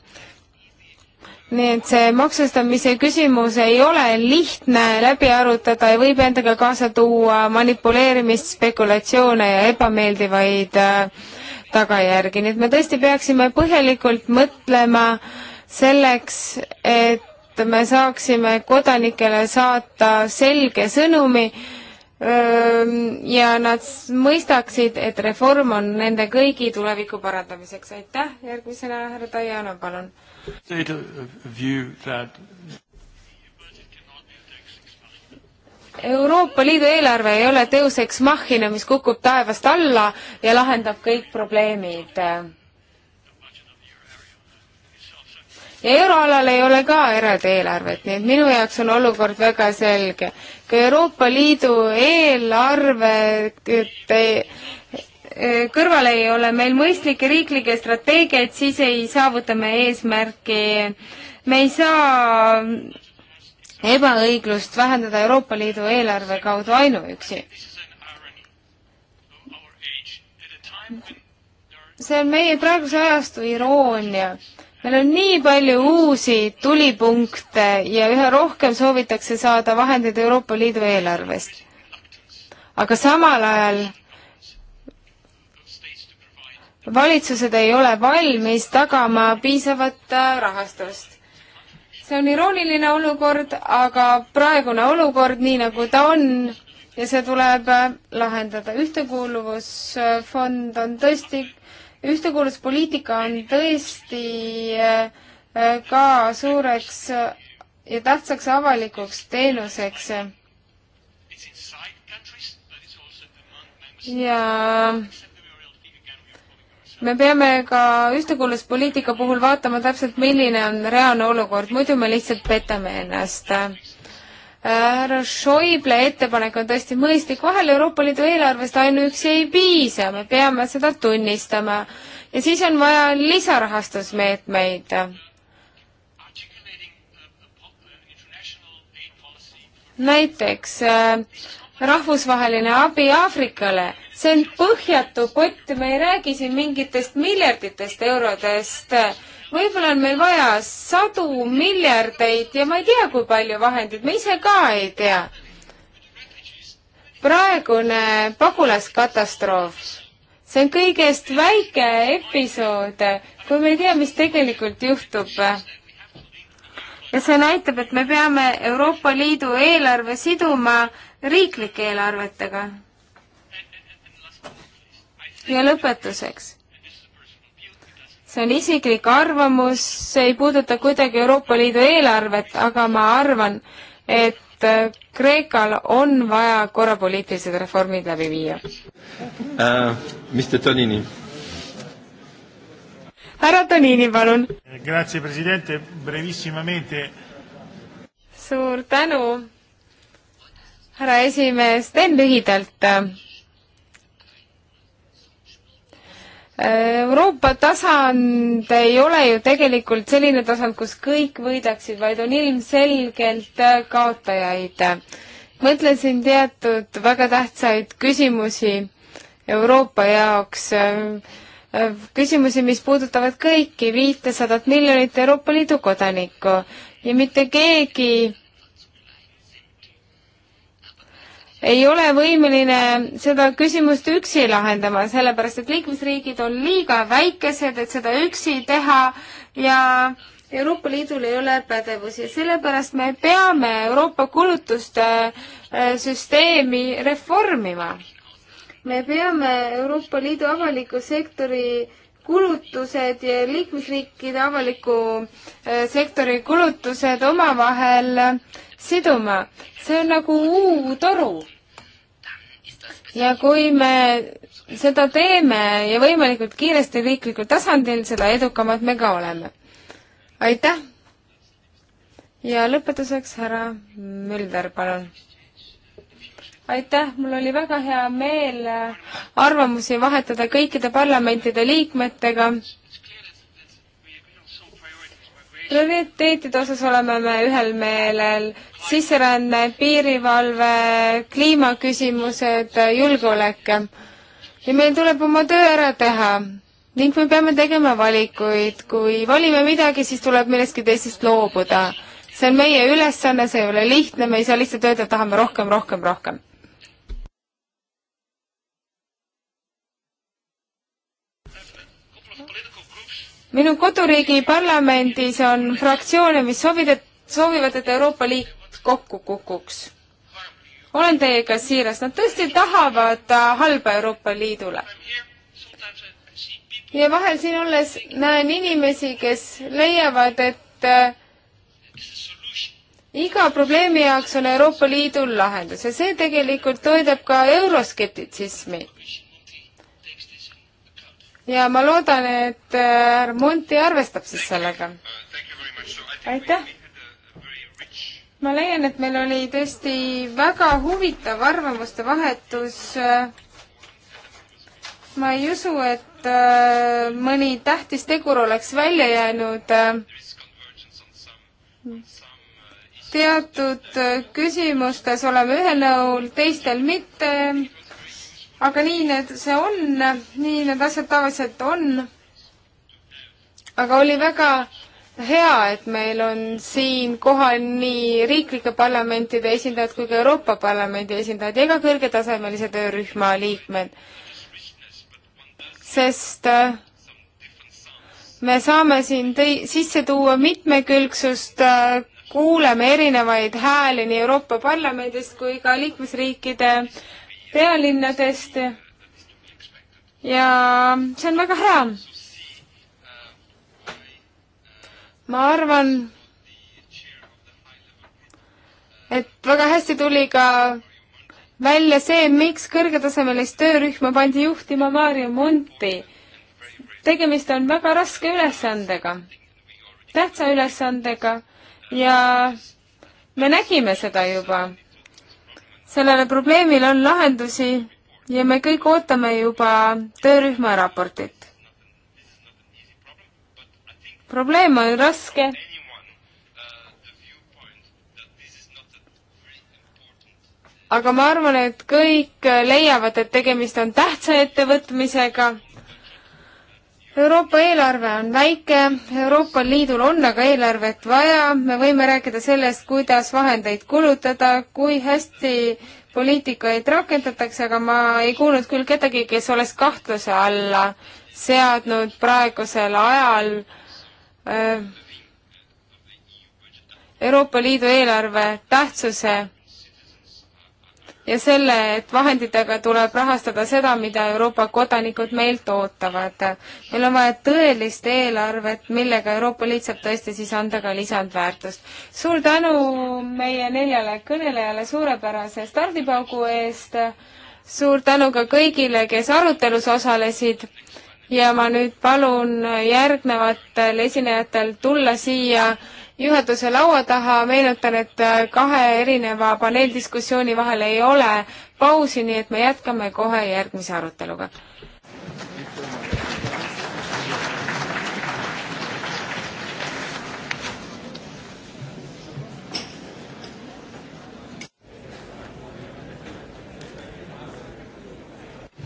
nii et see maksustamise küsimus ei ole lihtne läbi arutada ja võib endaga kaasa tuua manipuleerimist, spekulatsioone ja ebameeldivaid äh, tagajärgi, nii et me tõesti peaksime põhjalikult mõtlema selleks, et me saaksime kodanikele saata selge sõnumi ja nad mõistaksid, et reform on nende kõigi tuleviku parandamiseks. aitäh, järgmisena härra Tajana, palun. State a view that Euroopa Liidu eelarve ei ole teoseks mahhina, mis kukub taevast alla ja lahendab kõik probleemid. ja euroalal ei ole ka eraldi eelarvet, nii et minu jaoks on olukord väga selge. ka Euroopa Liidu eelarve e, kõrval ei ole meil mõistlikke riiklikke strateegiaid, siis ei saavuta me eesmärki. me ei saa ebaõiglust vähendada Euroopa Liidu eelarve kaudu ainuüksi. see on meie praeguse ajastu iroonia. meil on nii palju uusi tulipunkte ja üha rohkem soovitakse saada vahendeid Euroopa Liidu eelarvest. aga samal ajal valitsused ei ole valmis tagama piisavat rahastust see on irooniline olukord, aga praegune olukord, nii nagu ta on, ja see tuleb äh, lahendada. ühtekuuluvusfond on tõesti, ühtekuuluvuspoliitika on tõesti äh, äh, ka suureks ja tähtsaks avalikuks teenuseks. ja me peame ka ühtekuuluvuspoliitika puhul vaatama täpselt, milline on reaalne olukord, muidu me lihtsalt petame ennast. härra Schäuble ettepanek on tõesti mõistlik, vahel Euroopa Liidu eelarvest ainuüksi ei piisa, me peame seda tunnistama. ja siis on vaja lisarahastusmeetmeid. näiteks äh, rahvusvaheline abi Aafrikale see on põhjatu pott, me ei räägi siin mingitest miljarditest eurodest. võib-olla on meil vaja sadu miljardeid ja ma ei tea, kui palju vahendeid, me ise ka ei tea. praegune pagulaskatastroof, see on kõigest väike episood, kui me ei tea, mis tegelikult juhtub ja see näitab, et me peame Euroopa Liidu eelarve siduma riiklike eelarvetega ja lõpetuseks. see on isiklik arvamus, see ei puuduta kuidagi Euroopa Liidu eelarvet, aga ma arvan, et äh, Kreekal on vaja korrapoliitilised reformid läbi viia uh,. Äh, mis te Tonini? härra Tonini, palun. Grazie, president, brevissimamente. suur tänu, härra esimees, teen lühidalt Euroopa tasand ei ole ju tegelikult selline tasand, kus kõik võidaksid, vaid on ilmselgelt kaotajaid. mõtlesin teatud väga tähtsaid küsimusi Euroopa jaoks, küsimusi, mis puudutavad kõiki viitesadat miljonit Euroopa Liidu kodanikku ja mitte keegi ei ole võimeline seda küsimust üksi lahendama, sellepärast et liikmesriigid on liiga väikesed, et seda üksi teha ja Euroopa Liidul ei ole pädevusi, sellepärast me peame Euroopa kulutuste äh, süsteemi reformima. me peame Euroopa Liidu avaliku sektori kulutused ja liikmesriikide avaliku äh, sektori kulutused omavahel siduma. see on nagu U-toru ja kui me seda teeme ja võimalikult kiiresti riiklikul tasandil, seda edukamad me ka oleme. aitäh! ja lõpetuseks härra Mölder, palun. aitäh, mul oli väga hea meel arvamusi vahetada kõikide parlamentide liikmetega prioriteetide osas oleme me ühel meelel, sisseränne, piirivalve, kliimaküsimused, julgeolek. ja meil tuleb oma töö ära teha ning me peame tegema valikuid, kui valime midagi, siis tuleb millestki teisest loobuda. see on meie ülesanne, see ei ole lihtne, me ei saa lihtsalt öelda, et tahame rohkem, rohkem, rohkem minu koduriigi parlamendis on fraktsioone, mis soovid, et, soovivad, et Euroopa Liit kokku kukuks. olen teiega siiras, nad tõesti tahavad äh, halba Euroopa Liidule. ja vahel siin olles näen inimesi, kes leiavad, et äh, iga probleemi jaoks on Euroopa Liidul lahendus ja see tegelikult toidab ka euroskeptitsismi ja ma loodan, et härra äh, Monti arvestab siis sellega. Uh, aitäh! ma leian, et meil oli tõesti väga huvitav arvamuste vahetus. ma ei usu, et äh, mõni tähtis tegur oleks välja jäänud. teatud äh, küsimustes oleme ühel nõul, teistel mitte aga nii need, see on, nii need asjad tavaliselt on. aga oli väga hea, et meil on siin kohal nii riiklike parlamentide esindajad kui ka Euroopa Parlamendi esindajad ja ka kõrgetasemelise töörühma liikmed. sest äh, me saame siin tõi-, sisse tuua mitmekülgsust, äh, kuuleme erinevaid hääli nii Euroopa Parlamendist kui ka liikmesriikide äh, pealinnadest. ja see on väga hea. ma arvan, et väga hästi tuli ka välja see, miks kõrgetasemelist töörühma pandi juhtima Maarja Monti. tegemist on väga raske ülesandega, tähtsa ülesandega ja me nägime seda juba sellele probleemile on lahendusi ja me kõik ootame juba töörühma raportit. probleem on raske. aga ma arvan, et kõik leiavad, et tegemist on tähtsa ettevõtmisega Euroopa eelarve on väike, Euroopa Liidul on aga eelarvet vaja, me võime rääkida sellest, kuidas vahendeid kulutada, kui hästi poliitikaid rakendatakse, aga ma ei kuulnud küll kedagi, kes oleks kahtluse alla seadnud praegusel ajal äh, Euroopa Liidu eelarve tähtsuse ja selle, et vahenditega tuleb rahastada seda, mida Euroopa kodanikud meilt ootavad. meil on vaja tõelist eelarvet, millega Euroopa Liit saab tõesti siis anda ka lisandväärtust. suur tänu meie neljale kõnelejale suurepärase stardipaugu eest, suur tänu ka kõigile, kes arutelus osalesid ja ma nüüd palun järgnevatel esinejatel tulla siia juhatuse laua taha, meenutan, et äh, kahe erineva paneeldiskussiooni vahel ei ole pausi, nii et me jätkame kohe järgmise aruteluga.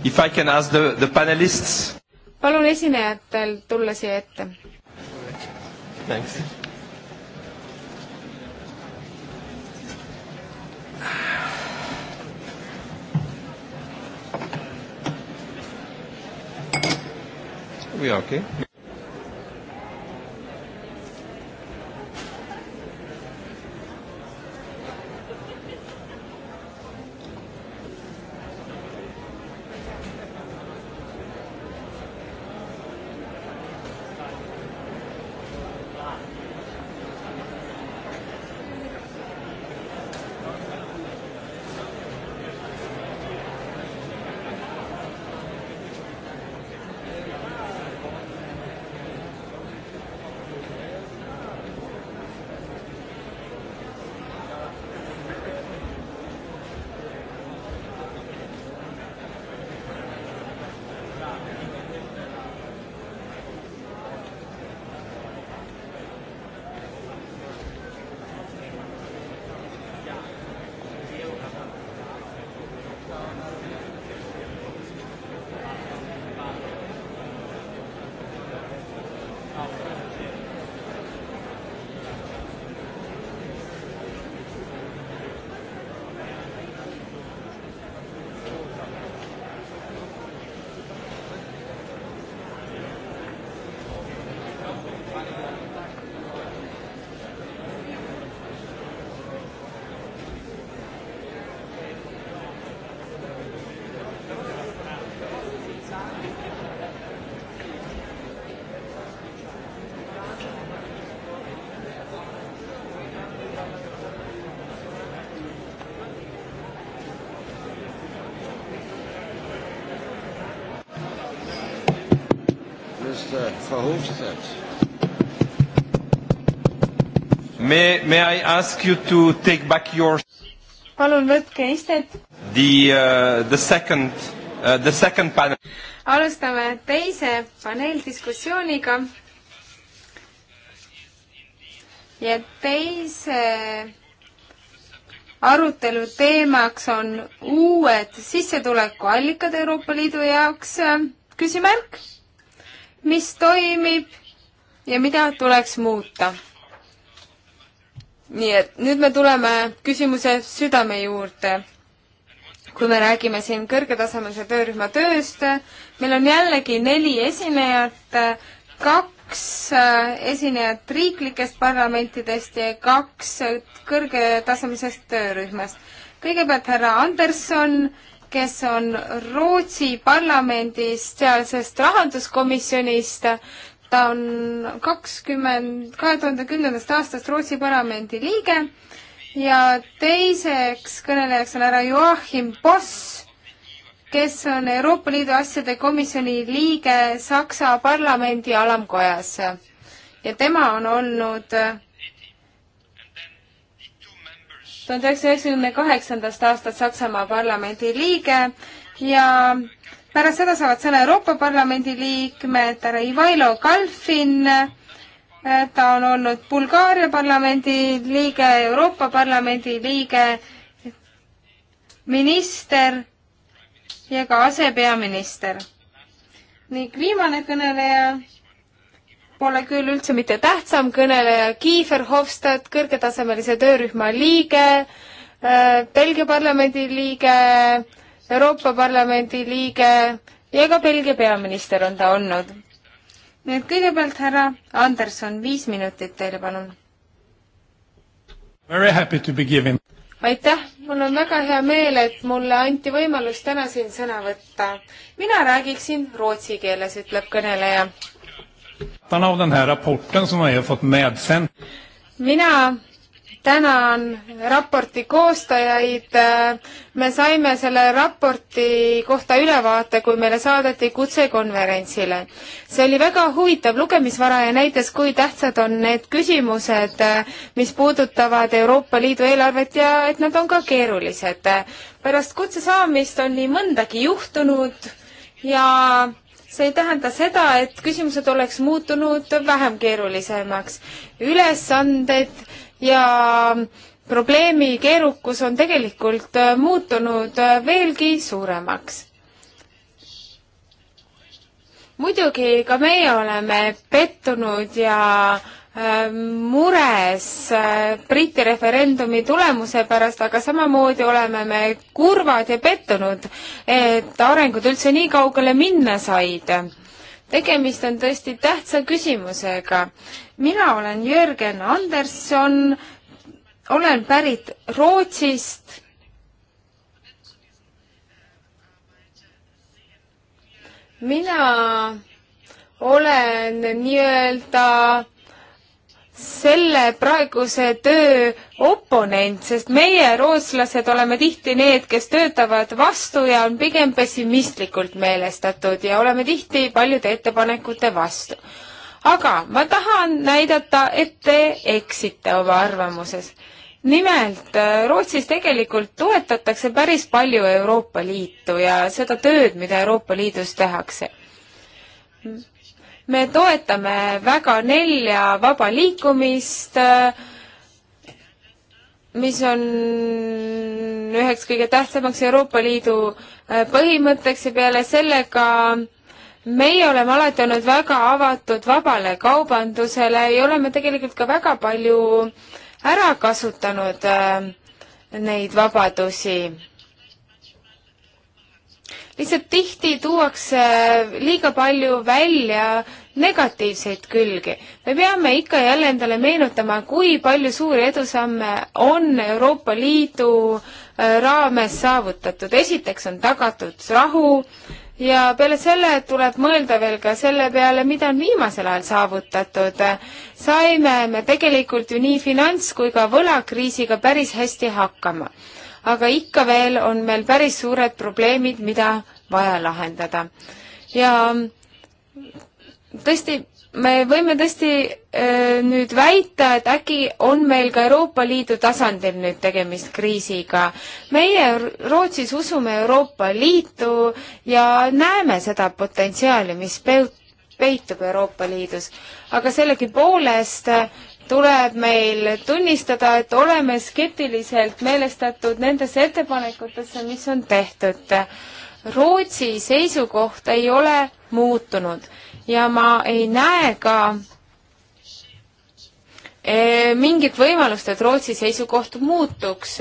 If I can ask the, the panelists palun esinejatel tulla siia ette. Thanks. We are okay. Verhofstadt. May, may I ask you to take back your palun võtke istet. The uh,, the second uh,, the second panel. alustame teise paneeldiskussiooniga. ja teise arutelu teemaks on uued sissetulekuallikad Euroopa Liidu jaoks, küsimärk mis toimib ja mida tuleks muuta. nii et nüüd me tuleme küsimuse südame juurde. kui me räägime siin kõrgetasemelise töörühma tööst, meil on jällegi neli esinejat, kaks äh, esinejat riiklikest parlamentidest ja kaks kõrgetasemelisest töörühmast. kõigepealt härra Anderson, kes on Rootsi parlamendist, sealsest rahanduskomisjonist. ta on kakskümmend, kahe tuhande kümnendast aastast Rootsi parlamendi liige ja teiseks kõnelejaks on härra Joachim Boss, kes on Euroopa Liidu asjade komisjoni liige Saksa parlamendi alamkojas. ja tema on olnud tuhande üheksasaja üheksakümne kaheksandast aastast Saksamaa parlamendi liige ja pärast seda saavad sõna Euroopa Parlamendi liikmed härra Ivailo Kalfin, ta on olnud Bulgaaria parlamendi liige, Euroopa Parlamendi liige, minister ja ka asepeaminister. ning viimane kõneleja pole küll üldse mitte tähtsam kõneleja, Kiefer Hofstad, kõrgetasemelise töörühma liige, äh, Belgia parlamendi liige, Euroopa Parlamendi liige ja ka Belgia peaminister on ta olnud. nii et kõigepealt härra Anderson, viis minutit teile, palun. Very happy to be given. aitäh, mul on väga hea meel, et mulle anti võimalus täna siin sõna võtta. mina räägiksin rootsi keeles, ütleb kõneleja mina tänan raporti koostajaid. me saime selle raporti kohta ülevaate, kui meile saadeti kutsekonverentsile. see oli väga huvitav lugemisvara ja näitas, kui tähtsad on need küsimused, mis puudutavad Euroopa Liidu eelarvet ja et nad on ka keerulised. pärast kutse saamist on nii mõndagi juhtunud ja see ei tähenda seda, et küsimused oleks muutunud vähem keerulisemaks. ülesanded ja probleemi keerukus on tegelikult äh, muutunud äh, veelgi suuremaks. muidugi ka meie oleme pettunud ja äh, Äh, mures äh, Briti referendumi tulemuse pärast, aga samamoodi oleme me kurvad ja pettunud, et arengud üldse nii kaugele minna said. tegemist on tõesti tähtsa küsimusega. mina olen Jürgen Anderson, olen pärit Rootsist mina olen nii-öelda selle praeguse töö oponent, sest meie, rootslased, oleme tihti need, kes töötavad vastu ja on pigem pessimistlikult meelestatud ja oleme tihti paljude ettepanekute vastu. aga ma tahan näidata, et te eksite oma arvamuses. nimelt, Rootsis tegelikult toetatakse päris palju Euroopa Liitu ja seda tööd, mida Euroopa Liidus tehakse me toetame väga nelja vaba liikumist, mis on üheks kõige tähtsamaks Euroopa Liidu äh, põhimõtteks ja peale sellega meie oleme alati olnud väga avatud vabale kaubandusele ja oleme tegelikult ka väga palju ära kasutanud äh, neid vabadusi lihtsalt tihti tuuakse äh, liiga palju välja negatiivseid külgi. me peame ikka ja jälle endale meenutama, kui palju suuri edusamme on Euroopa Liidu äh, raames saavutatud. esiteks on tagatud rahu ja peale selle tuleb mõelda veel ka selle peale, mida on viimasel ajal saavutatud. saime me tegelikult ju nii finants- kui ka võlakriisiga päris hästi hakkama aga ikka veel on meil päris suured probleemid, mida vaja lahendada. ja tõesti, me võime tõesti öö, äh, nüüd väita, et äkki on meil ka Euroopa Liidu tasandil nüüd tegemist kriisiga. meie Rootsis usume Euroopa Liitu ja näeme seda potentsiaali, mis peutub peitub Euroopa Liidus. aga sellegipoolest tuleb meil tunnistada, et oleme skeptiliselt meelestatud nendesse ettepanekutesse, mis on tehtud. Rootsi seisukoht ei ole muutunud ja ma ei näe ka eh, mingit võimalust, et Rootsi seisukoht muutuks.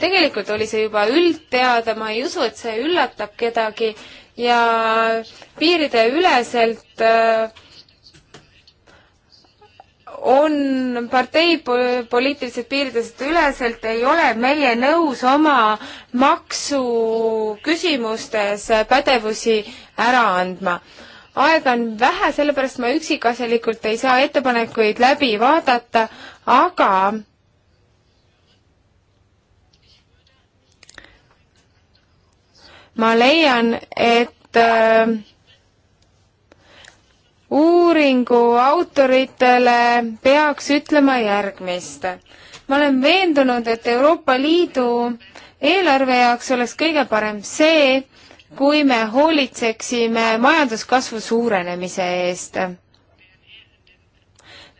tegelikult oli see juba üldteada, ma ei usu, et see üllatab kedagi ja piirideüleselt äh, on partei poliitiliselt piiridest üleselt, ei ole meie nõus oma maksuküsimustes pädevusi ära andma. aega on vähe, sellepärast ma üksikasjalikult ei saa ettepanekuid läbi vaadata, aga ma leian, et äh, uuringu autoritele peaks ütlema järgmist. ma olen veendunud, et Euroopa Liidu eelarve jaoks oleks kõige parem see, kui me hoolitseksime majanduskasvu suurenemise eest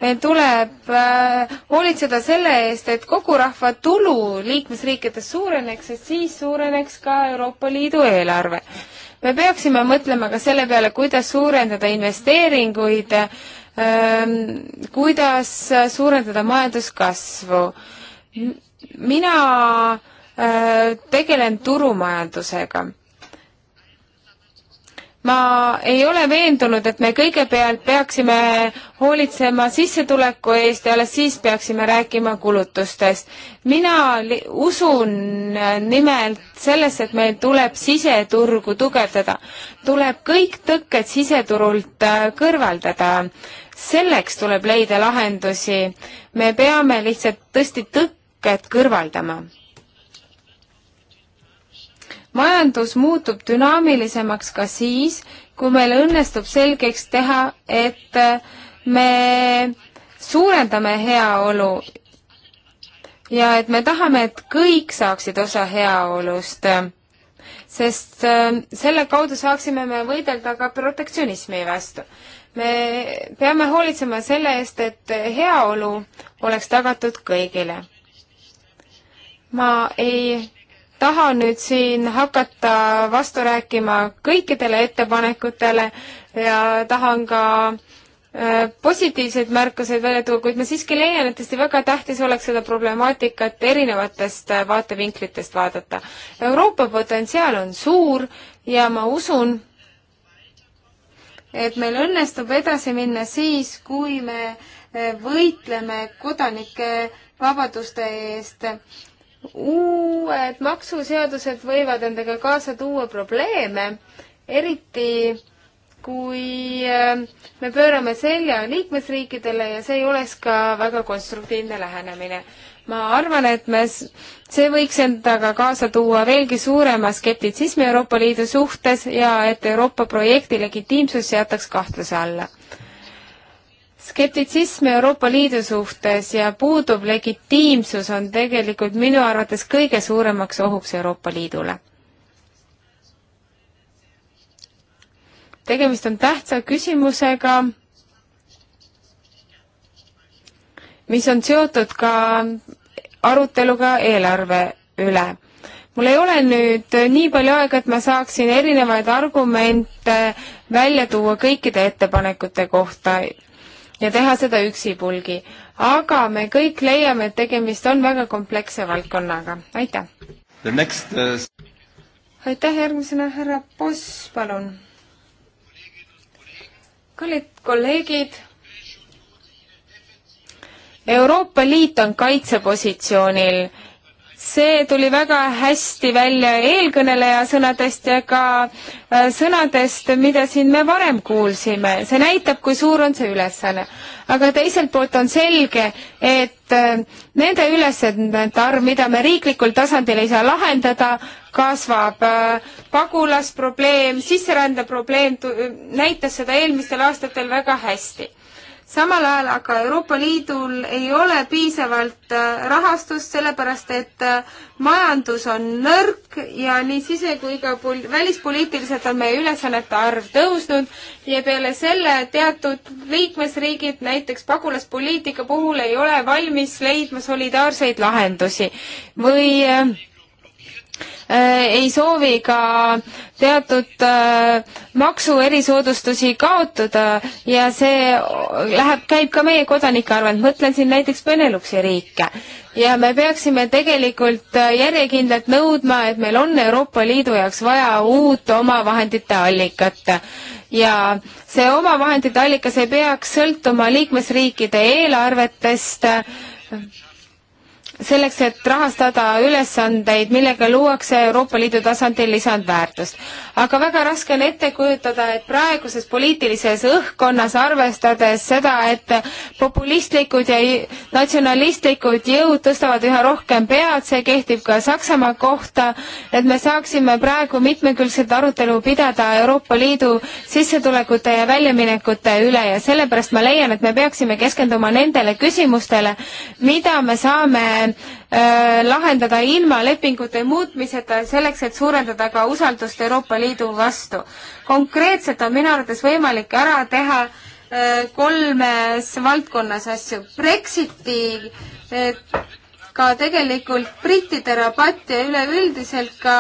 meil tuleb äh, hoolitseda selle eest, et kogu rahva tulu liikmesriikides suureneks, et siis suureneks ka Euroopa Liidu eelarve me peaksime mõtlema ka selle peale, kuidas suurendada investeeringuid, ähm, kuidas suurendada majanduskasvu. mina äh, tegelen turumajandusega ma ei ole veendunud, et me kõigepealt peaksime hoolitsema sissetuleku eest ja alles siis peaksime rääkima kulutustest. mina usun nimelt sellesse, et meil tuleb siseturgu tugevdada. tuleb kõik tõkked siseturult äh, kõrvaldada selleks tuleb leida lahendusi. me peame lihtsalt tõesti tõkked kõrvaldama majandus muutub dünaamilisemaks ka siis, kui meil õnnestub selgeks teha, et äh, me suurendame heaolu ja et me tahame, et kõik saaksid osa heaolust, sest äh, selle kaudu saaksime me võidelda ka protektsionismi vastu. me peame hoolitsema selle eest, et heaolu oleks tagatud kõigile. ma ei taha nüüd siin hakata vastu rääkima kõikidele ettepanekutele ja tahan ka äh, positiivseid märkuseid välja tuua, kuid ma siiski leian, et tõesti väga tähtis oleks seda problemaatikat erinevatest äh, vaatevinklitest vaadata. Euroopa potentsiaal on suur ja ma usun, et meil õnnestub edasi minna siis, kui me äh, võitleme kodanike vabaduste eest uued maksuseadused võivad endaga kaasa tuua probleeme, eriti kui äh, me pöörame selja liikmesriikidele ja see ei oleks ka väga konstruktiivne lähenemine. ma arvan, et me, see võiks endaga kaasa tuua veelgi suurema skeptitsismi Euroopa Liidu suhtes ja et Euroopa projekti legitiimsus seataks kahtluse alla skeptitsism Euroopa Liidu suhtes ja puuduv legitiimsus on tegelikult minu arvates kõige suuremaks ohuks Euroopa Liidule. tegemist on tähtsa küsimusega, mis on seotud ka aruteluga eelarve üle mul ei ole nüüd nii palju aega, et ma saaksin erinevaid argumente välja tuua kõikide ettepanekute kohta ja teha seda üksipulgi. aga me kõik leiame, et tegemist on väga kompleksse valdkonnaga. aitäh! Uh... aitäh, järgmisena härra Boss, palun! kallid kolleegid, Euroopa Liit on kaitsepositsioonil see tuli väga hästi välja eelkõneleja sõnadest ja ka äh, sõnadest, mida siin me varem kuulsime. see näitab, kui suur on see ülesanne. aga teiselt poolt on selge, et äh, nende ülesannete arv, mida me riiklikul tasandil ei saa lahendada, kasvab. Äh, pagulasprobleem, sisserände probleem näitas seda eelmistel aastatel väga hästi samal ajal aga Euroopa Liidul ei ole piisavalt äh, rahastust, sellepärast et äh, majandus on nõrk ja nii sise- kui ka pol-, välispoliitiliselt on meie ülesannete arv tõusnud ja peale selle teatud liikmesriigid näiteks pagulaspoliitika puhul ei ole valmis leidma solidaarseid lahendusi või äh, Äh, ei soovi ka teatud äh, maksuerisoodustusi kaotada ja see läheb, käib ka meie kodanike arvelt, mõtlen siin näiteks Beneluxi riike. ja me peaksime tegelikult äh, järjekindlalt nõudma, et meil on Euroopa Liidu jaoks vaja uut omavahendite allikat ja see omavahendite allikas ei peaks sõltuma liikmesriikide eelarvetest, selleks, et rahastada ülesandeid, millega luuakse Euroopa Liidu tasandil lisandväärtust. aga väga raske on ette kujutada, et praeguses poliitilises õhkkonnas, arvestades seda, et populistlikud ja natsionalistlikud jõud tõstavad üha rohkem pead, see kehtib ka Saksamaa kohta, et me saaksime praegu mitmekülgset arutelu pidada Euroopa Liidu sissetulekute ja väljaminekute üle ja sellepärast ma leian, et me peaksime keskenduma nendele küsimustele, mida me saame Äh, lahendada ilma lepingute muutmiseta, selleks et suurendada ka usaldust Euroopa Liidu vastu. konkreetselt on minu arvates võimalik ära teha äh, kolmes valdkonnas asju. Brexiti äh, ka tegelikult brittide rabatt ja üleüldiselt ka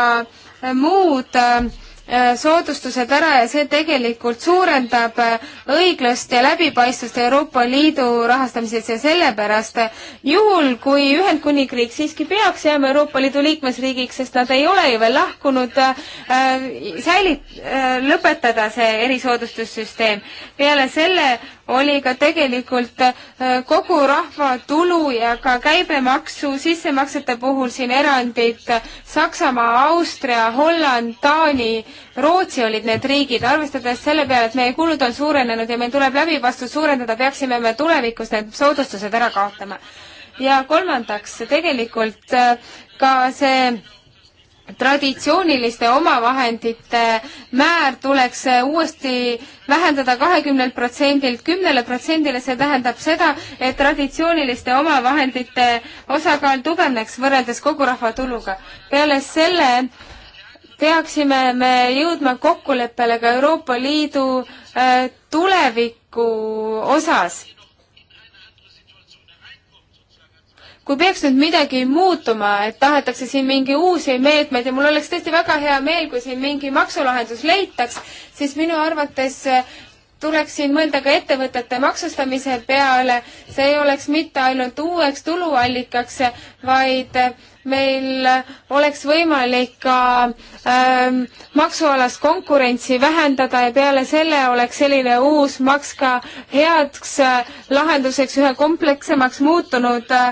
muud äh, Äh, soodustused ära ja see tegelikult suurendab äh, õiglust ja läbipaistvust Euroopa Liidu rahastamises ja sellepärast äh, juhul, kui Ühendkuningriik siiski peaks jääma Euroopa Liidu liikmesriigiks, sest nad ei ole ju veel lahkunud äh,, säilit- äh,, lõpetada see erisoodustussüsteem. peale selle oli ka tegelikult äh, kogu rahva tulu ja ka käibemaksu sissemaksete puhul siin erandid äh, Saksamaa, Austria, Holland, Taani, Rootsi olid need riigid, arvestades selle peale, et meie kulud on suurenenud ja meil tuleb läbipastvust suurendada, peaksime me tulevikus need soodustused ära kaotama. ja kolmandaks, tegelikult äh, ka see traditsiooniliste omavahendite määr tuleks uuesti vähendada kahekümnelt protsendilt kümnele protsendile, see tähendab seda, et traditsiooniliste omavahendite osakaal tugevneks võrreldes kogu rahvatuluga. peale selle peaksime me jõudma kokkuleppele ka Euroopa Liidu äh, tuleviku osas kui peaks nüüd midagi muutuma, et tahetakse siin mingi uusi meetmeid ja mul oleks tõesti väga hea meel, kui siin mingi maksulahendus leitaks, siis minu arvates äh, tuleks siin mõelda ka ettevõtete maksustamise peale, see ei oleks mitte ainult uueks tuluallikaks, vaid äh, meil oleks võimalik ka ähm, maksualast konkurentsi vähendada ja peale selle oleks selline uus maks ka heaks äh, lahenduseks ühe komplekssemaks muutunud äh,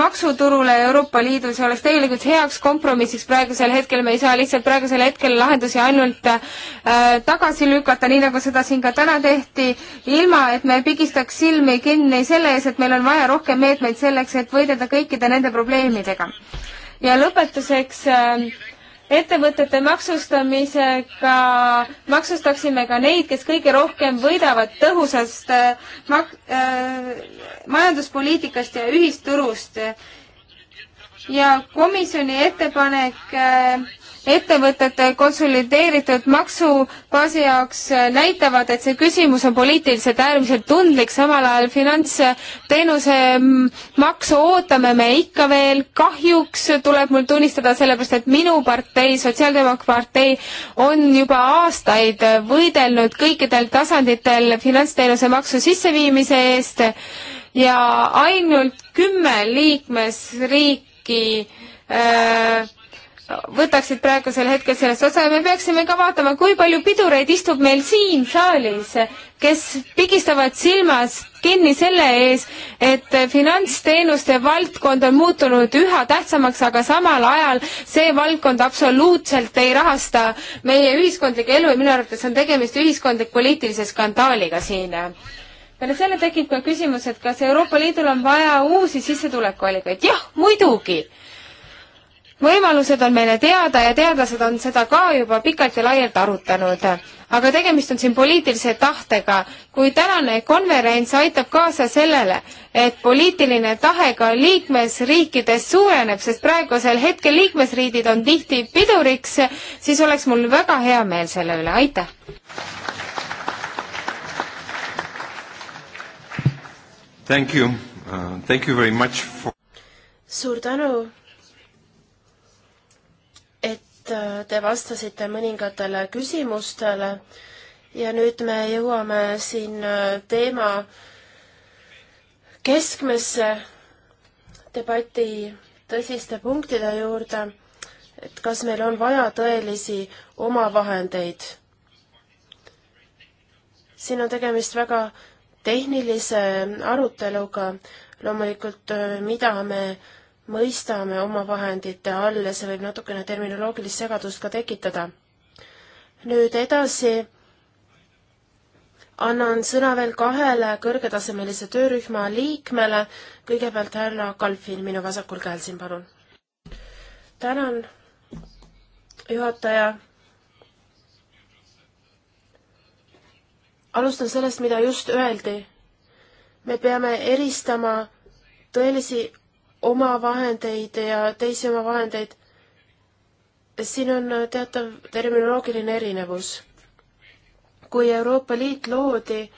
maksuturule Euroopa Liidus ja oleks tegelikult heaks kompromissiks praegusel hetkel, me ei saa lihtsalt praegusel hetkel lahendusi ainult äh, tagasi lükata, nii nagu seda siin ka täna tehti, ilma et me pigistaks silmi kinni selle ees, et meil on vaja rohkem meetmeid selleks, et võidelda kõikide nende probleemidega ja lõpetuseks ähm, ettevõtete maksustamisega maksustaksime ka neid, kes kõige rohkem võidavad tõhusast äh, mak-, äh, majanduspoliitikast ja ühisturust. ja komisjoni ettepanek äh, ettevõtete konsolideeritud maksubaasi jaoks äh, näitavad, et see küsimus on poliitiliselt äärmiselt tundlik, samal ajal finantsteenuse mm, maksu ootame me ikka veel. kahjuks tuleb mul tunnistada, sellepärast et minu partei, Sotsiaaldemokraatpartei, on juba aastaid võidelnud kõikidel tasanditel finantsteenuse maksu sisseviimise eest ja ainult kümme liikmesriiki äh, võtaksid praegusel hetkel sellest osa ja me peaksime ka vaatama, kui palju pidureid istub meil siin saalis, kes pigistavad silmas kinni selle ees, et finantsteenuste valdkond on muutunud üha tähtsamaks, aga samal ajal see valdkond absoluutselt ei rahasta meie ühiskondlikku elu ja minu arvates on tegemist ühiskondlik-poliitilise skandaaliga siin peale selle tekib ka küsimus, et kas Euroopa Liidul on vaja uusi sissetulekuallikaid. jah, muidugi võimalused on meile teada ja teadlased on seda ka juba pikalt ja laialt arutanud. aga tegemist on siin poliitilise tahtega. kui tänane konverents aitab kaasa sellele, et poliitiline tahe ka liikmesriikides suureneb, sest praegusel hetkel liikmesriigid on tihti piduriks, siis oleks mul väga hea meel selle üle, aitäh! Thank you uh,, thank you very much for suur tänu et äh, te vastasite mõningatele küsimustele ja nüüd me jõuame siin äh, teema keskmesse debati tõsiste punktide juurde, et kas meil on vaja tõelisi omavahendeid. siin on tegemist väga tehnilise aruteluga, loomulikult äh, mida me mõistame omavahendite all ja see võib natukene terminoloogilist segadust ka tekitada. nüüd edasi annan sõna veel kahele kõrgetasemelise töörühma liikmele, kõigepealt härra Kalfin minu vasakul käel siin, palun. tänan, juhataja. alustan sellest, mida just öeldi. me peame eristama tõelisi oma vahendeid ja teisi oma vahendeid. siin on teatav terminoloogiline erinevus. kui Euroopa Liit loodi,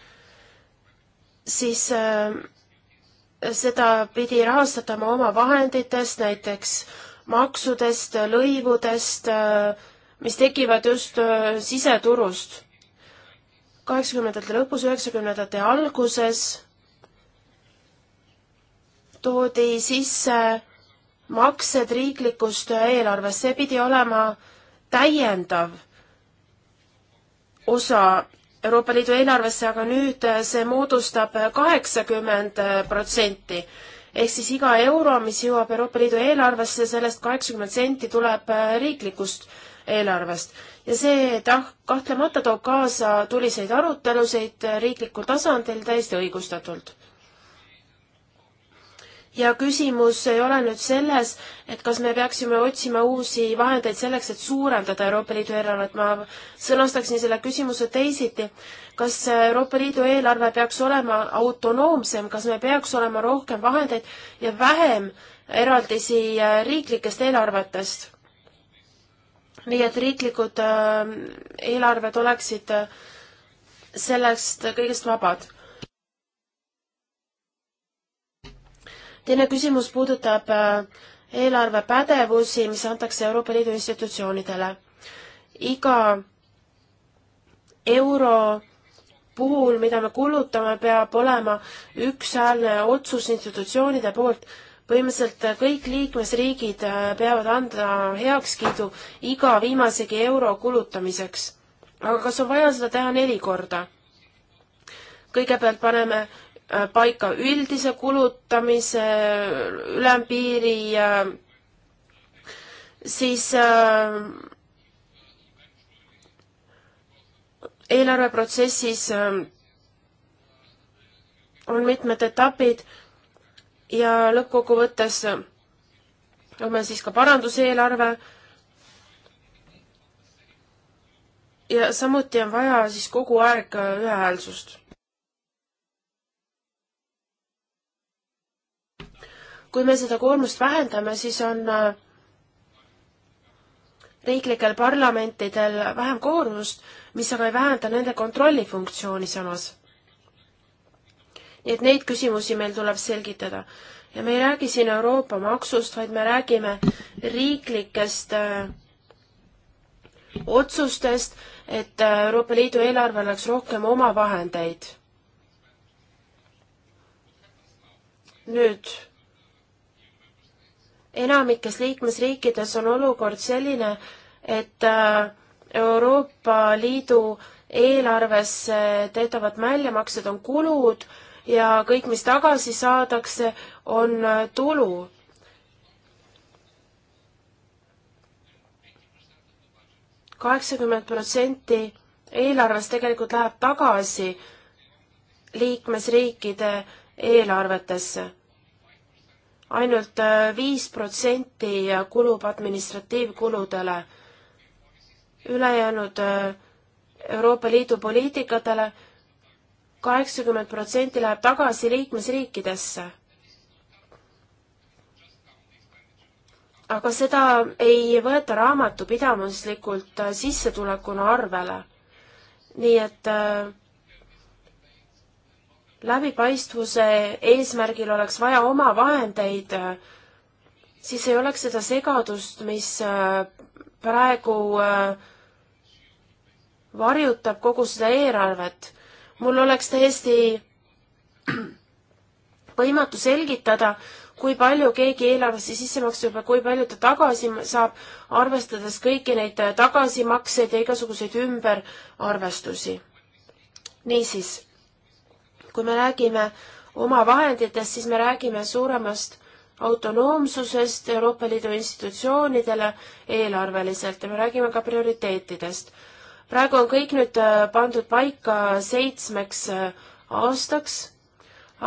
siis äh, seda pidi rahastatama oma vahenditest, näiteks maksudest, lõivudest, äh, mis tekivad just äh, siseturust. kaheksakümnendate lõpus, üheksakümnendate alguses toodi sisse maksed riiklikust eelarvest, see pidi olema täiendav osa Euroopa Liidu eelarvesse, aga nüüd see moodustab kaheksakümmend protsenti. ehk siis iga euro, mis jõuab Euroopa Liidu eelarvesse, sellest kaheksakümmend senti tuleb riiklikust eelarvest. ja see tah-, kahtlemata toob kaasa tuliseid arutelusid riiklikul tasandil täiesti õigustatult ja küsimus ei ole nüüd selles, et kas me peaksime otsima uusi vahendeid selleks, et suurendada Euroopa Liidu eelarvet, ma sõnastaksin selle küsimuse teisiti. kas Euroopa Liidu eelarve peaks olema autonoomsem, kas me peaks olema rohkem vahendeid ja vähem eraldisi äh, riiklikest eelarvetest? nii et riiklikud äh, eelarved oleksid äh, sellest kõigest vabad teine küsimus puudutab äh, eelarvepädevusi, mis antakse Euroopa Liidu institutsioonidele. iga euro puhul, mida me kulutame, peab olema ükshäälne otsus institutsioonide poolt. põhimõtteliselt äh, kõik liikmesriigid äh, peavad anda heakskiidu iga viimasegi euro kulutamiseks. aga kas on vaja seda teha neli korda? kõigepealt paneme Äh, paika üldise kulutamise ülempiiri, siis äh, eelarveprotsessis äh, on mitmed etapid ja lõppkokkuvõttes on meil siis ka paranduseelarve. ja samuti on vaja siis kogu aeg ühehäälsust kui me seda koormust vähendame, siis on äh, riiklikel parlamentidel vähem koormust, mis aga ei vähenda nende kontrollifunktsiooni samas. nii et neid küsimusi meil tuleb selgitada. ja me ei räägi siin Euroopa maksust, vaid me räägime riiklikest äh, otsustest, et äh, Euroopa Liidu eelarvel oleks rohkem omavahendeid. nüüd enamikes liikmesriikides on olukord selline, et äh, Euroopa Liidu eelarvesse tehtavad väljamaksed on kulud ja kõik, mis tagasi saadakse, on äh, tulu. kaheksakümmend protsenti eelarvest tegelikult läheb tagasi liikmesriikide eelarvetesse ainult äh, viis protsenti kulub administratiivkuludele, ülejäänud äh, Euroopa Liidu poliitikatele kaheksakümmend protsenti läheb tagasi liikmesriikidesse. aga seda ei võeta raamatupidamislikult äh, sissetulekuna arvele. nii et äh, läbipaistvuse eesmärgil oleks vaja oma vahendeid, siis ei oleks seda segadust, mis äh, praegu äh, varjutab kogu seda eelarvet. mul oleks täiesti võimatu selgitada, kui palju keegi eelarvesse sisse maksab ja kui palju ta tagasi saab, arvestades kõiki neid tagasimakseid ja igasuguseid ümberarvestusi. niisiis kui me räägime oma vahenditest, siis me räägime suuremast autonoomsusest Euroopa Liidu institutsioonidele eelarveliselt ja me räägime ka prioriteetidest. praegu on kõik nüüd äh, pandud paika seitsmeks äh, aastaks,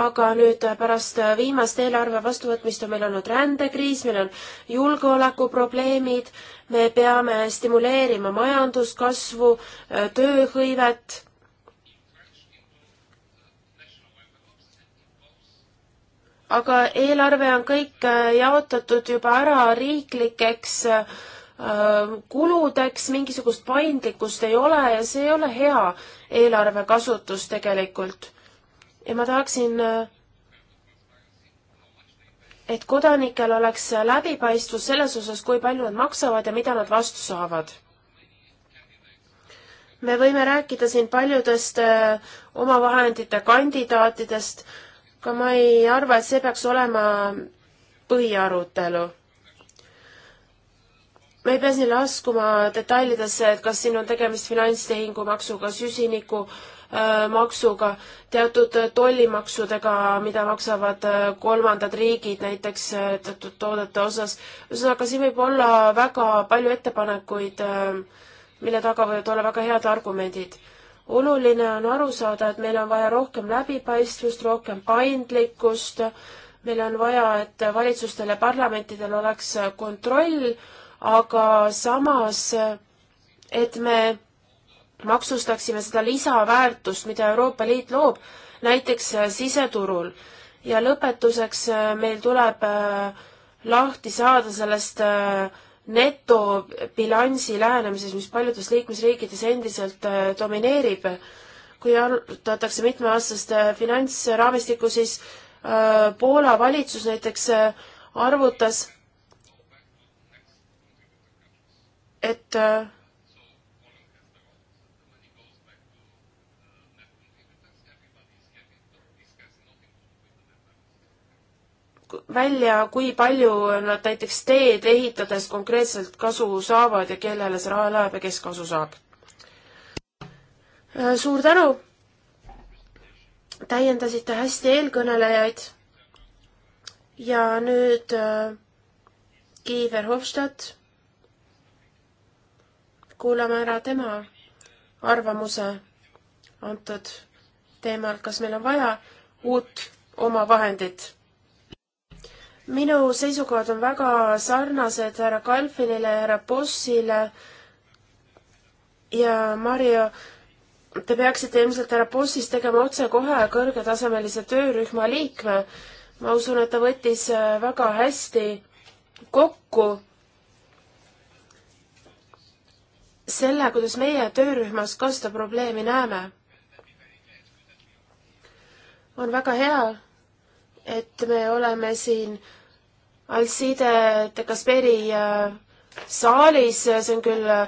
aga nüüd äh, pärast viimast eelarve vastuvõtmist on meil olnud rändekriis, meil on julgeolekuprobleemid, me peame stimuleerima majanduskasvu, tööhõivet aga eelarve on kõik äh, jaotatud juba ära riiklikeks äh, kuludeks, mingisugust paindlikkust ei ole ja see ei ole hea eelarve kasutus tegelikult. ja ma tahaksin, äh, et kodanikel oleks läbipaistvus selles osas, kui palju nad maksavad ja mida nad vastu saavad me võime rääkida siin paljudest omavahendite kandidaatidest, aga ma ei arva, et see peaks olema põhiarutelu. me ei pea siin laskuma detailidesse, et kas siin on tegemist finantstehingu maksuga, süsiniku äh, maksuga, teatud tollimaksudega, mida maksavad äh, kolmandad riigid näiteks äh, teatud toodete osas. ühesõnaga, siin võib olla väga palju ettepanekuid, mille taga võivad olla väga head argumendid oluline on aru saada, et meil on vaja rohkem läbipaistvust, rohkem paindlikkust, meil on vaja, et valitsustel ja parlamentidel oleks kontroll, aga samas, et me maksustaksime seda lisaväärtust, mida Euroopa Liit loob, näiteks siseturul. ja lõpetuseks meil tuleb äh, lahti saada sellest äh, netobilansi lähenemises, mis paljudes liikmesriikides endiselt äh, domineerib. kui arutatakse mitmeaastast äh, finantsraamistikku, siis äh, Poola valitsus näiteks arvutas, et välja, kui palju nad näiteks teed ehitades konkreetselt kasu saavad ja kellele see raha läheb ja kes kasu saab. Äh, suur tänu! täiendasite hästi eelkõnelejaid. ja nüüd äh, Kiiver Hofstadt. kuulame ära tema arvamuse antud teemal, kas meil on vaja uut omavahendit minu seisukohad on väga sarnased härra Kalfinile, härra Bossile ja Mario, te peaksite ilmselt härra Bossist tegema otsekohe kõrgetasemelise töörühma liikme. ma usun, et ta võttis äh, väga hästi kokku selle, kuidas meie töörühmas ka seda probleemi näeme. on väga hea, et me oleme siin äh, Al-Side Tekasperi äh, saalis, äh, see on küll äh,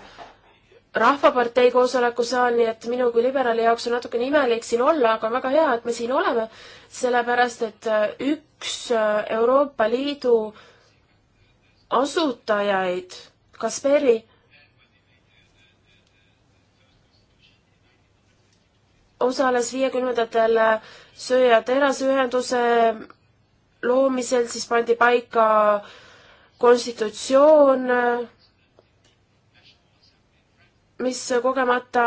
Rahvapartei koosoleku saal, nii et minu kui liberaali jaoks on natukene imelik siin olla, aga on väga hea, et me siin oleme, sellepärast et üks Euroopa Liidu asutajaid, Kasperi, osales viiekümnendatel söö- ja teraseühenduse loomisel siis pandi paika konstitutsioon, mis kogemata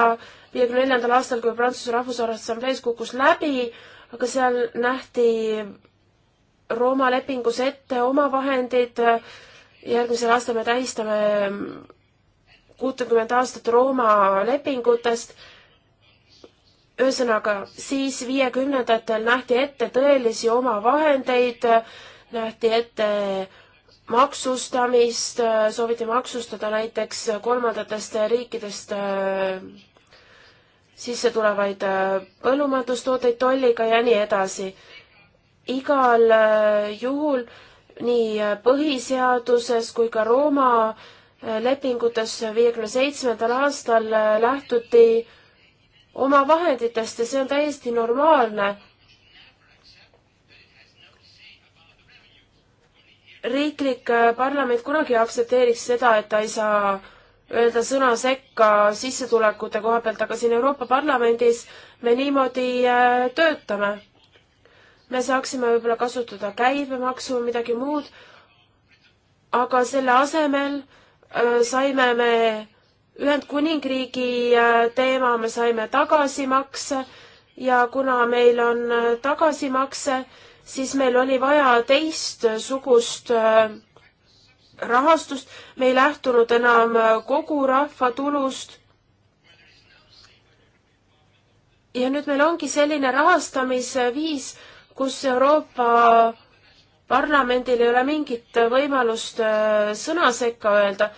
viiekümne neljandal aastal, kui Prantsuse Rahvusassamblees kukkus läbi, aga seal nähti Rooma lepingus ette omavahendid. järgmisel aastal me tähistame kuutekümmet aastat Rooma lepingutest ühesõnaga, siis viiekümnendatel nähti ette tõelisi omavahendeid, nähti ette maksustamist, sooviti maksustada näiteks kolmandatest riikidest äh, sisse tulevaid äh, põllumajandustooteid tolliga ja nii edasi. igal äh, juhul nii põhiseaduses kui ka Rooma lepingutes viiekümne seitsmendal aastal lähtuti oma vahenditest ja see on täiesti normaalne. riiklik äh, parlament kunagi ei aktsepteeriks seda, et ta ei saa öelda sõna sekka sissetulekute koha pealt, aga siin Euroopa Parlamendis me niimoodi äh, töötame. me saaksime võib-olla kasutada käibemaksu või midagi muud, aga selle asemel äh, saime me Ühendkuningriigi äh, teema me saime tagasimakse ja kuna meil on äh, tagasimakse, siis meil oli vaja teistsugust äh, rahastust, me ei lähtunud enam kogu rahva tulust. ja nüüd meil ongi selline rahastamisviis, kus Euroopa Parlamendil ei ole mingit võimalust sõna sekka öelda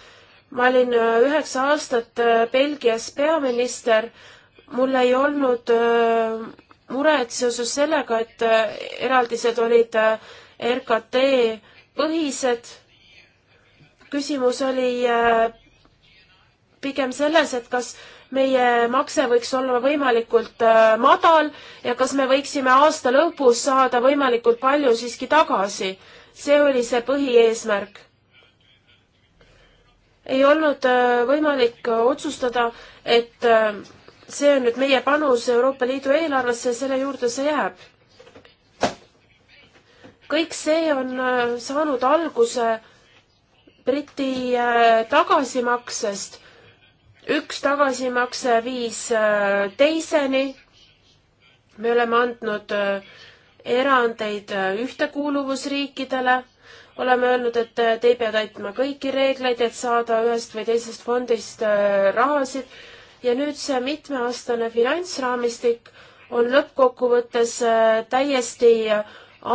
ma olin äh, üheksa aastat äh, Belgias peaminister, mul ei olnud äh, muret seoses sellega, et eraldised olid RKT põhised. küsimus oli pigem selles, et kas meie makse võiks olla võimalikult madal ja kas me võiksime aasta lõpus saada võimalikult palju siiski tagasi. see oli see põhieesmärk ei olnud äh, võimalik otsustada, et äh, see on nüüd meie panus Euroopa Liidu eelarvesse ja selle juurde see jääb. kõik see on äh, saanud alguse Briti tagasimaksest. üks tagasimakse viis teiseni. me oleme andnud erandeid ühtekuuluvusriikidele oleme öelnud, et äh, te ei pea täitma kõiki reegleid, et saada ühest või teisest fondist äh, rahasid ja nüüd see mitmeaastane finantsraamistik on lõppkokkuvõttes äh, täiesti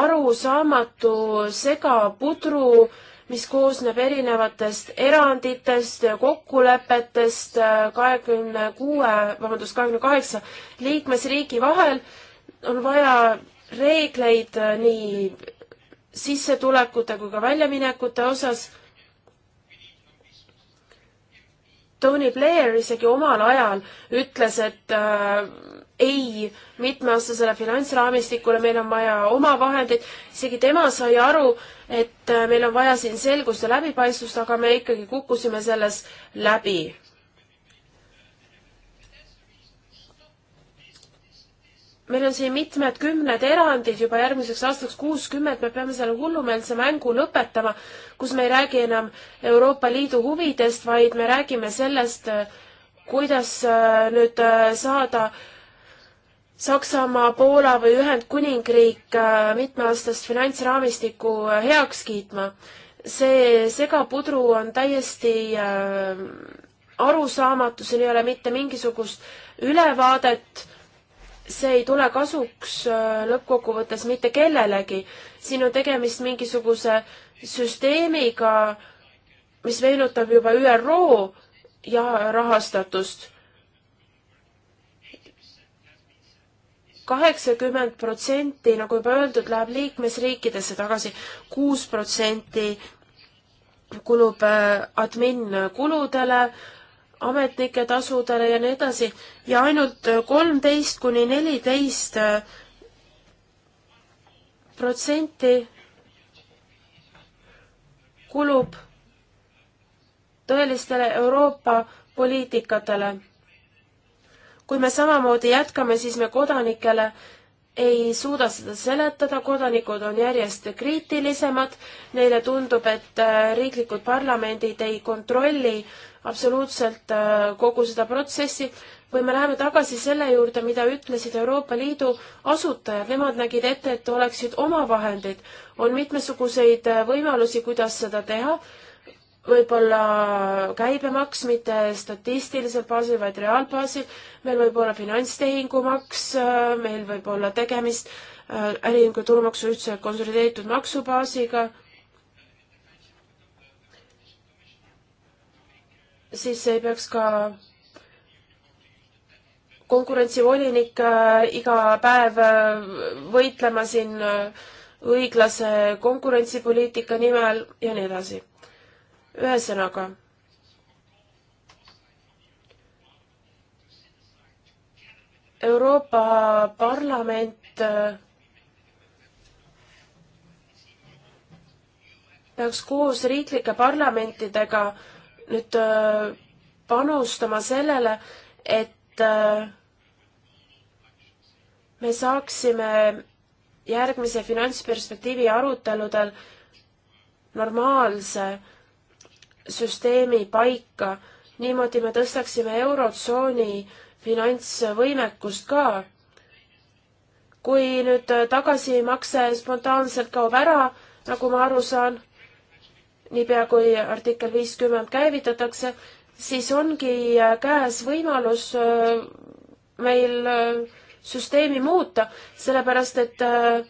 arusaamatu segapudru, mis koosneb erinevatest eranditest ja kokkulepetest kahekümne kuue, vabandust, kahekümne kaheksa liikmesriigi vahel on vaja reegleid nii sissetulekute kui ka väljaminekute osas. Tony Blair isegi omal ajal ütles, et äh, ei mitmeaastasele finantsraamistikule, meil on vaja omavahendeid, isegi tema sai aru, et äh, meil on vaja siin selgust ja läbipaistvust, aga me ikkagi kukkusime selles läbi meil on siin mitmed kümned erandid juba järgmiseks aastaks kuuskümmend, me peame selle hullumeelse mängu lõpetama, kus me ei räägi enam Euroopa Liidu huvidest, vaid me räägime sellest, kuidas äh, nüüd äh, saada Saksamaa, Poola või Ühendkuningriik äh, mitmeaastast finantsraamistikku heaks kiitma. see segapudru on täiesti arusaamatu, siin ei ole mitte mingisugust ülevaadet see ei tule kasuks äh, lõppkokkuvõttes mitte kellelegi. siin on tegemist mingisuguse süsteemiga, mis meenutab juba ÜRO ja rahastatust. kaheksakümmend protsenti, nagu juba öeldud, läheb liikmesriikidesse tagasi, kuus protsenti kulub äh, admin kuludele, ametnike tasudele ja nii edasi ja ainult kolmteist kuni neliteist äh, protsenti kulub tõelistele Euroopa poliitikatele. kui me samamoodi jätkame, siis me kodanikele ei suuda seda seletada, kodanikud on järjest kriitilisemad, neile tundub, et äh, riiklikud parlamendid ei kontrolli absoluutselt äh, kogu seda protsessi või me läheme tagasi selle juurde, mida ütlesid Euroopa Liidu asutajad, nemad nägid ette, et oleksid omavahendid. on mitmesuguseid äh, võimalusi, kuidas seda teha võib-olla käibemaks mitte statistilisel baasil, vaid reaalbaasil, meil võib olla finantstehingumaks, äh, meil võib olla tegemist äh, äriühingu tulumaksu ühtse konsolideeritud maksubaasiga, siis ei peaks ka konkurentsivolinik äh, iga päev võitlema siin õiglase konkurentsipoliitika nimel ja nii edasi ühesõnaga, Euroopa Parlament äh, peaks koos riiklike parlamentidega nüüd äh, panustama sellele, et äh, me saaksime järgmise finantsperspektiivi aruteludel normaalse süsteemi paika. niimoodi me tõstaksime Eurotsooni finantsvõimekust ka. kui nüüd tagasimakse spontaanselt kaob ära, nagu ma aru saan, niipea kui artikkel viiskümmend käivitatakse, siis ongi käes võimalus äh, meil äh, süsteemi muuta, sellepärast et äh,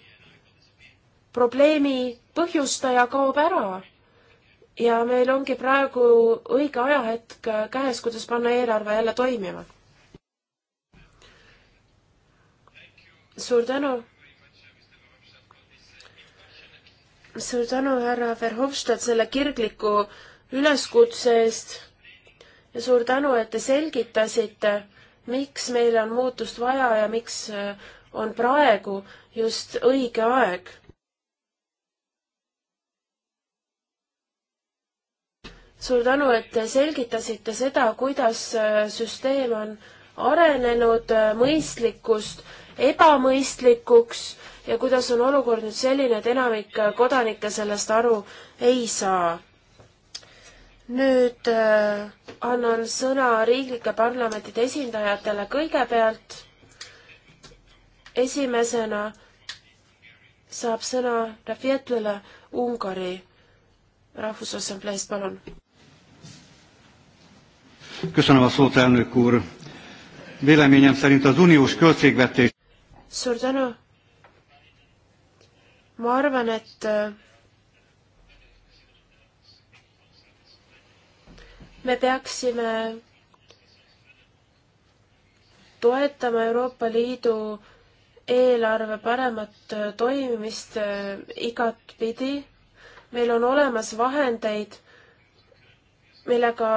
probleemi põhjustaja kaob ära ja meil ongi praegu õige ajahetk käes, kuidas panna eelarve jälle toimima. suur tänu. suur tänu, härra Verhofstadt, selle kirgliku üleskutse eest ja suur tänu, et te selgitasite, miks meil on muutust vaja ja miks äh, on praegu just õige aeg suur tänu, et te selgitasite seda, kuidas äh, süsteem on arenenud äh, mõistlikust ebamõistlikuks ja kuidas on olukord nüüd selline, et enamik äh, kodanikke sellest aru ei saa. nüüd annan sõna riiklike parlamentide esindajatele kõigepealt. esimesena saab sõna Rafietlele Ungari Rahvusassambleest, palun Köszönöm a szót, elnök úr. Véleményem szerint az uniós költségvetés... Suur tänu! Ma arvan, et äh, me peaksime toetama Euroopa Liidu eelarve paremat äh, toimimist äh, igatpidi. meil on olemas vahendeid, millega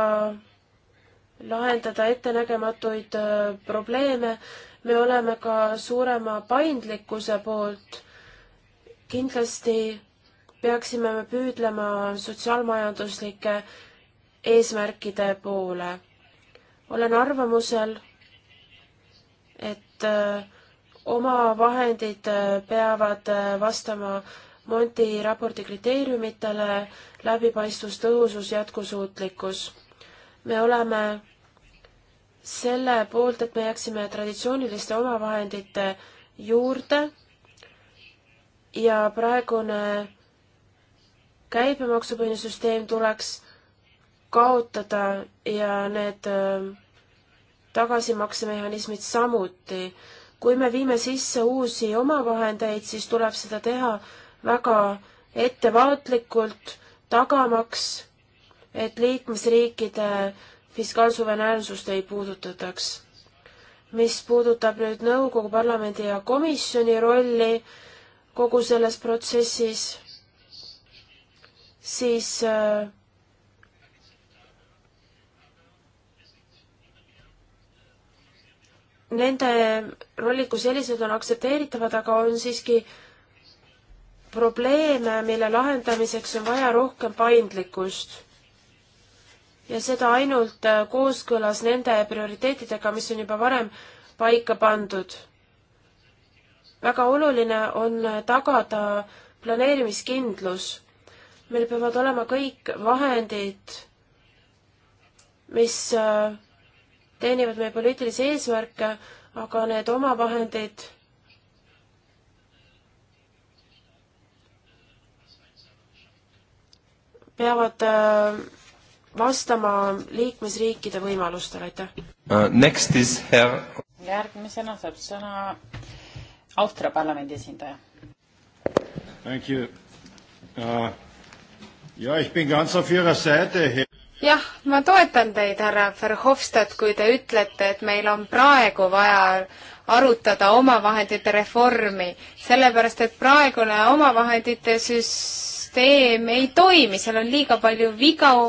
lahendada ettenägematuid äh, probleeme. me oleme ka suurema paindlikkuse poolt. kindlasti peaksime me püüdlema sotsiaalmajanduslike eesmärkide poole. olen arvamusel, et äh, omavahendid äh, peavad vastama Monti raporti kriteeriumitele läbipaistvus, tõhusus, jätkusuutlikkus me oleme selle poolt, et me jääksime traditsiooniliste omavahendite juurde ja praegune käibemaksupõhine süsteem tuleks kaotada ja need äh, tagasimaksemehhanismid samuti. kui me viime sisse uusi omavahendeid, siis tuleb seda teha väga ettevaatlikult, tagamaks et liikmesriikide fiskaalsuveräänsust ei puudutataks. mis puudutab nüüd nõukogu, parlamendi ja komisjoni rolli kogu selles protsessis, siis äh, nende rollid kui sellised on aktsepteeritavad, aga on siiski probleeme, mille lahendamiseks on vaja rohkem paindlikkust ja seda ainult äh, kooskõlas nende prioriteetidega, mis on juba varem paika pandud. väga oluline on äh, tagada planeerimiskindlus. meil peavad olema kõik vahendid, mis äh, teenivad meie poliitilisi eesmärke, aga need omavahendid peavad äh, vastama liikmesriikide võimalustele, aitäh uh,! Next is herr järgmisena saab sõna Austria parlamendi esindaja. Thank you uh,. Ja ich bin ganz auf ihrer Seite hier jah, ma toetan teid, härra Verhofstadt, kui te ütlete, et meil on praegu vaja arutada omavahendite reformi, sellepärast et praegune omavahendite süsteem ei toimi, seal on liiga palju vigu,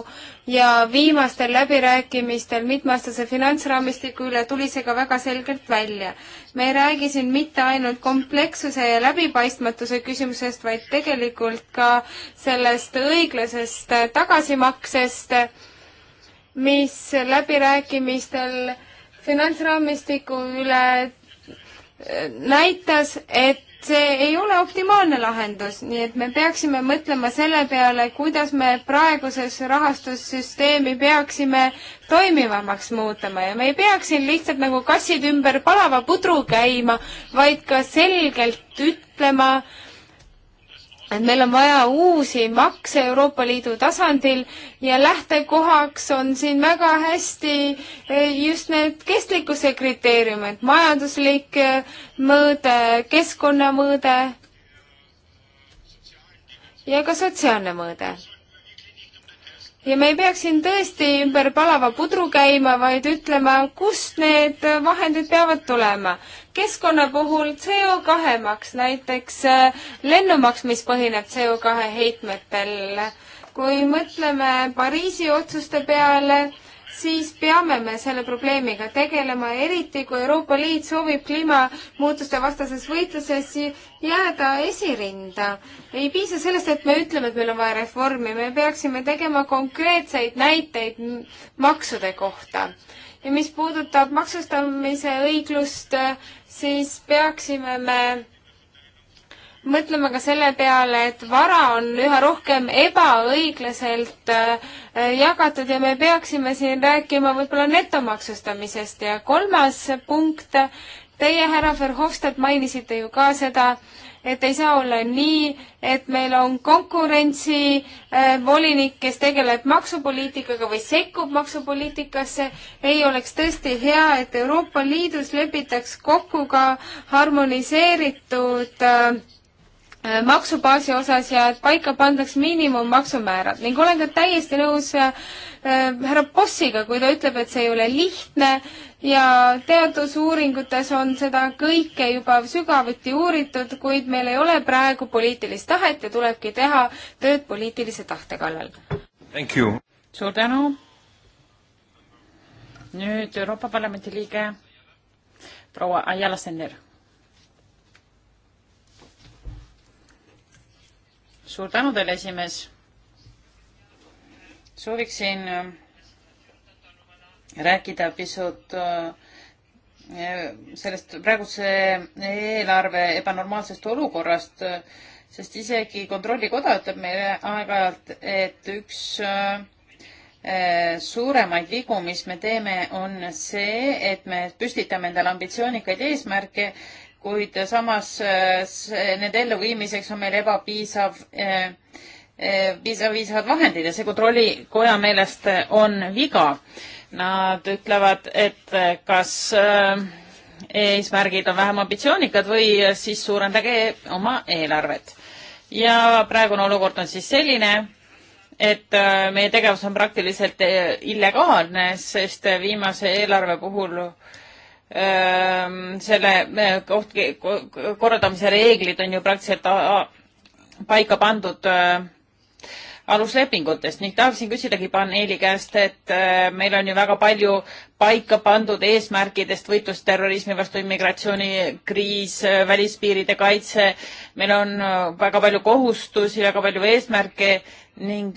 ja viimastel läbirääkimistel mitmeaastase finantsraamistiku üle tuli see ka väga selgelt välja. me ei räägi siin mitte ainult komplekssuse ja läbipaistmatuse küsimusest, vaid tegelikult ka sellest õiglasest tagasimaksest, mis läbirääkimistel finantsraamistiku üle näitas, et see ei ole optimaalne lahendus, nii et me peaksime mõtlema selle peale, kuidas me praeguses rahastussüsteemi peaksime toimivamaks muutma ja me ei peaks siin lihtsalt nagu kassid ümber palava pudru käima, vaid ka selgelt ütlema äh, et meil on vaja uusi makse Euroopa Liidu tasandil ja lähtekohaks on siin väga hästi eh, just need kestlikkuse kriteeriumid, majanduslik eh, mõõde, keskkonnamõõde ja ka sotsiaalne mõõde ja me ei peaks siin tõesti ümber palava pudru käima, vaid ütlema, kust need vahendid peavad tulema. keskkonna puhul CO2 maks, näiteks äh, lennumaks, mis põhineb CO2 heitmetel. kui mõtleme Pariisi otsuste peale, siis peame me selle probleemiga tegelema, eriti kui Euroopa Liit soovib kliimamuutuste vastases võitluses jääda esirinda. ei piisa sellest, et me ütleme, et meil on vaja reformi, me peaksime tegema konkreetseid näiteid maksude kohta. ja mis puudutab maksustamise õiglust, siis peaksime me mõtlema ka selle peale, et vara on üha rohkem ebaõiglaselt äh, äh, jagatud ja me peaksime siin rääkima võib-olla netomaksustamisest ja kolmas punkt, teie, härra Verhofstadt, mainisite ju ka seda, et ei saa olla nii, et meil on konkurentsivolinik äh,, kes tegeleb maksupoliitikaga või sekkub maksupoliitikasse. ei oleks tõesti hea, et Euroopa Liidus lepitaks kokku ka harmoniseeritud äh, Äh, maksubaasi osas ja et paika pandaks miinimummaksumäärad ning olen ka täiesti nõus äh, äh, härra Bossiga, kui ta ütleb, et see ei ole lihtne ja teadusuuringutes on seda kõike juba sügavuti uuritud, kuid meil ei ole praegu poliitilist tahet ja tulebki teha tööd poliitilise tahte kallal. suur tänu. nüüd Euroopa Parlamendi liige proua Ayala Senner suur tänu teile, esimees. sooviksin äh, rääkida pisut äh, sellest praeguse eelarve ebanormaalsest olukorrast, äh, sest isegi Kontrollikoda ütleb meile aeg-ajalt, et üks suuremaid vigu, mis me teeme, on see, et me püstitame endale ambitsioonikaid eesmärke kuid samas eh, nende elluviimiseks on meil ebapiisav eh, eh, piisav, piisavad vahendid ja see kontrollikoja meelest on viga. Nad ütlevad, et kas eesmärgid on vähem ambitsioonikad või siis suurendage oma eelarvet. ja praegune olukord on siis selline, et meie tegevus on praktiliselt illegaalne, sest viimase eelarve puhul äh, Ehm, selle eh, koht, korraldamise reeglid on ju praktiliselt paika pandud eh, aluslepingutest ning tahaksin küsidagi paneeli käest, et eh, meil on ju väga palju paika pandud eesmärkidest võitlus terrorismi vastu, immigratsioonikriis, välispiiride kaitse. meil on väga palju kohustusi, väga palju eesmärke ning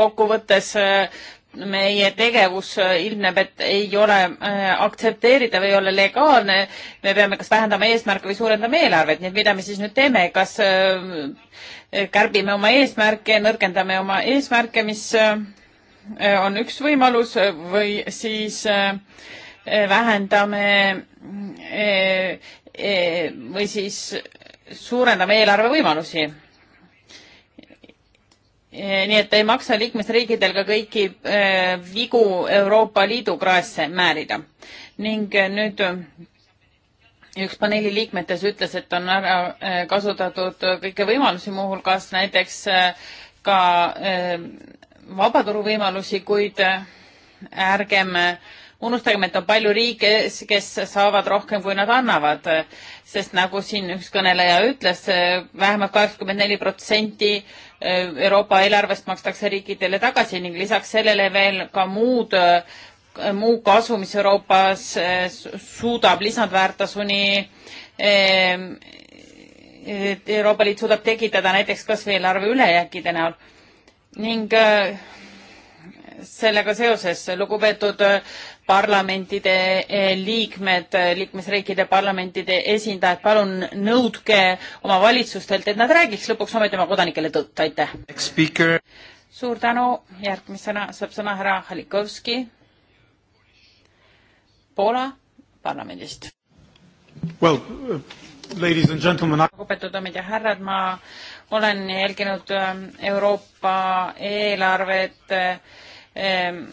kokkuvõttes meie tegevus äh, ilmneb, et ei ole äh, aktsepteeritav, ei ole legaalne, me peame kas vähendama eesmärke või suurendama eelarvet, nii et mida me siis nüüd teeme, kas äh, kärbime oma eesmärke, nõrgendame oma eesmärke, mis on üks võimalus või siis vähendame või siis suurendame eelarve võimalusi Eh, nii et ei maksa liikmesriikidel ka kõiki eh, vigu Euroopa Liidu kraesse määrida. ning eh, nüüd üks paneeli liikmetes ütles, et on ära kasutatud kõiki võimalusi, muuhulgas näiteks ka vabaturu võimalusi, kuid ärgem unustagem, et on palju riike, kes saavad rohkem, kui nad annavad, sest nagu siin üks kõneleja ütles vähemalt, vähemalt kaheksakümmend neli protsenti Äh, Euroopa eelarvest makstakse riikidele tagasi ning lisaks sellele veel ka muud, äh, muu kasu, mis Euroopas äh, suudab lisandväärtasuni Euroopa Liit suudab tekitada näiteks kas või eelarve ülejääkide näol. ning sellega seoses, lugupeetud parlamentide eh, liikmed, eh, liikmesriikide parlamentide esindajad, palun nõudke oma valitsustelt, et nad räägiks lõpuks ometi oma kodanikele tõtt, aitäh. suur tänu, järgmisena saab sõna härra Halikovski Poola parlamendist. Well, ladies and gentlemen. lugupeetud daamid ja härrad, ma olen jälginud ähm, Euroopa eelarvet äh, ähm,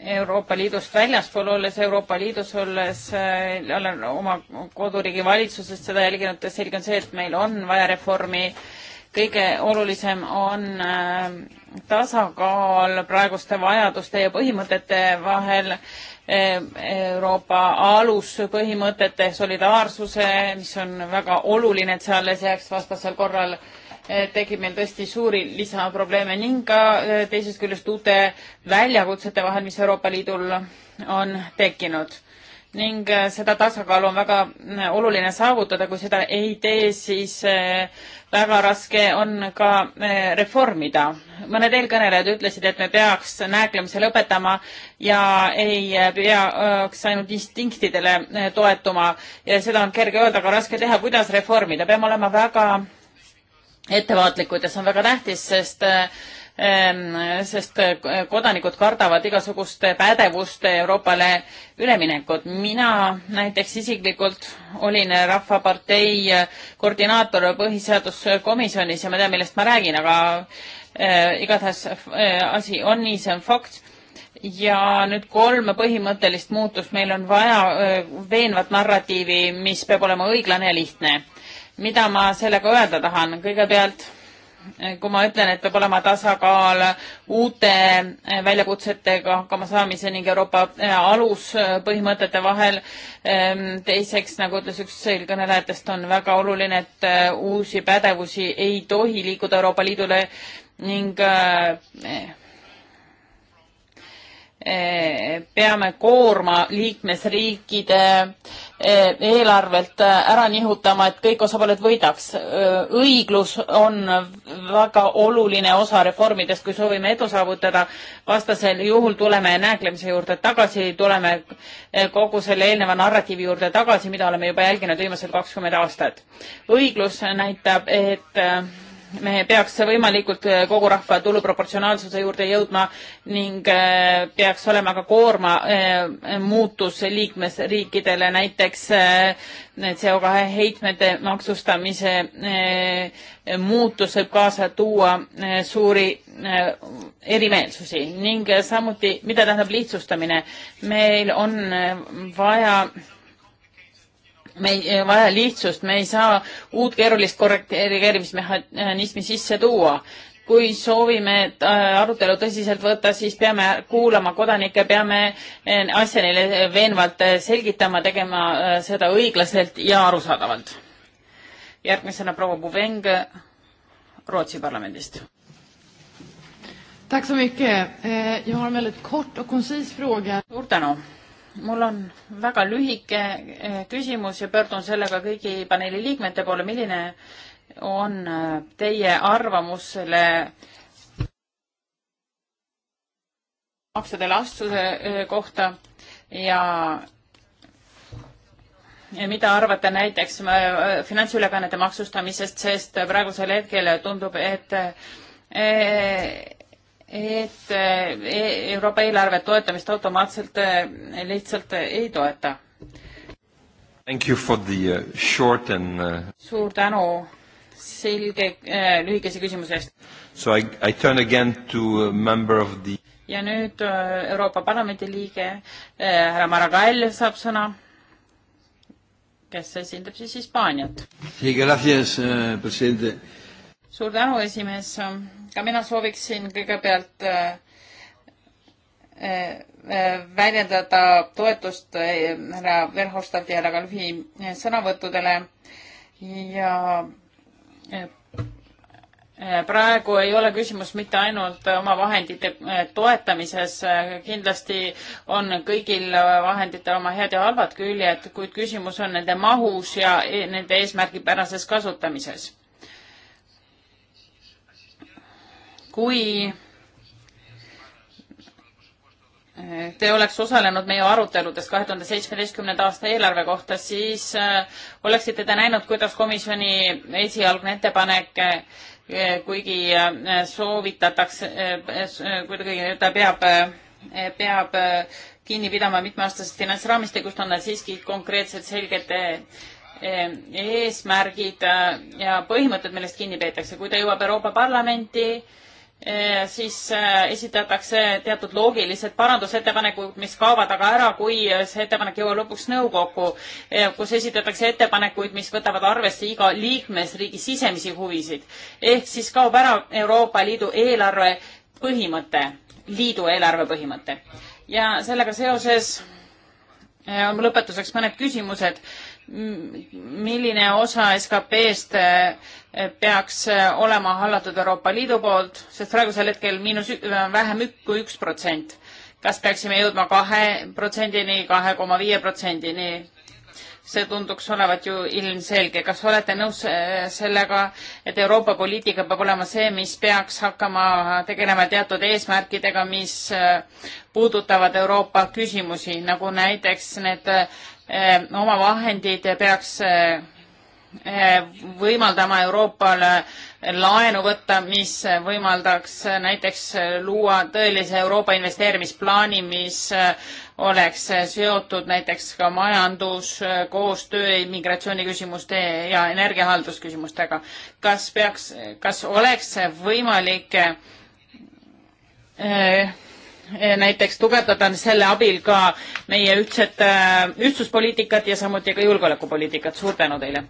Euroopa Liidust väljaspool olles, Euroopa Liidus olles äh,, olen oma koduriigi valitsusest seda jälginud ja selge on see, et meil on vaja reformi. kõige olulisem on äh, tasakaal praeguste vajaduste ja põhimõtete vahel äh,, Euroopa aluspõhimõtete solidaarsuse, mis on väga oluline, et see alles jääks, vastasel korral äh, Eh, tegi meil tõesti suuri lisaprobleeme ning ka eh, teisest küljest uute väljakutsete vahel, mis Euroopa Liidul on tekkinud. ning eh, seda tasakaalu on väga mm, oluline saavutada, kui seda ei tee, siis väga raske on ka reformida. mõned eelkõnelejad ütlesid, et me peaks nääklemise lõpetama ja ei peaks ainult instinktidele toetuma ja seda on kerge öelda, aga raske teha, kuidas reformida, peame olema väga ettevaatlikud ja see on väga tähtis, sest ehm, sest eh, kodanikud kardavad igasuguste pädevuste Euroopale üleminekut. mina näiteks isiklikult olin Rahvapartei koordinaator põhiseaduskomisjonis ja ma tean, millest ma räägin, aga äh, igatahes äh, asi on nii, see on fakt. ja nüüd kolme põhimõttelist muutust, meil on vaja äh, veenvat narratiivi, mis peab olema õiglane ja lihtne mida ma sellega öelda tahan, kõigepealt eh, kui ma ütlen, et peab olema tasakaal uute eh, väljakutsetega hakkama saamise ning Euroopa eh, aluspõhimõtete vahel. Ehm, teiseks, nagu ütles üks eelkõnelejatest, on väga oluline, et uusi pädevusi ei tohi liikuda Euroopa Liidule ning Eh, peame koorma liikmesriikide eh, eelarvelt eh, ära nihutama, et kõik osapooled võidaks. õiglus on väga oluline osa reformidest, kui soovime edu saavutada. vastasel juhul tuleme nääklemise juurde tagasi, tuleme kogu selle eelneva narratiivi juurde tagasi, mida oleme juba jälginud viimased kakskümmend aastat. õiglus näitab, et me peaks võimalikult äh, kogu rahva tulu proportsionaalsuse juurde jõudma ning äh, peaks olema ka koorma äh, muutus liikmesriikidele, näiteks CO2 heitmete maksustamise muutus võib kaasa tuua suuri erimeelsusi ning samuti, mida tähendab lihtsustamine. meil on vaja me ei äh, vaja lihtsust, me ei saa uut keerulist korrigeerimismehhanismi sisse tuua. kui soovime äh, arutelu tõsiselt võtta, siis peame kuulama kodanikke, peame äh, asja neile veenvalt selgitama, tegema seda õiglaselt ja arusaadavalt. järgmisena proua Puveng Rootsi parlamendist. Tack så mycket. Eh, jag har en väldigt kort och koncis fråga. Suur tänu mul on väga lühike eh, küsimus ja pöördun sellega kõigi paneeli liikmete poole. milline on eh, teie arvamus selle maksude lastuse eh, kohta ja ja mida arvate näiteks finantsülekannete maksustamisest, sest praegusel hetkel tundub, et et eh, e-, Euroopa eelarve toetamist automaatselt eh, lihtsalt eh, ei toeta. And... suur tänu selge lühikese küsimuse eest. So I, I turn again to a member of the ja nüüd Euroopa Parlamendi liige härra Maragall saab sõna, kes esindab siis Hispaaniat. Sí, gracias, presidente suur tänu, esimees. ka mina sooviksin kõigepealt äh, äh, väljendada toetust äh, härra Verhofstadti ja härra Kalvi sõnavõttudele ja praegu ei ole küsimus mitte ainult oma vahendite toetamises, kindlasti on kõigil vahenditel oma head ja halvad küljed, kuid küsimus on nende mahus ja nende eesmärgipärases kasutamises. kui te oleks osalenud meie aruteludes kahe tuhande seitsmeteistkümnenda aasta eelarve kohta, siis äh, oleksite te näinud, kuidas komisjoni esialgne ettepanek äh, kuigi äh, soovitatakse, kuidagi ta peab, peab kinni pidama mitmeaastasest finantsraamistikust, on tal siiski konkreetsed selged eesmärgid ja põhimõtted, millest kinni peetakse. kui ta jõuab Euroopa Parlamenti, Äh, siis äh, esitatakse teatud loogilised parandusettepanekud, mis kaovad aga ära, kui see ettepanek jõuab lõpuks nõukokku, äh, kus esitatakse ettepanekuid, mis võtavad arvesse iga liikmesriigi sisemisi huvisid. ehk siis kaob ära Euroopa Liidu eelarve põhimõte, liidu eelarve põhimõte. ja sellega seoses lõpetuseks mõned küsimused milline osa SKP-st eh, peaks eh, olema hallatud Euroopa Liidu poolt, sest praegusel hetkel miinus, äh, vähem kui üks protsent. kas peaksime jõudma kahe protsendini, kahe koma viie protsendini? see tunduks olevat ju ilmselge. kas olete nõus eh, sellega, et Euroopa poliitika peab olema see, mis peaks hakkama tegelema teatud eesmärkidega, mis puudutavad Euroopa küsimusi, nagu näiteks need Ehm, oma vahendid peaks ehm, võimaldama Euroopal eh, laenu võtta, mis võimaldaks eh, näiteks luua tõelise Euroopa investeerimisplaani, mis eh, oleks seotud näiteks ka majandus, koostöö, immigratsiooniküsimuste ja energiahaldusküsimustega. kas peaks, kas oleks võimalik äh, Eh, näiteks tugevdada selle abil ka meie ühtset, eh, ühtsuspoliitikat ja samuti ka julgeolekupoliitikat. suur tänu teile.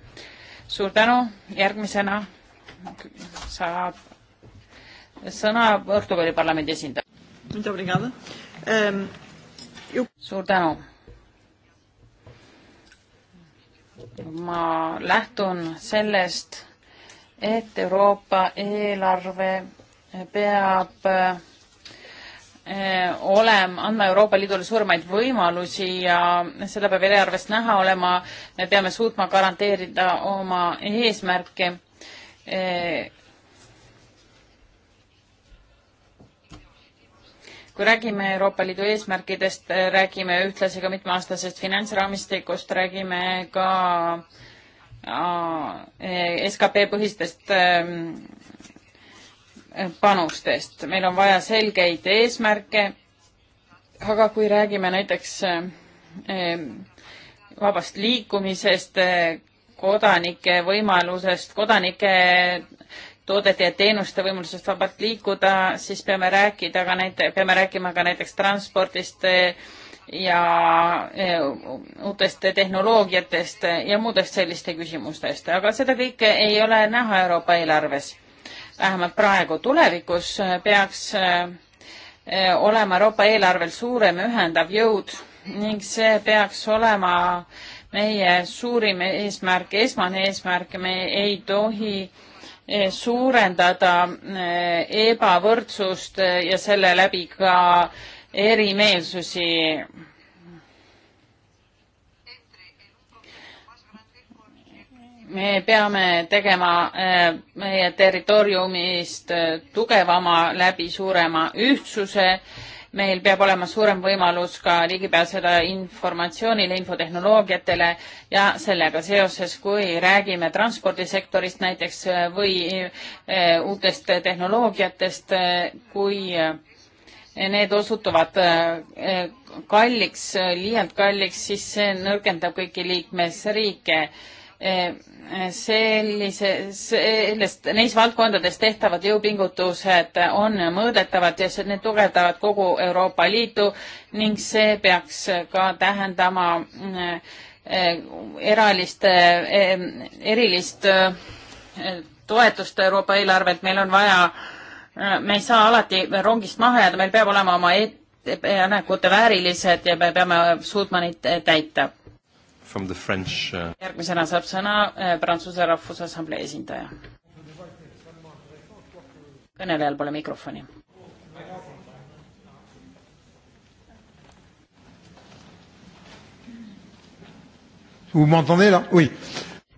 suur tänu, järgmisena saab sõna Portugali parlamendi esindaja. Ehm, suur tänu. ma lähtun sellest, et Euroopa eelarve peab eh, Eh, olema, andma Euroopa Liidule suuremaid võimalusi ja selle peab eelarvest näha olema, me peame suutma garanteerida oma eesmärke. Eh, kui räägime Euroopa Liidu eesmärkidest, eh, räägime ühtlasi ka mitmeaastasest finantsraamistikust, räägime ka ah, SKP põhistest ehm, panustest, meil on vaja selgeid eesmärke, aga kui räägime näiteks eh, vabast liikumisest, kodanike võimalusest, kodanike toodete ja teenuste võimalusest vabalt liikuda, siis peame rääkida ka näite-, peame rääkima ka näiteks transpordist eh, ja eh, uutest tehnoloogiatest ja muudest selliste küsimustest, aga seda kõike ei ole näha Euroopa eelarves vähemalt praegu, tulevikus äh, peaks äh, olema Euroopa eelarvel suurem ühendav jõud ning see peaks olema meie suurim eesmärk, esmane eesmärk, me ei tohi äh, suurendada ebavõrdsust ja selle läbi ka erimeelsusi me peame tegema äh, meie territooriumist äh, tugevama läbi suurema ühtsuse. meil peab olema suurem võimalus ka ligipääseda informatsioonile, infotehnoloogiatele ja sellega seoses, kui räägime transpordisektorist näiteks äh, või uutest tehnoloogiatest, kui need osutuvad kalliks, liialt kalliks, siis see nõrgendab kõiki liikmesriike sellise, sellest, neis valdkondades tehtavad jõupingutused on mõõdetavad ja need tugevdavad kogu Euroopa Liitu ning see peaks ka tähendama eh, eralist, eh, erilist eh, toetust Euroopa eelarvelt, meil on vaja, me ei saa alati rongist maha jääda, meil peab olema oma ettepanekute väärilised ja me peame suutma neid täita from the French uh... järgmisena saab sõna äh, Prantsuse Rahvusassamblee esindaja. kõnelejal pole mikrofoni.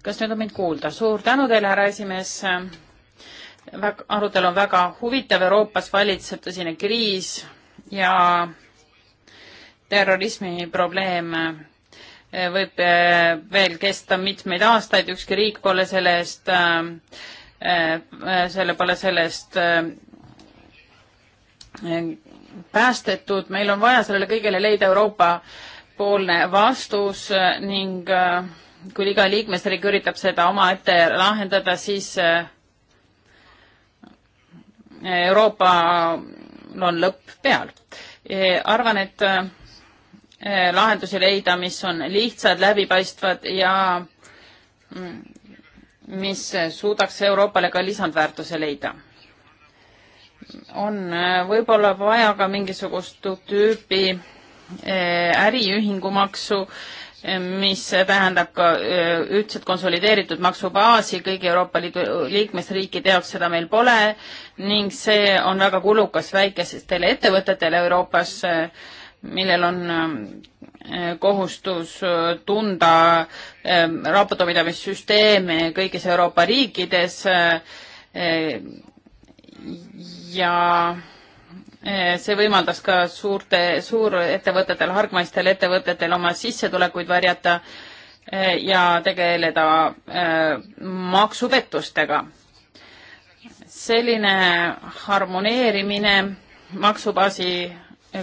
kas nüüd on mind kuulda? suur tänu teile, härra esimees. arutelu on väga huvitav, Euroopas valitseb tõsine kriis ja terrorismi probleem Eh, võib eh, veel kesta mitmeid aastaid, ükski riik pole selle eest, eh, selle pole selle eest päästetud, meil on vaja sellele kõigele leida Euroopa poolne vastus ning kui iga liikmesriik üritab seda omaette lahendada, siis Euroopa on lõpp peal. arvan, et Eh, lahendusi leida, mis on lihtsad, läbipaistvad ja mm, mis suudaks Euroopale ka lisandväärtuse leida. on eh, võib-olla vaja ka mingisugust tüüpi eh, äriühingumaksu, mis tähendab ka ühtset konsolideeritud maksubaasi kõigi Euroopa Liidu liikmesriikide jaoks, seda meil pole ning see on väga kulukas väikestele ettevõtetele Euroopas äh, millel on äh, kohustus äh, tunda ähm, raamatupidamissüsteeme kõigis Euroopa riikides äh, ja see võimaldas ka suurte, suurettevõtetel, hargmaistel ettevõtetel oma sissetulekuid varjata ja tegeleda maksupettustega. selline harmoneerimine maksubaasi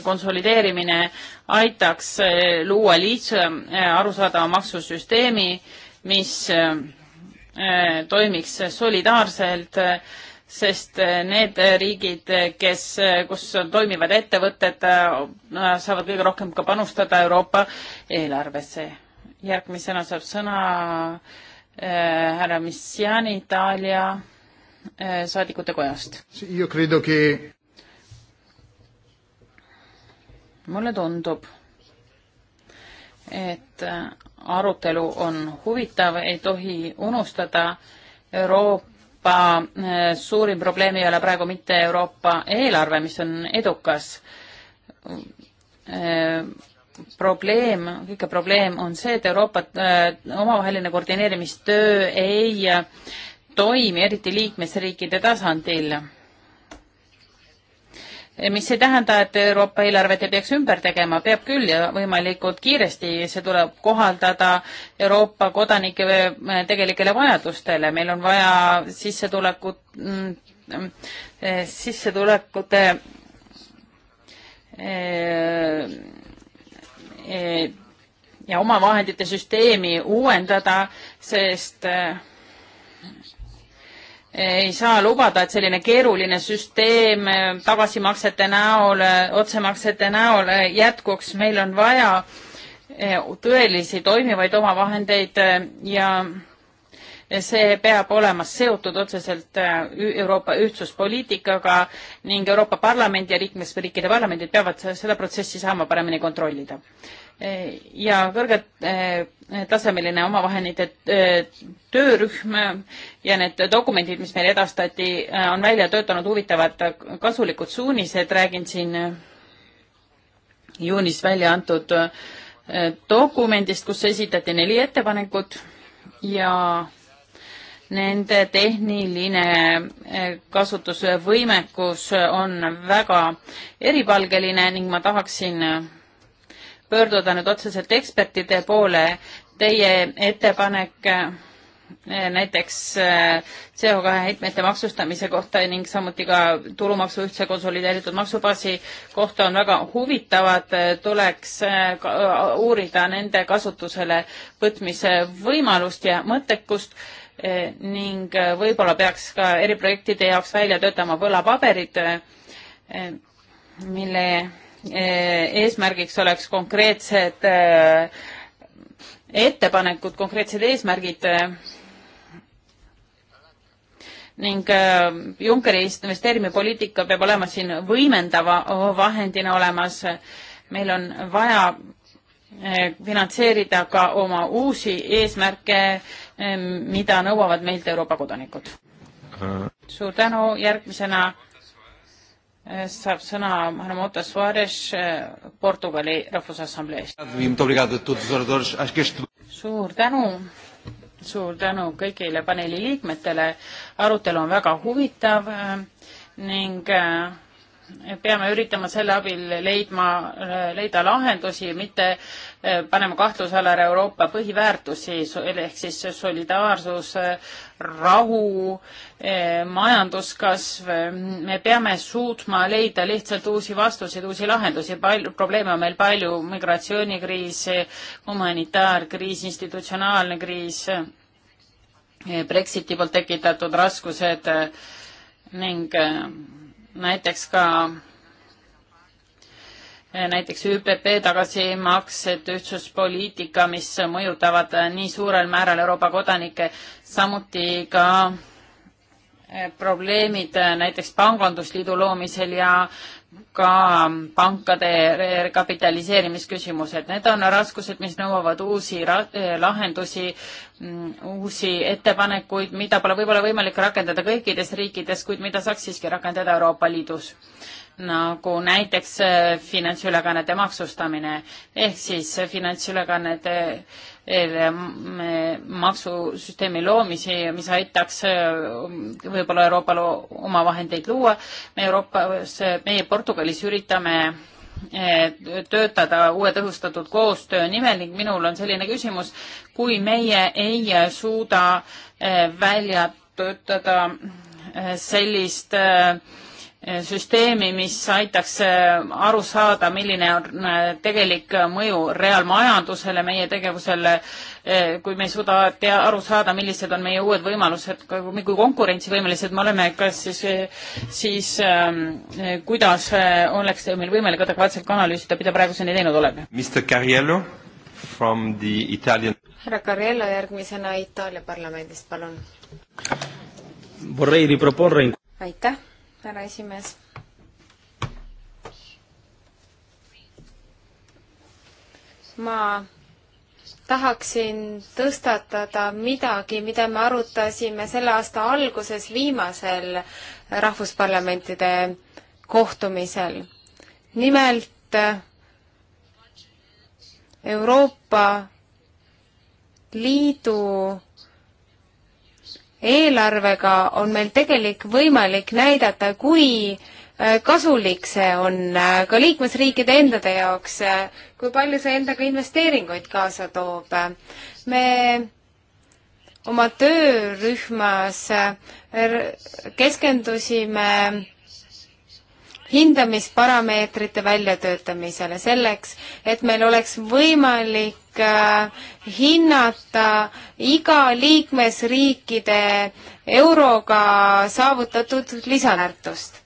konsolideerimine aitaks eh, luua lihtsa eh, arusaadava maksusüsteemi, mis eh, toimiks solidaarselt, sest need riigid, kes, kus toimivad ettevõtted, saavad kõige rohkem ka panustada Euroopa eelarvesse. järgmisena saab sõna härra Missiani Itaalia saadikute kojast. Io credo che mulle tundub, et arutelu on huvitav, ei tohi unustada, Euroopa eh, suurim probleem ei ole praegu mitte Euroopa eelarve, mis on edukas. Eh, probleem, kõige probleem on see, et Euroopa eh, omavaheline koordineerimistöö ei toimi, eriti liikmesriikide tasandil Eh, mis ei tähenda, et Euroopa eelarvet ei peaks ümber tegema, peab küll ja võimalikult kiiresti, see tuleb kohaldada Euroopa kodanike eh, tegelikele vajadustele, meil on vaja sissetulekut, mm, eh, sissetulekute ja omavahendite süsteemi uuendada, sest äh, ei saa lubada, et selline keeruline süsteem eh, tagasimaksete näol, eh, otsemaksete näol eh, jätkuks, meil on vaja tõelisi toimivaid omavahendeid ja see peab olema seotud otseselt Euroopa ühtsuspoliitikaga ning Euroopa Parlamendi ja liikmesriikide parlamendid peavad seda protsessi saama paremini kontrollida. Äh, ja kõrgetasemeline äh, omavahendite äh, töörühm ja need dokumendid, mis meile edastati, on välja töötanud huvitavad kasulikud suunised, räägin siin juunis välja antud dokumendist, kus esitati neli ettepanekut ja nende tehniline kasutusvõimekus on väga eripalgeline ning ma tahaksin pöörduda nüüd otseselt ekspertide poole. Teie ettepanek äh, näiteks äh, CO2 heitmete maksustamise kohta ning samuti ka tulumaksu ühtse konsolideeritud maksubaasi kohta on väga huvitavad, äh, tuleks uurida nende kasutusele võtmise võimalust ja mõttekust ning võib-olla peaks ka eriprojektide jaoks välja töötama võlapaberid, mille Eh, eesmärgiks oleks konkreetsed eh, ettepanekud, konkreetsed eesmärgid eh, ning Junckeri investeerimispoliitika peab olema siin võimendava vahendina olemas. meil on vaja finantseerida ka oma uusi eesmärke, mida nõuavad meilt Euroopa kodanikud. Äh. suur tänu, järgmisena Eh, saab sõna härra Mota Soares eh, Portugali Rahvusassambleest. suur tänu, suur tänu kõigile paneeli liikmetele, arutelu on väga huvitav eh, ning peame üritama selle abil leidma, leida lahendusi, mitte eh, panema kahtluse alla Euroopa põhiväärtusi ehk siis solidaarsus, rahu, eh, majanduskasv. me peame suutma leida lihtsalt uusi vastuseid, uusi lahendusi, palju probleeme on meil palju, migratsioonikriis, humanitaarkriis, institutsionaalne kriis, eh, Brexiti poolt tekitatud raskused ning näiteks ka näiteks ÜPP tagasimaksed, ühtsuspoliitika, mis mõjutavad nii suurel määral Euroopa kodanikke, samuti ka eh, probleemid näiteks pangandusliidu loomisel ja ka pankade kapitaliseerimisküsimused, need on raskused, mis nõuavad uusi eh, lahendusi, mm, uusi ettepanekuid, mida pole võib-olla võimalik rakendada kõikides riikides, kuid mida saaks siiski rakendada Euroopa Liidus. nagu näiteks eh, finantsülekannete maksustamine ehk siis eh, finantsülekannete maksusüsteemi loomisi, mis aitaks äh, võib-olla Euroopal oma vahendeid luua. me Euroopas, meie Portugalis üritame äh, töötada uue tõhustatud koostöö nimel ning minul on selline küsimus, kui meie ei suuda äh, välja töötada sellist äh, Eh, süsteemi, mis aitaks eh, aru saada, milline on eh, tegelik mõju reaalmajandusele, meie tegevusele, kui me ei suuda tea, aru saada, millised on meie uued võimalused, kui konkurentsivõimelised me oleme, kas siis, siis ähm, kuidas oleks meil võimalik adekvaatselt analüüsida, mida praeguseni teinud oleme? härra Carriello järgmisena Itaalia parlamendist, palun. aitäh härra esimees. ma tahaksin tõstatada midagi, mida me arutasime selle aasta alguses viimasel rahvusparlamentide kohtumisel. nimelt Euroopa Liidu eelarvega on meil tegelik võimalik näidata, kui äh, kasulik see on äh, ka liikmesriikide endade jaoks, äh, kui palju see endaga investeeringuid kaasa toob. me oma töörühmas keskendusime hindamisparameetrite väljatöötamisele selleks, et meil oleks võimalik Äh, hinnata iga liikmesriikide euroga saavutatud lisaväärtust.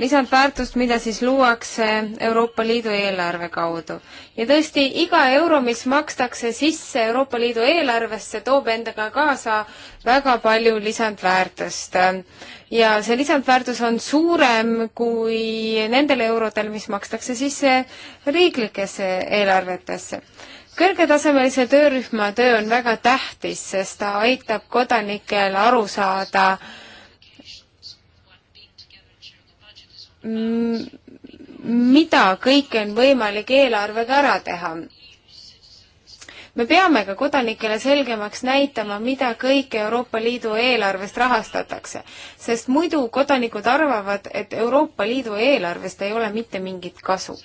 lisandväärtust, mida siis luuakse Euroopa Liidu eelarve kaudu. ja tõesti, iga euro, mis makstakse sisse Euroopa Liidu eelarvesse, toob endaga kaasa väga palju lisandväärtust. ja see lisandväärtus on suurem kui nendel eurodel, mis makstakse sisse riiklikesse eelarvetesse kõrgetasemelise töörühma töö on väga tähtis, sest ta aitab kodanikel aru saada äh, mida kõike on võimalik eelarvega ära teha. me peame ka kodanikele selgemaks näitama, mida kõike Euroopa Liidu eelarvest rahastatakse, sest muidu kodanikud arvavad, et Euroopa Liidu eelarvest ei ole mitte mingit kasu.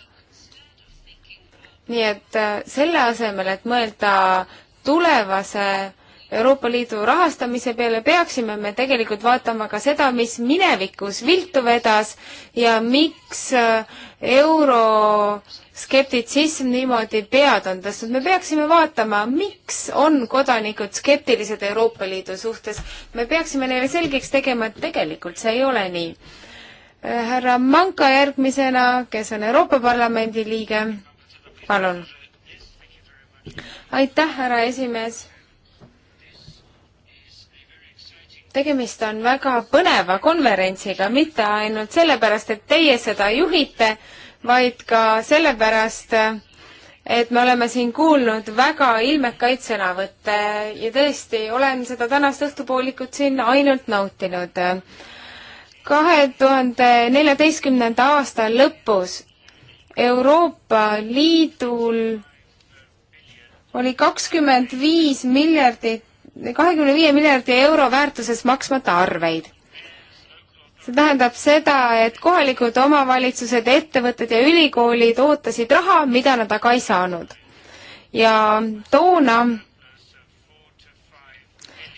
nii et äh, selle asemel, et mõelda tulevase Euroopa Liidu rahastamise peale, peaksime me tegelikult vaatama ka seda, mis minevikus viltu vedas ja miks äh, euroskeptitsism niimoodi pead on tõstnud. me peaksime vaatama, miks on kodanikud skeptilised Euroopa Liidu suhtes. me peaksime neile selgeks tegema, et tegelikult see ei ole nii. Äh, härra Manka järgmisena, kes on Euroopa Parlamendi liige, palun. aitäh, härra esimees tegemist on väga põneva konverentsiga, mitte ainult sellepärast, et teie seda juhite, vaid ka sellepärast, et me oleme siin kuulnud väga ilmekaid sõnavõtte ja tõesti, olen seda tänast õhtupoolikut siin ainult nautinud. kahe tuhande neljateistkümnenda aasta lõpus Euroopa Liidul oli kakskümmend viis miljardit kahekümne viie miljardi euro väärtuses maksmata arveid. see tähendab seda, et kohalikud omavalitsused, ettevõtted ja ülikoolid ootasid raha, mida nad aga ei saanud. ja toona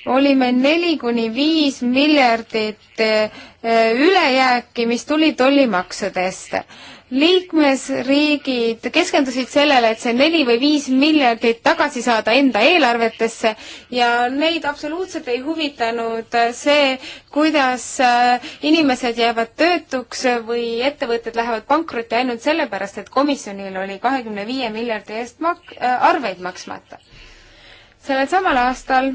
oli meil neli kuni viis miljardit eh, ülejääki, mis tuli tollimaksudest liikmesriigid keskendusid sellele, et see neli või viis miljardit tagasi saada enda eelarvetesse ja neid absoluutselt ei huvitanud see, kuidas äh, inimesed jäävad töötuks või ettevõtted lähevad pankrotti ainult sellepärast, et komisjonil oli kahekümne viie miljardi eest mak-, äh, arveid maksmata. sellel samal aastal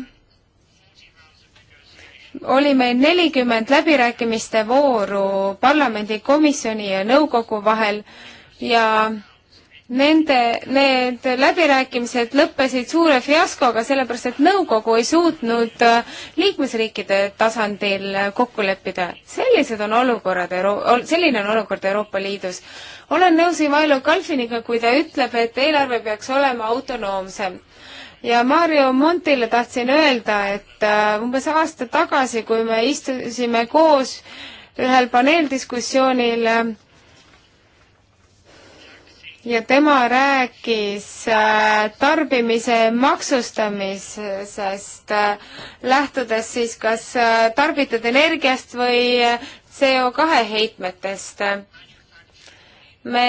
oli meil nelikümmend läbirääkimiste vooru parlamendi, komisjoni ja nõukogu vahel ja nende, need läbirääkimised lõppesid suure fiaskoga, sellepärast et nõukogu ei suutnud äh, liikmesriikide tasandil kokku leppida. sellised on olukorrad Euro-, selline on olukord Euroopa Liidus. olen nõus Ivailo Kalfiniga, kui ta ütleb, et eelarve peaks olema autonoomsem ja Mario Montile tahtsin öelda, et äh, umbes aasta tagasi, kui me istusime koos ühel paneeldiskussioonil äh, ja tema rääkis äh, tarbimise maksustamisest, lähtudes siis kas tarbitud energiast või CO2 heitmetest. me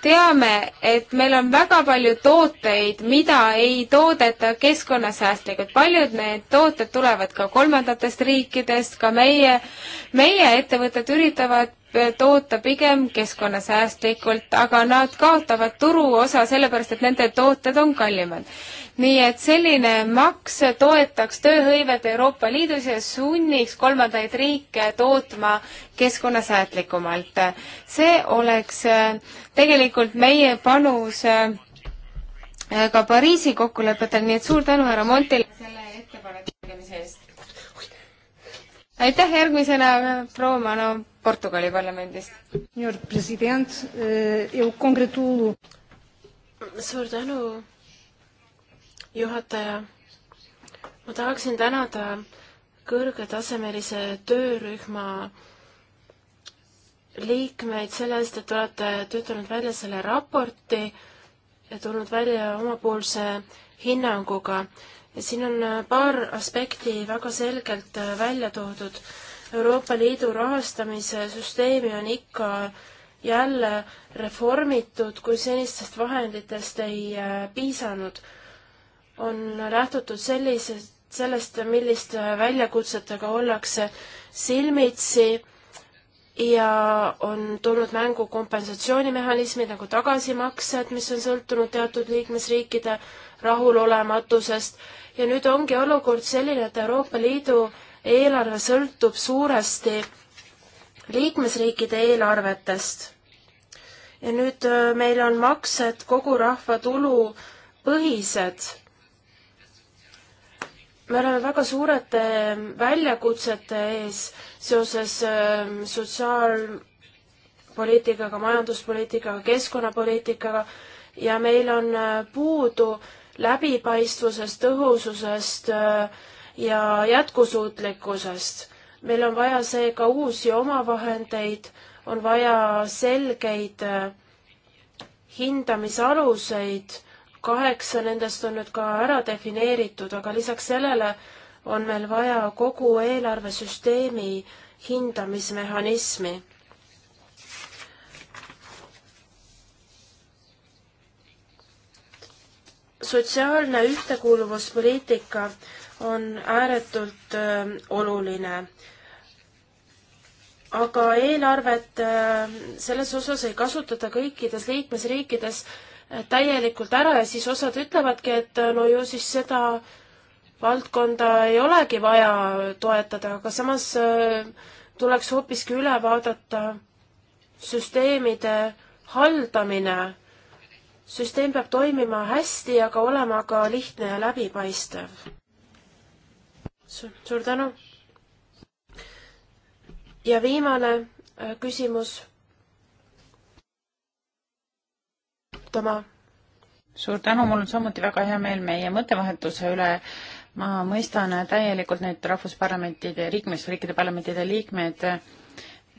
teame, et meil on väga palju tooteid, mida ei toodeta keskkonnasäästlikult. paljud need tooted tulevad ka kolmandatest riikidest, ka meie, meie ettevõtted üritavad toota pigem keskkonnasäästlikult, aga nad kaotavad turuosa sellepärast, et nende tooted on kallimad nii et selline maks toetaks tööhõivet Euroopa Liidus ja sunniks kolmandaid riike tootma keskkonnasäätlikumalt. see oleks äh, tegelikult meie panus äh, ka Pariisi kokkulepetel, nii et suur tänu härra Montile selle ettepaneku tegemise eest. aitäh, järgmisena äh, proua Mano Portugali parlamendist. Eh, suur tänu juhataja. ma tahaksin tänada kõrgetasemelise töörühma liikmeid selle eest, et olete töötanud välja selle raporti ja tulnud välja omapoolse hinnanguga. ja siin on paar aspekti väga selgelt välja toodud. Euroopa Liidu rahastamise süsteemi on ikka jälle reformitud, kui senistest vahenditest ei äh, piisanud on lähtutud sellisest, sellest, milliste väljakutsetega ollakse silmitsi ja on tulnud mängu kompensatsioonimehhanismid nagu tagasimaksed, mis on sõltunud teatud liikmesriikide rahulolematusest ja nüüd ongi olukord selline, et Euroopa Liidu eelarve sõltub suuresti liikmesriikide eelarvetest. ja nüüd äh, meil on maksed kogu rahva tulu põhised me oleme väga suurete väljakutsete ees seoses ähm, sotsiaalpoliitikaga, majanduspoliitikaga, keskkonnapoliitikaga ja meil on äh, puudu läbipaistvusest, tõhususest äh, ja jätkusuutlikkusest. meil on vaja seega uusi omavahendeid, on vaja selgeid äh, hindamisaluseid kaheksa nendest on nüüd ka ära defineeritud, aga lisaks sellele on meil vaja kogu eelarvesüsteemi hindamismehhanismi. sotsiaalne ühtekuuluvuspoliitika on ääretult äh, oluline aga eelarvet äh, selles osas ei kasutata kõikides liikmesriikides täielikult ära ja siis osad ütlevadki, et no ju siis seda valdkonda ei olegi vaja toetada, aga samas äh, tuleks hoopiski üle vaadata süsteemide haldamine. süsteem peab toimima hästi, aga olema ka lihtne ja läbipaistev. suur tänu. ja viimane äh, küsimus arutama. suur tänu, mul on samuti väga hea meel meie mõttevahetuse üle. ma mõistan täielikult neid rahvusparlamentide, liikmesriikide parlamentide liikmed,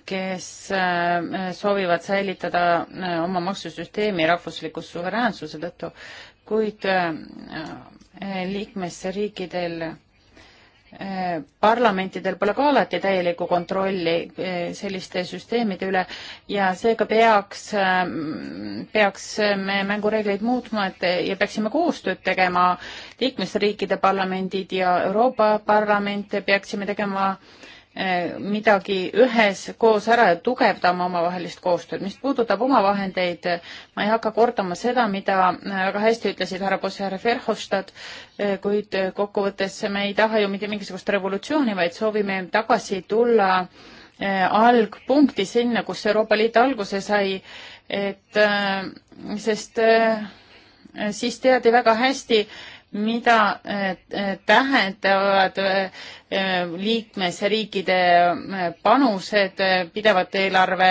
kes äh, soovivad säilitada äh, oma maksusüsteemi rahvusliku suveräänsuse tõttu, kuid äh, liikmesriikidel parlamentidel pole ka alati täielikku kontrolli eh, selliste süsteemide üle ja seega peaks, mm, peaks eh, me mängureegleid muutma, et ja peaksime koostööd tegema liikmesriikide parlamendid ja Euroopa Parlament, peaksime tegema äh, Eh, midagi üheskoos ära ja tugevdama omavahelist koostööd. mis puudutab omavahendeid, ma ei hakka kordama seda, mida eh, väga hästi ütlesid härra Bossar ja Verhofstadt, eh, kuid kokkuvõttes me ei taha ju mitte mingisugust revolutsiooni, vaid soovime tagasi tulla algpunkti sinna, kus Euroopa Liit alguse sai, et sest siis teadi väga hästi, mida eh, tähendavad eh, liikmesriikide eh, panused pidevat eelarve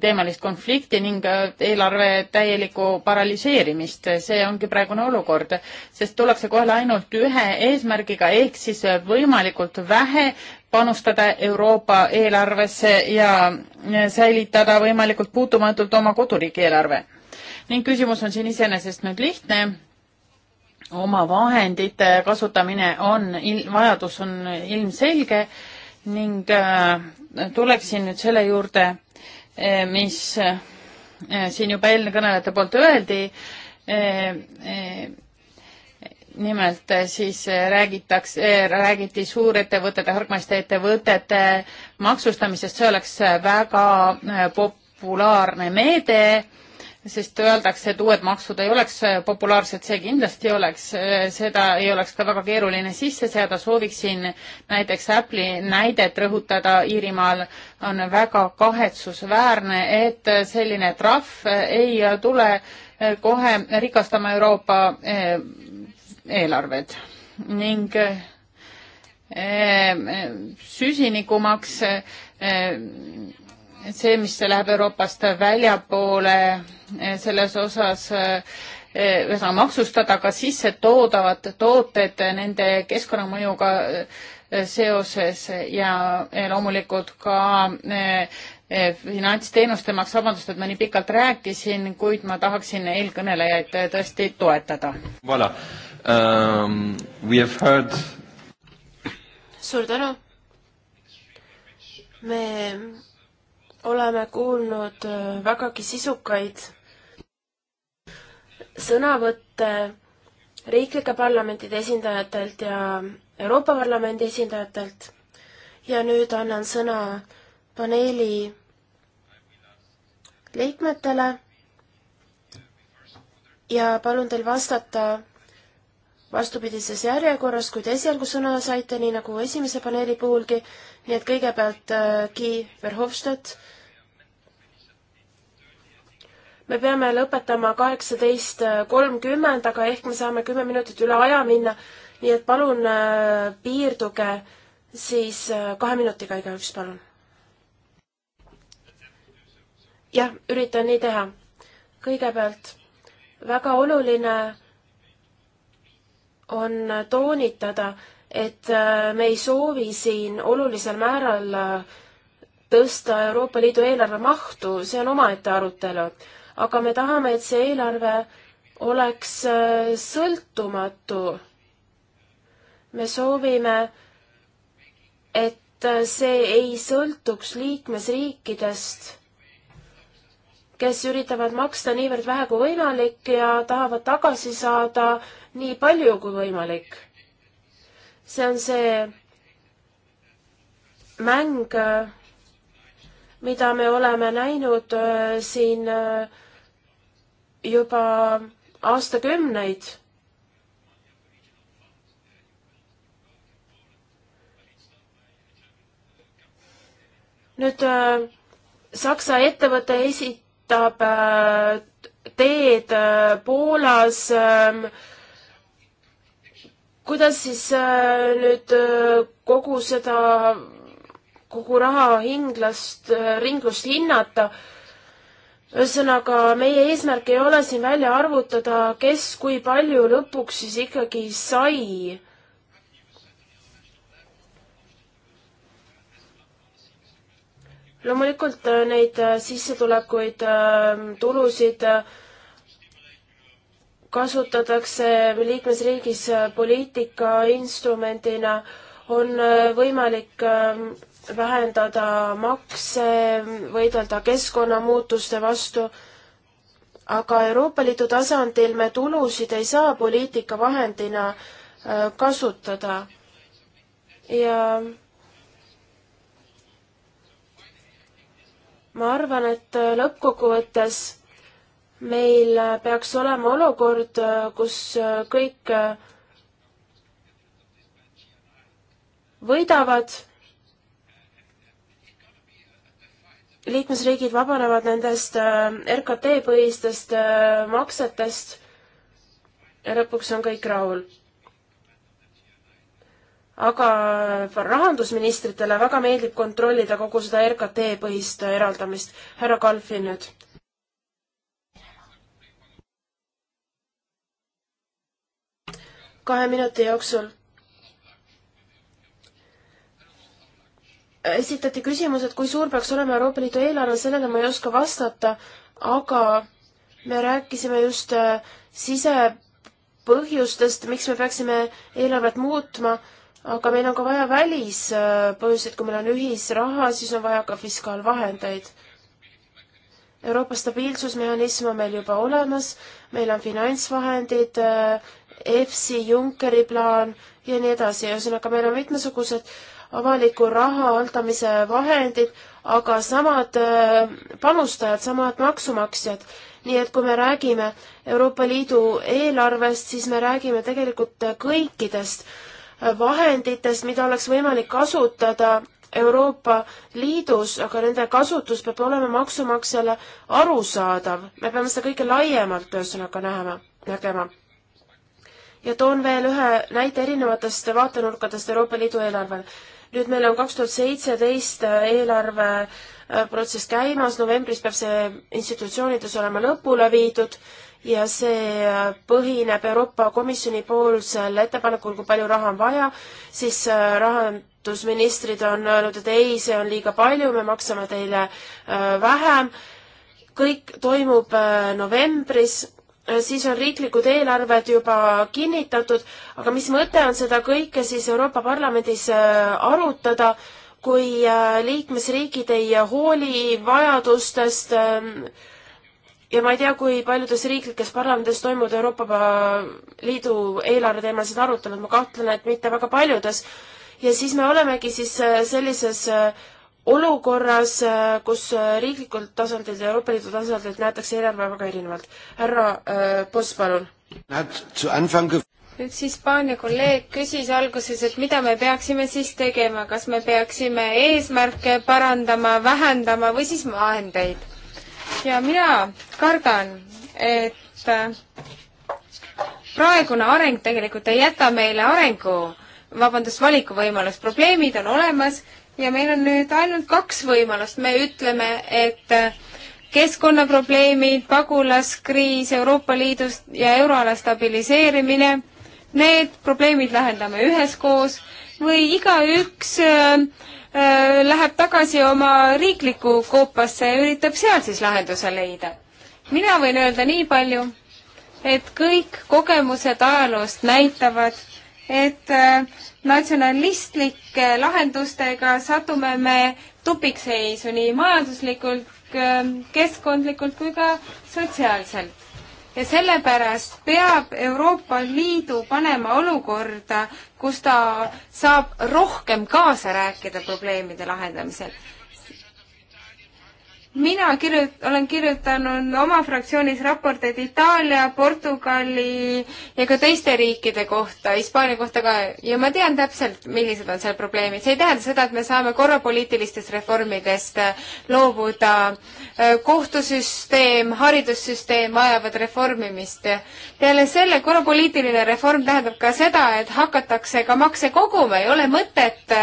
teemalist konflikti ning eelarve täielikku paraliseerimist. see ongi praegune olukord, sest tullakse kohale ainult ühe eesmärgiga ehk siis võimalikult vähe panustada Euroopa eelarvesse ja säilitada võimalikult puutumatult oma koduriigi eelarve. ning küsimus on siin iseenesest nüüd lihtne oma vahendite kasutamine on, vajadus on ilmselge ning äh, tuleksin nüüd selle juurde, äh, mis äh, siin juba eelkõnelejate poolt öeldi. nimelt siis räägitakse, räägiti suurettevõtete, hargmaiste ettevõtete maksustamisest, see oleks väga populaarne meede sest öeldakse, et uued maksud ei oleks populaarsed, see kindlasti oleks, seda ei oleks ka väga keeruline sisse seada, sooviksin näiteks Apple'i näidet rõhutada, Iirimaal on väga kahetsusväärne, et selline trahv ei tule kohe rikastama Euroopa eh, eelarved ning eh, süsinikumaks eh, see, mis läheb Euroopast väljapoole, eh, selles osas ühesõnaga eh, maksustada ka sisse toodavad tooted nende keskkonnamõjuga eh, seoses ja loomulikult ka finantsteenuste maks, vabandust, et ma nii pikalt rääkisin, kuid ma tahaksin eelkõnelejaid tõesti toetada voilà.. Um, we have heard suur tänu! me oleme kuulnud äh, vägagi sisukaid sõnavõtte riiklike parlamentide esindajatelt ja Euroopa Parlamendi esindajatelt ja nüüd annan sõna paneeli liikmetele ja palun teil vastata vastupidises järjekorras, kuid esialgu sõna saite, nii nagu esimese paneeli puhulgi. nii et kõigepealt äh, Guy Verhofstadt. me peame lõpetama kaheksateist äh, kolmkümmend, aga ehk me saame kümme minutit üle aja minna. nii et palun äh, piirduge siis äh, kahe minutiga igaüks, palun. jah, üritan nii teha. kõigepealt väga oluline on toonitada, et äh, me ei soovi siin olulisel määral äh, tõsta Euroopa Liidu eelarve mahtu, see on omaette arutelu. aga me tahame, et see eelarve oleks äh, sõltumatu. me soovime, et see ei sõltuks liikmesriikidest, kes üritavad maksta niivõrd vähe kui võimalik ja tahavad tagasi saada äh, nii palju kui võimalik. see on see mäng, mida me oleme näinud äh, siin äh, juba aastakümneid. nüüd äh, Saksa ettevõte esitab teed Poolas äh, kuidas siis äh, nüüd äh, kogu seda, kogu raha hinglast, äh, ringlust hinnata? ühesõnaga, meie eesmärk ei ole siin välja arvutada, kes kui palju lõpuks siis ikkagi sai loomulikult neid sissetulekuid, tulusid kasutatakse liikmesriigis poliitika instrumendina, on äh, võimalik ähm, vähendada makse, võidelda keskkonnamuutuste vastu, aga Euroopa Liidu tasandil me tulusid ei saa poliitika vahendina äh, kasutada. ja ma arvan, et äh, lõppkokkuvõttes meil peaks olema olukord, kus kõik võidavad, liikmesriigid vabanevad nendest äh, RKT põhistest äh, maksetest ja lõpuks on kõik rahul. aga rahandusministritele väga meeldib kontrollida kogu seda RKT põhist eraldamist. härra Kalfin nüüd kahe minuti jooksul. esitati küsimus, et kui suur peaks olema Euroopa Liidu eelarve, sellele ma ei oska vastata, aga me rääkisime just äh, sisepõhjustest, miks me peaksime eelarvet muutma, aga meil on ka vaja välispõhjuseid, kui meil on ühisraha, siis on vaja ka fiskaalvahendeid. Euroopa stabiilsusmehhanism on meil juba olemas, meil on finantsvahendid äh, EFSI, Junckeri plaan ja nii edasi, ühesõnaga meil on mitmesugused avaliku raha haldamise vahendid, aga samad äh, panustajad, samad maksumaksjad. nii et kui me räägime Euroopa Liidu eelarvest, siis me räägime tegelikult kõikidest äh, vahenditest, mida oleks võimalik kasutada Euroopa Liidus, aga nende kasutus peab olema maksumaksjale arusaadav. me peame seda kõike laiemalt ühesõnaga näema, nägema ja toon veel ühe näite erinevatest vaatenurkadest Euroopa Liidu eelarvel. nüüd meil on kaks tuhat seitseteist eelarveprotsess äh, käimas, novembris peab see institutsioonides olema lõpule viidud ja see äh, põhineb Euroopa Komisjoni poolsel ettepanekul, kui palju raha on vaja, siis äh, rahandusministrid on öelnud, et ei, see on liiga palju, me maksame teile vähem. kõik toimub novembris Äh, siis on riiklikud eelarved juba kinnitatud, aga mis mõte on seda kõike siis Euroopa Parlamendis äh, arutada, kui äh, liikmesriigid ei hooli vajadustest ähm, ja ma ei tea, kui paljudes riiklikes parlamendis toimuvad Euroopa Liidu eelarveteemalised arutelud, ma kahtlen, et mitte väga paljudes. ja siis me olemegi siis sellises äh, olukorras, kus riiklikult tasandilt ja Euroopa Liidu tasandilt näetakse eelarve väga erinevalt. härra äh, Poss, palun. üks Hispaania kolleeg küsis alguses, et mida me peaksime siis tegema, kas me peaksime eesmärke parandama, vähendama või siis vahendeid. ja mina kardan, et äh, praegune areng tegelikult ei jäta meile arengu vabandust, valikuvõimalus, probleemid on olemas ja meil on nüüd ainult kaks võimalust, me ütleme, et äh, keskkonnaprobleemid, pagulaskriis Euroopa Liidus ja euroala stabiliseerimine, need probleemid lahendame üheskoos või igaüks äh, äh, läheb tagasi oma riiklikku koopasse ja üritab seal siis lahenduse leida. mina võin öelda nii palju, et kõik kogemused ajaloost näitavad, et äh, natsionalistlike lahendustega satume me tupikseisu nii majanduslikult, ähm, keskkondlikult kui ka sotsiaalselt. ja sellepärast peab Euroopa Liidu panema olukorda, kus ta saab rohkem kaasa rääkida probleemide lahendamisel mina kirjut-, olen kirjutanud oma fraktsioonis raporteid Itaalia, Portugali ja ka teiste riikide kohta, Hispaania kohta ka, ja ma tean täpselt, millised on seal probleemid. see ei tähenda seda, et me saame korra poliitilistest reformidest loobuda. kohtusüsteem, haridussüsteem vajavad reformimist. peale selle korra poliitiline reform tähendab ka seda, et hakatakse ka makse koguma, ei ole mõtet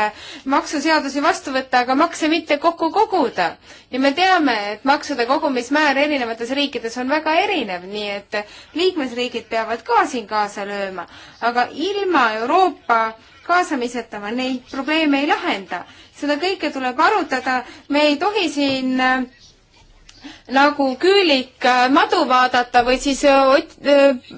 maksuseadusi vastu võtta, aga makse mitte kokku koguda. ja me teame, teame, et maksude kogumismäär erinevates riikides on väga erinev, nii et liikmesriigid peavad ka siin kaasa lööma. aga ilma Euroopa kaasamiseta me neid probleeme ei lahenda. seda kõike tuleb arutada, me ei tohi siin äh, nagu küülik äh, madu vaadata või siis äh,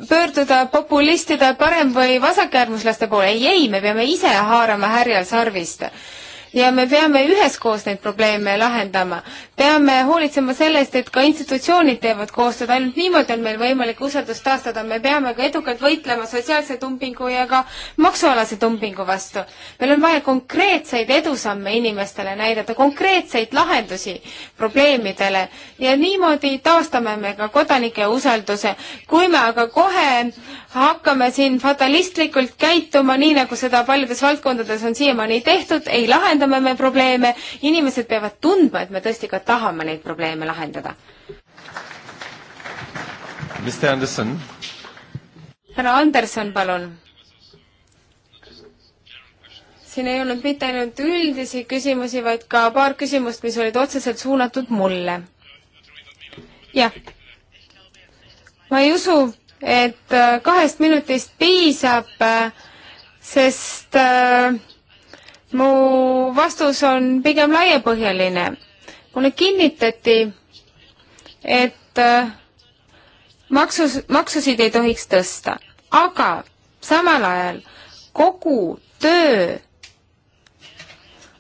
pöörduda populistide parem- või vasakäärmuslaste poole. ei, ei, me peame ise haarama härjal sarvist ja me peame üheskoos neid probleeme lahendama. peame hoolitsema sellest, et ka institutsioonid teevad koostööd, ainult niimoodi on meil võimalik usaldust taastada, me peame ka edukalt võitlema sotsiaalse dumpingu ja ka maksualase dumpingu vastu. meil on vaja konkreetseid edusamme inimestele näidata, konkreetseid lahendusi probleemidele ja niimoodi taastame me ka kodanike usalduse. kui me aga kohe hakkame siin fatalistlikult käituma, nii nagu seda paljudes valdkondades on siiamaani tehtud, ei lahenda lahendame me probleeme, inimesed peavad tundma, et me tõesti ka tahame neid probleeme lahendada. härra Anderson, Anderson, palun siin ei olnud mitte ainult üldisi küsimusi, vaid ka paar küsimust, mis olid otseselt suunatud mulle. jah. ma ei usu, et äh, kahest minutist piisab, äh, sest äh, mu vastus on pigem laiapõhjaline. mulle kinnitati, et äh, maksus, maksusid ei tohiks tõsta, aga samal ajal kogu töö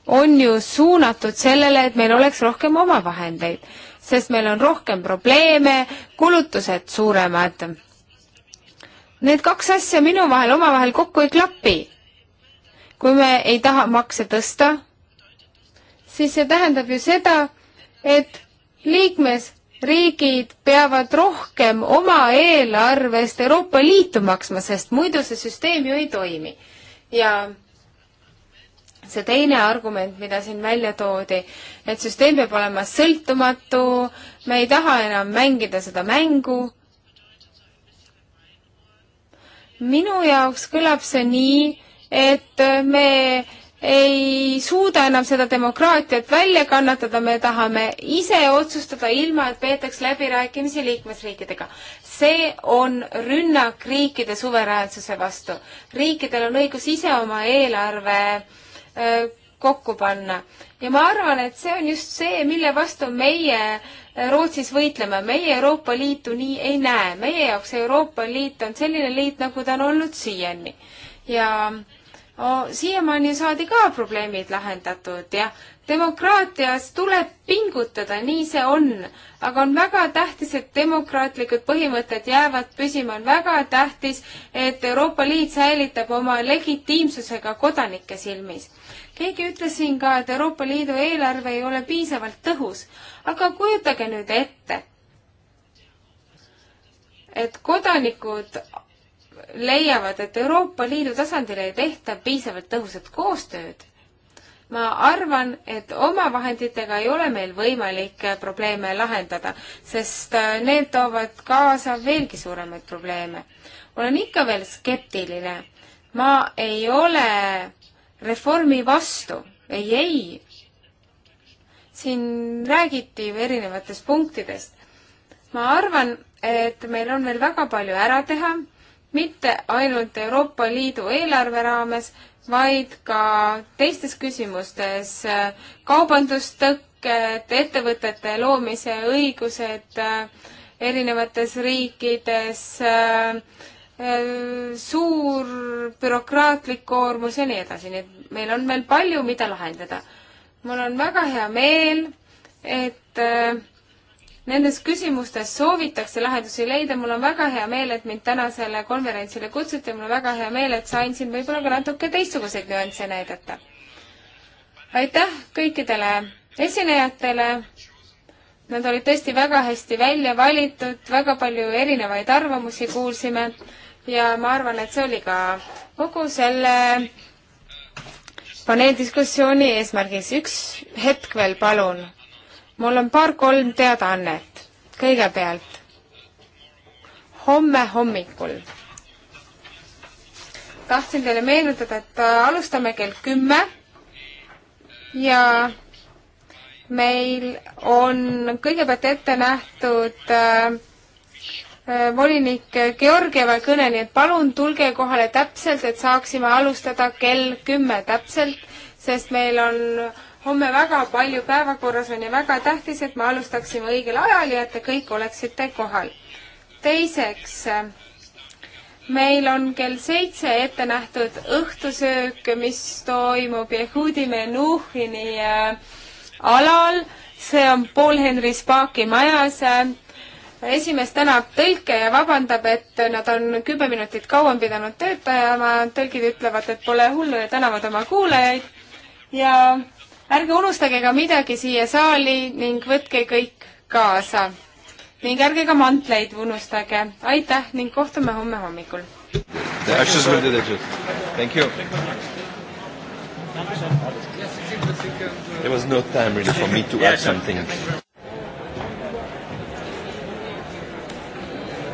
on ju suunatud sellele, et meil oleks rohkem omavahendeid, sest meil on rohkem probleeme, kulutused suuremad. Need kaks asja minu vahel omavahel kokku ei klapi kui me ei taha makse tõsta, siis see tähendab ju seda, et liikmesriigid peavad rohkem oma eelarvest Euroopa Liitu maksma, sest muidu see süsteem ju ei toimi. ja see teine argument, mida siin välja toodi, et süsteem peab olema sõltumatu, me ei taha enam mängida seda mängu. minu jaoks kõlab see nii, et me ei suuda enam seda demokraatiat välja kannatada, me tahame ise otsustada, ilma et peetaks läbirääkimisi liikmesriikidega. see on rünnak riikide suveräänsuse vastu. riikidel on õigus ise oma eelarve öö, kokku panna. ja ma arvan, et see on just see, mille vastu meie Rootsis võitleme. meie Euroopa Liitu nii ei näe. meie jaoks Euroopa Liit on selline liit, nagu ta on olnud siiani. ja äh, siiamaani saadi ka probleemid lahendatud ja demokraatias tuleb pingutada, nii see on. aga on väga tähtis, et demokraatlikud põhimõtted jäävad püsima, on väga tähtis, et Euroopa Liit säilitab oma legitiimsuse ka kodanike silmis. keegi ütles siin ka, et Euroopa Liidu eelarve ei ole piisavalt tõhus. aga kujutage nüüd ette, et kodanikud leiavad, et Euroopa Liidu tasandil ei tehta piisavalt tõhusat koostööd. ma arvan, et omavahenditega ei ole meil võimalik probleeme lahendada, sest äh, need toovad kaasa veelgi suuremaid probleeme. olen ikka veel skeptiline. ma ei ole reformi vastu, ei, ei. siin räägiti ju erinevatest punktidest. ma arvan, et meil on veel väga palju ära teha mitte ainult Euroopa Liidu eelarve raames, vaid ka teistes küsimustes, kaubandustõkked, ettevõtete loomise õigused äh, erinevates riikides, äh, äh, suur bürokraatlik koormus ja nii edasi, nii et meil on veel palju, mida lahendada. mul on väga hea meel, et äh, nendes küsimustes soovitakse lahendusi leida. mul on väga hea meel, et mind tänasele konverentsile kutsuti, mul on väga hea meel, et sain siin võib-olla ka natuke teistsuguseid nüansse näidata. aitäh kõikidele esinejatele. Nad olid tõesti väga hästi välja valitud, väga palju erinevaid arvamusi kuulsime ja ma arvan, et see oli ka kogu selle paneeldiskussiooni eesmärgiks. üks hetk veel, palun mul on paar-kolm teadaannet. kõigepealt, homme hommikul tahtsin teile meenutada, et alustame kell kümme ja meil on kõigepealt ette nähtud äh, äh, volinik Georgieva kõne, nii et palun tulge kohale täpselt, et saaksime alustada kell kümme täpselt, sest meil on homme väga palju päevakorras on ja väga tähtis, et me alustaksime õigel ajal ja et te kõik oleksite kohal. teiseks, meil on kell seitse ette nähtud õhtusöök, mis toimub Yehudi Menuhini äh, alal, see on Paul Henry Spaaki majas esimees tänab tõlke ja vabandab, et nad on kümme minutit kauem pidanud töötama, tõlgid ütlevad, et pole hullu ja tänavad oma kuulajaid ja ärge unustage ka midagi siia saali ning võtke kõik kaasa. ning ärge ka mantleid unustage. aitäh ning kohtume homme hommikul. The ashes will do the job. Thank you. There was no time really for me to add something.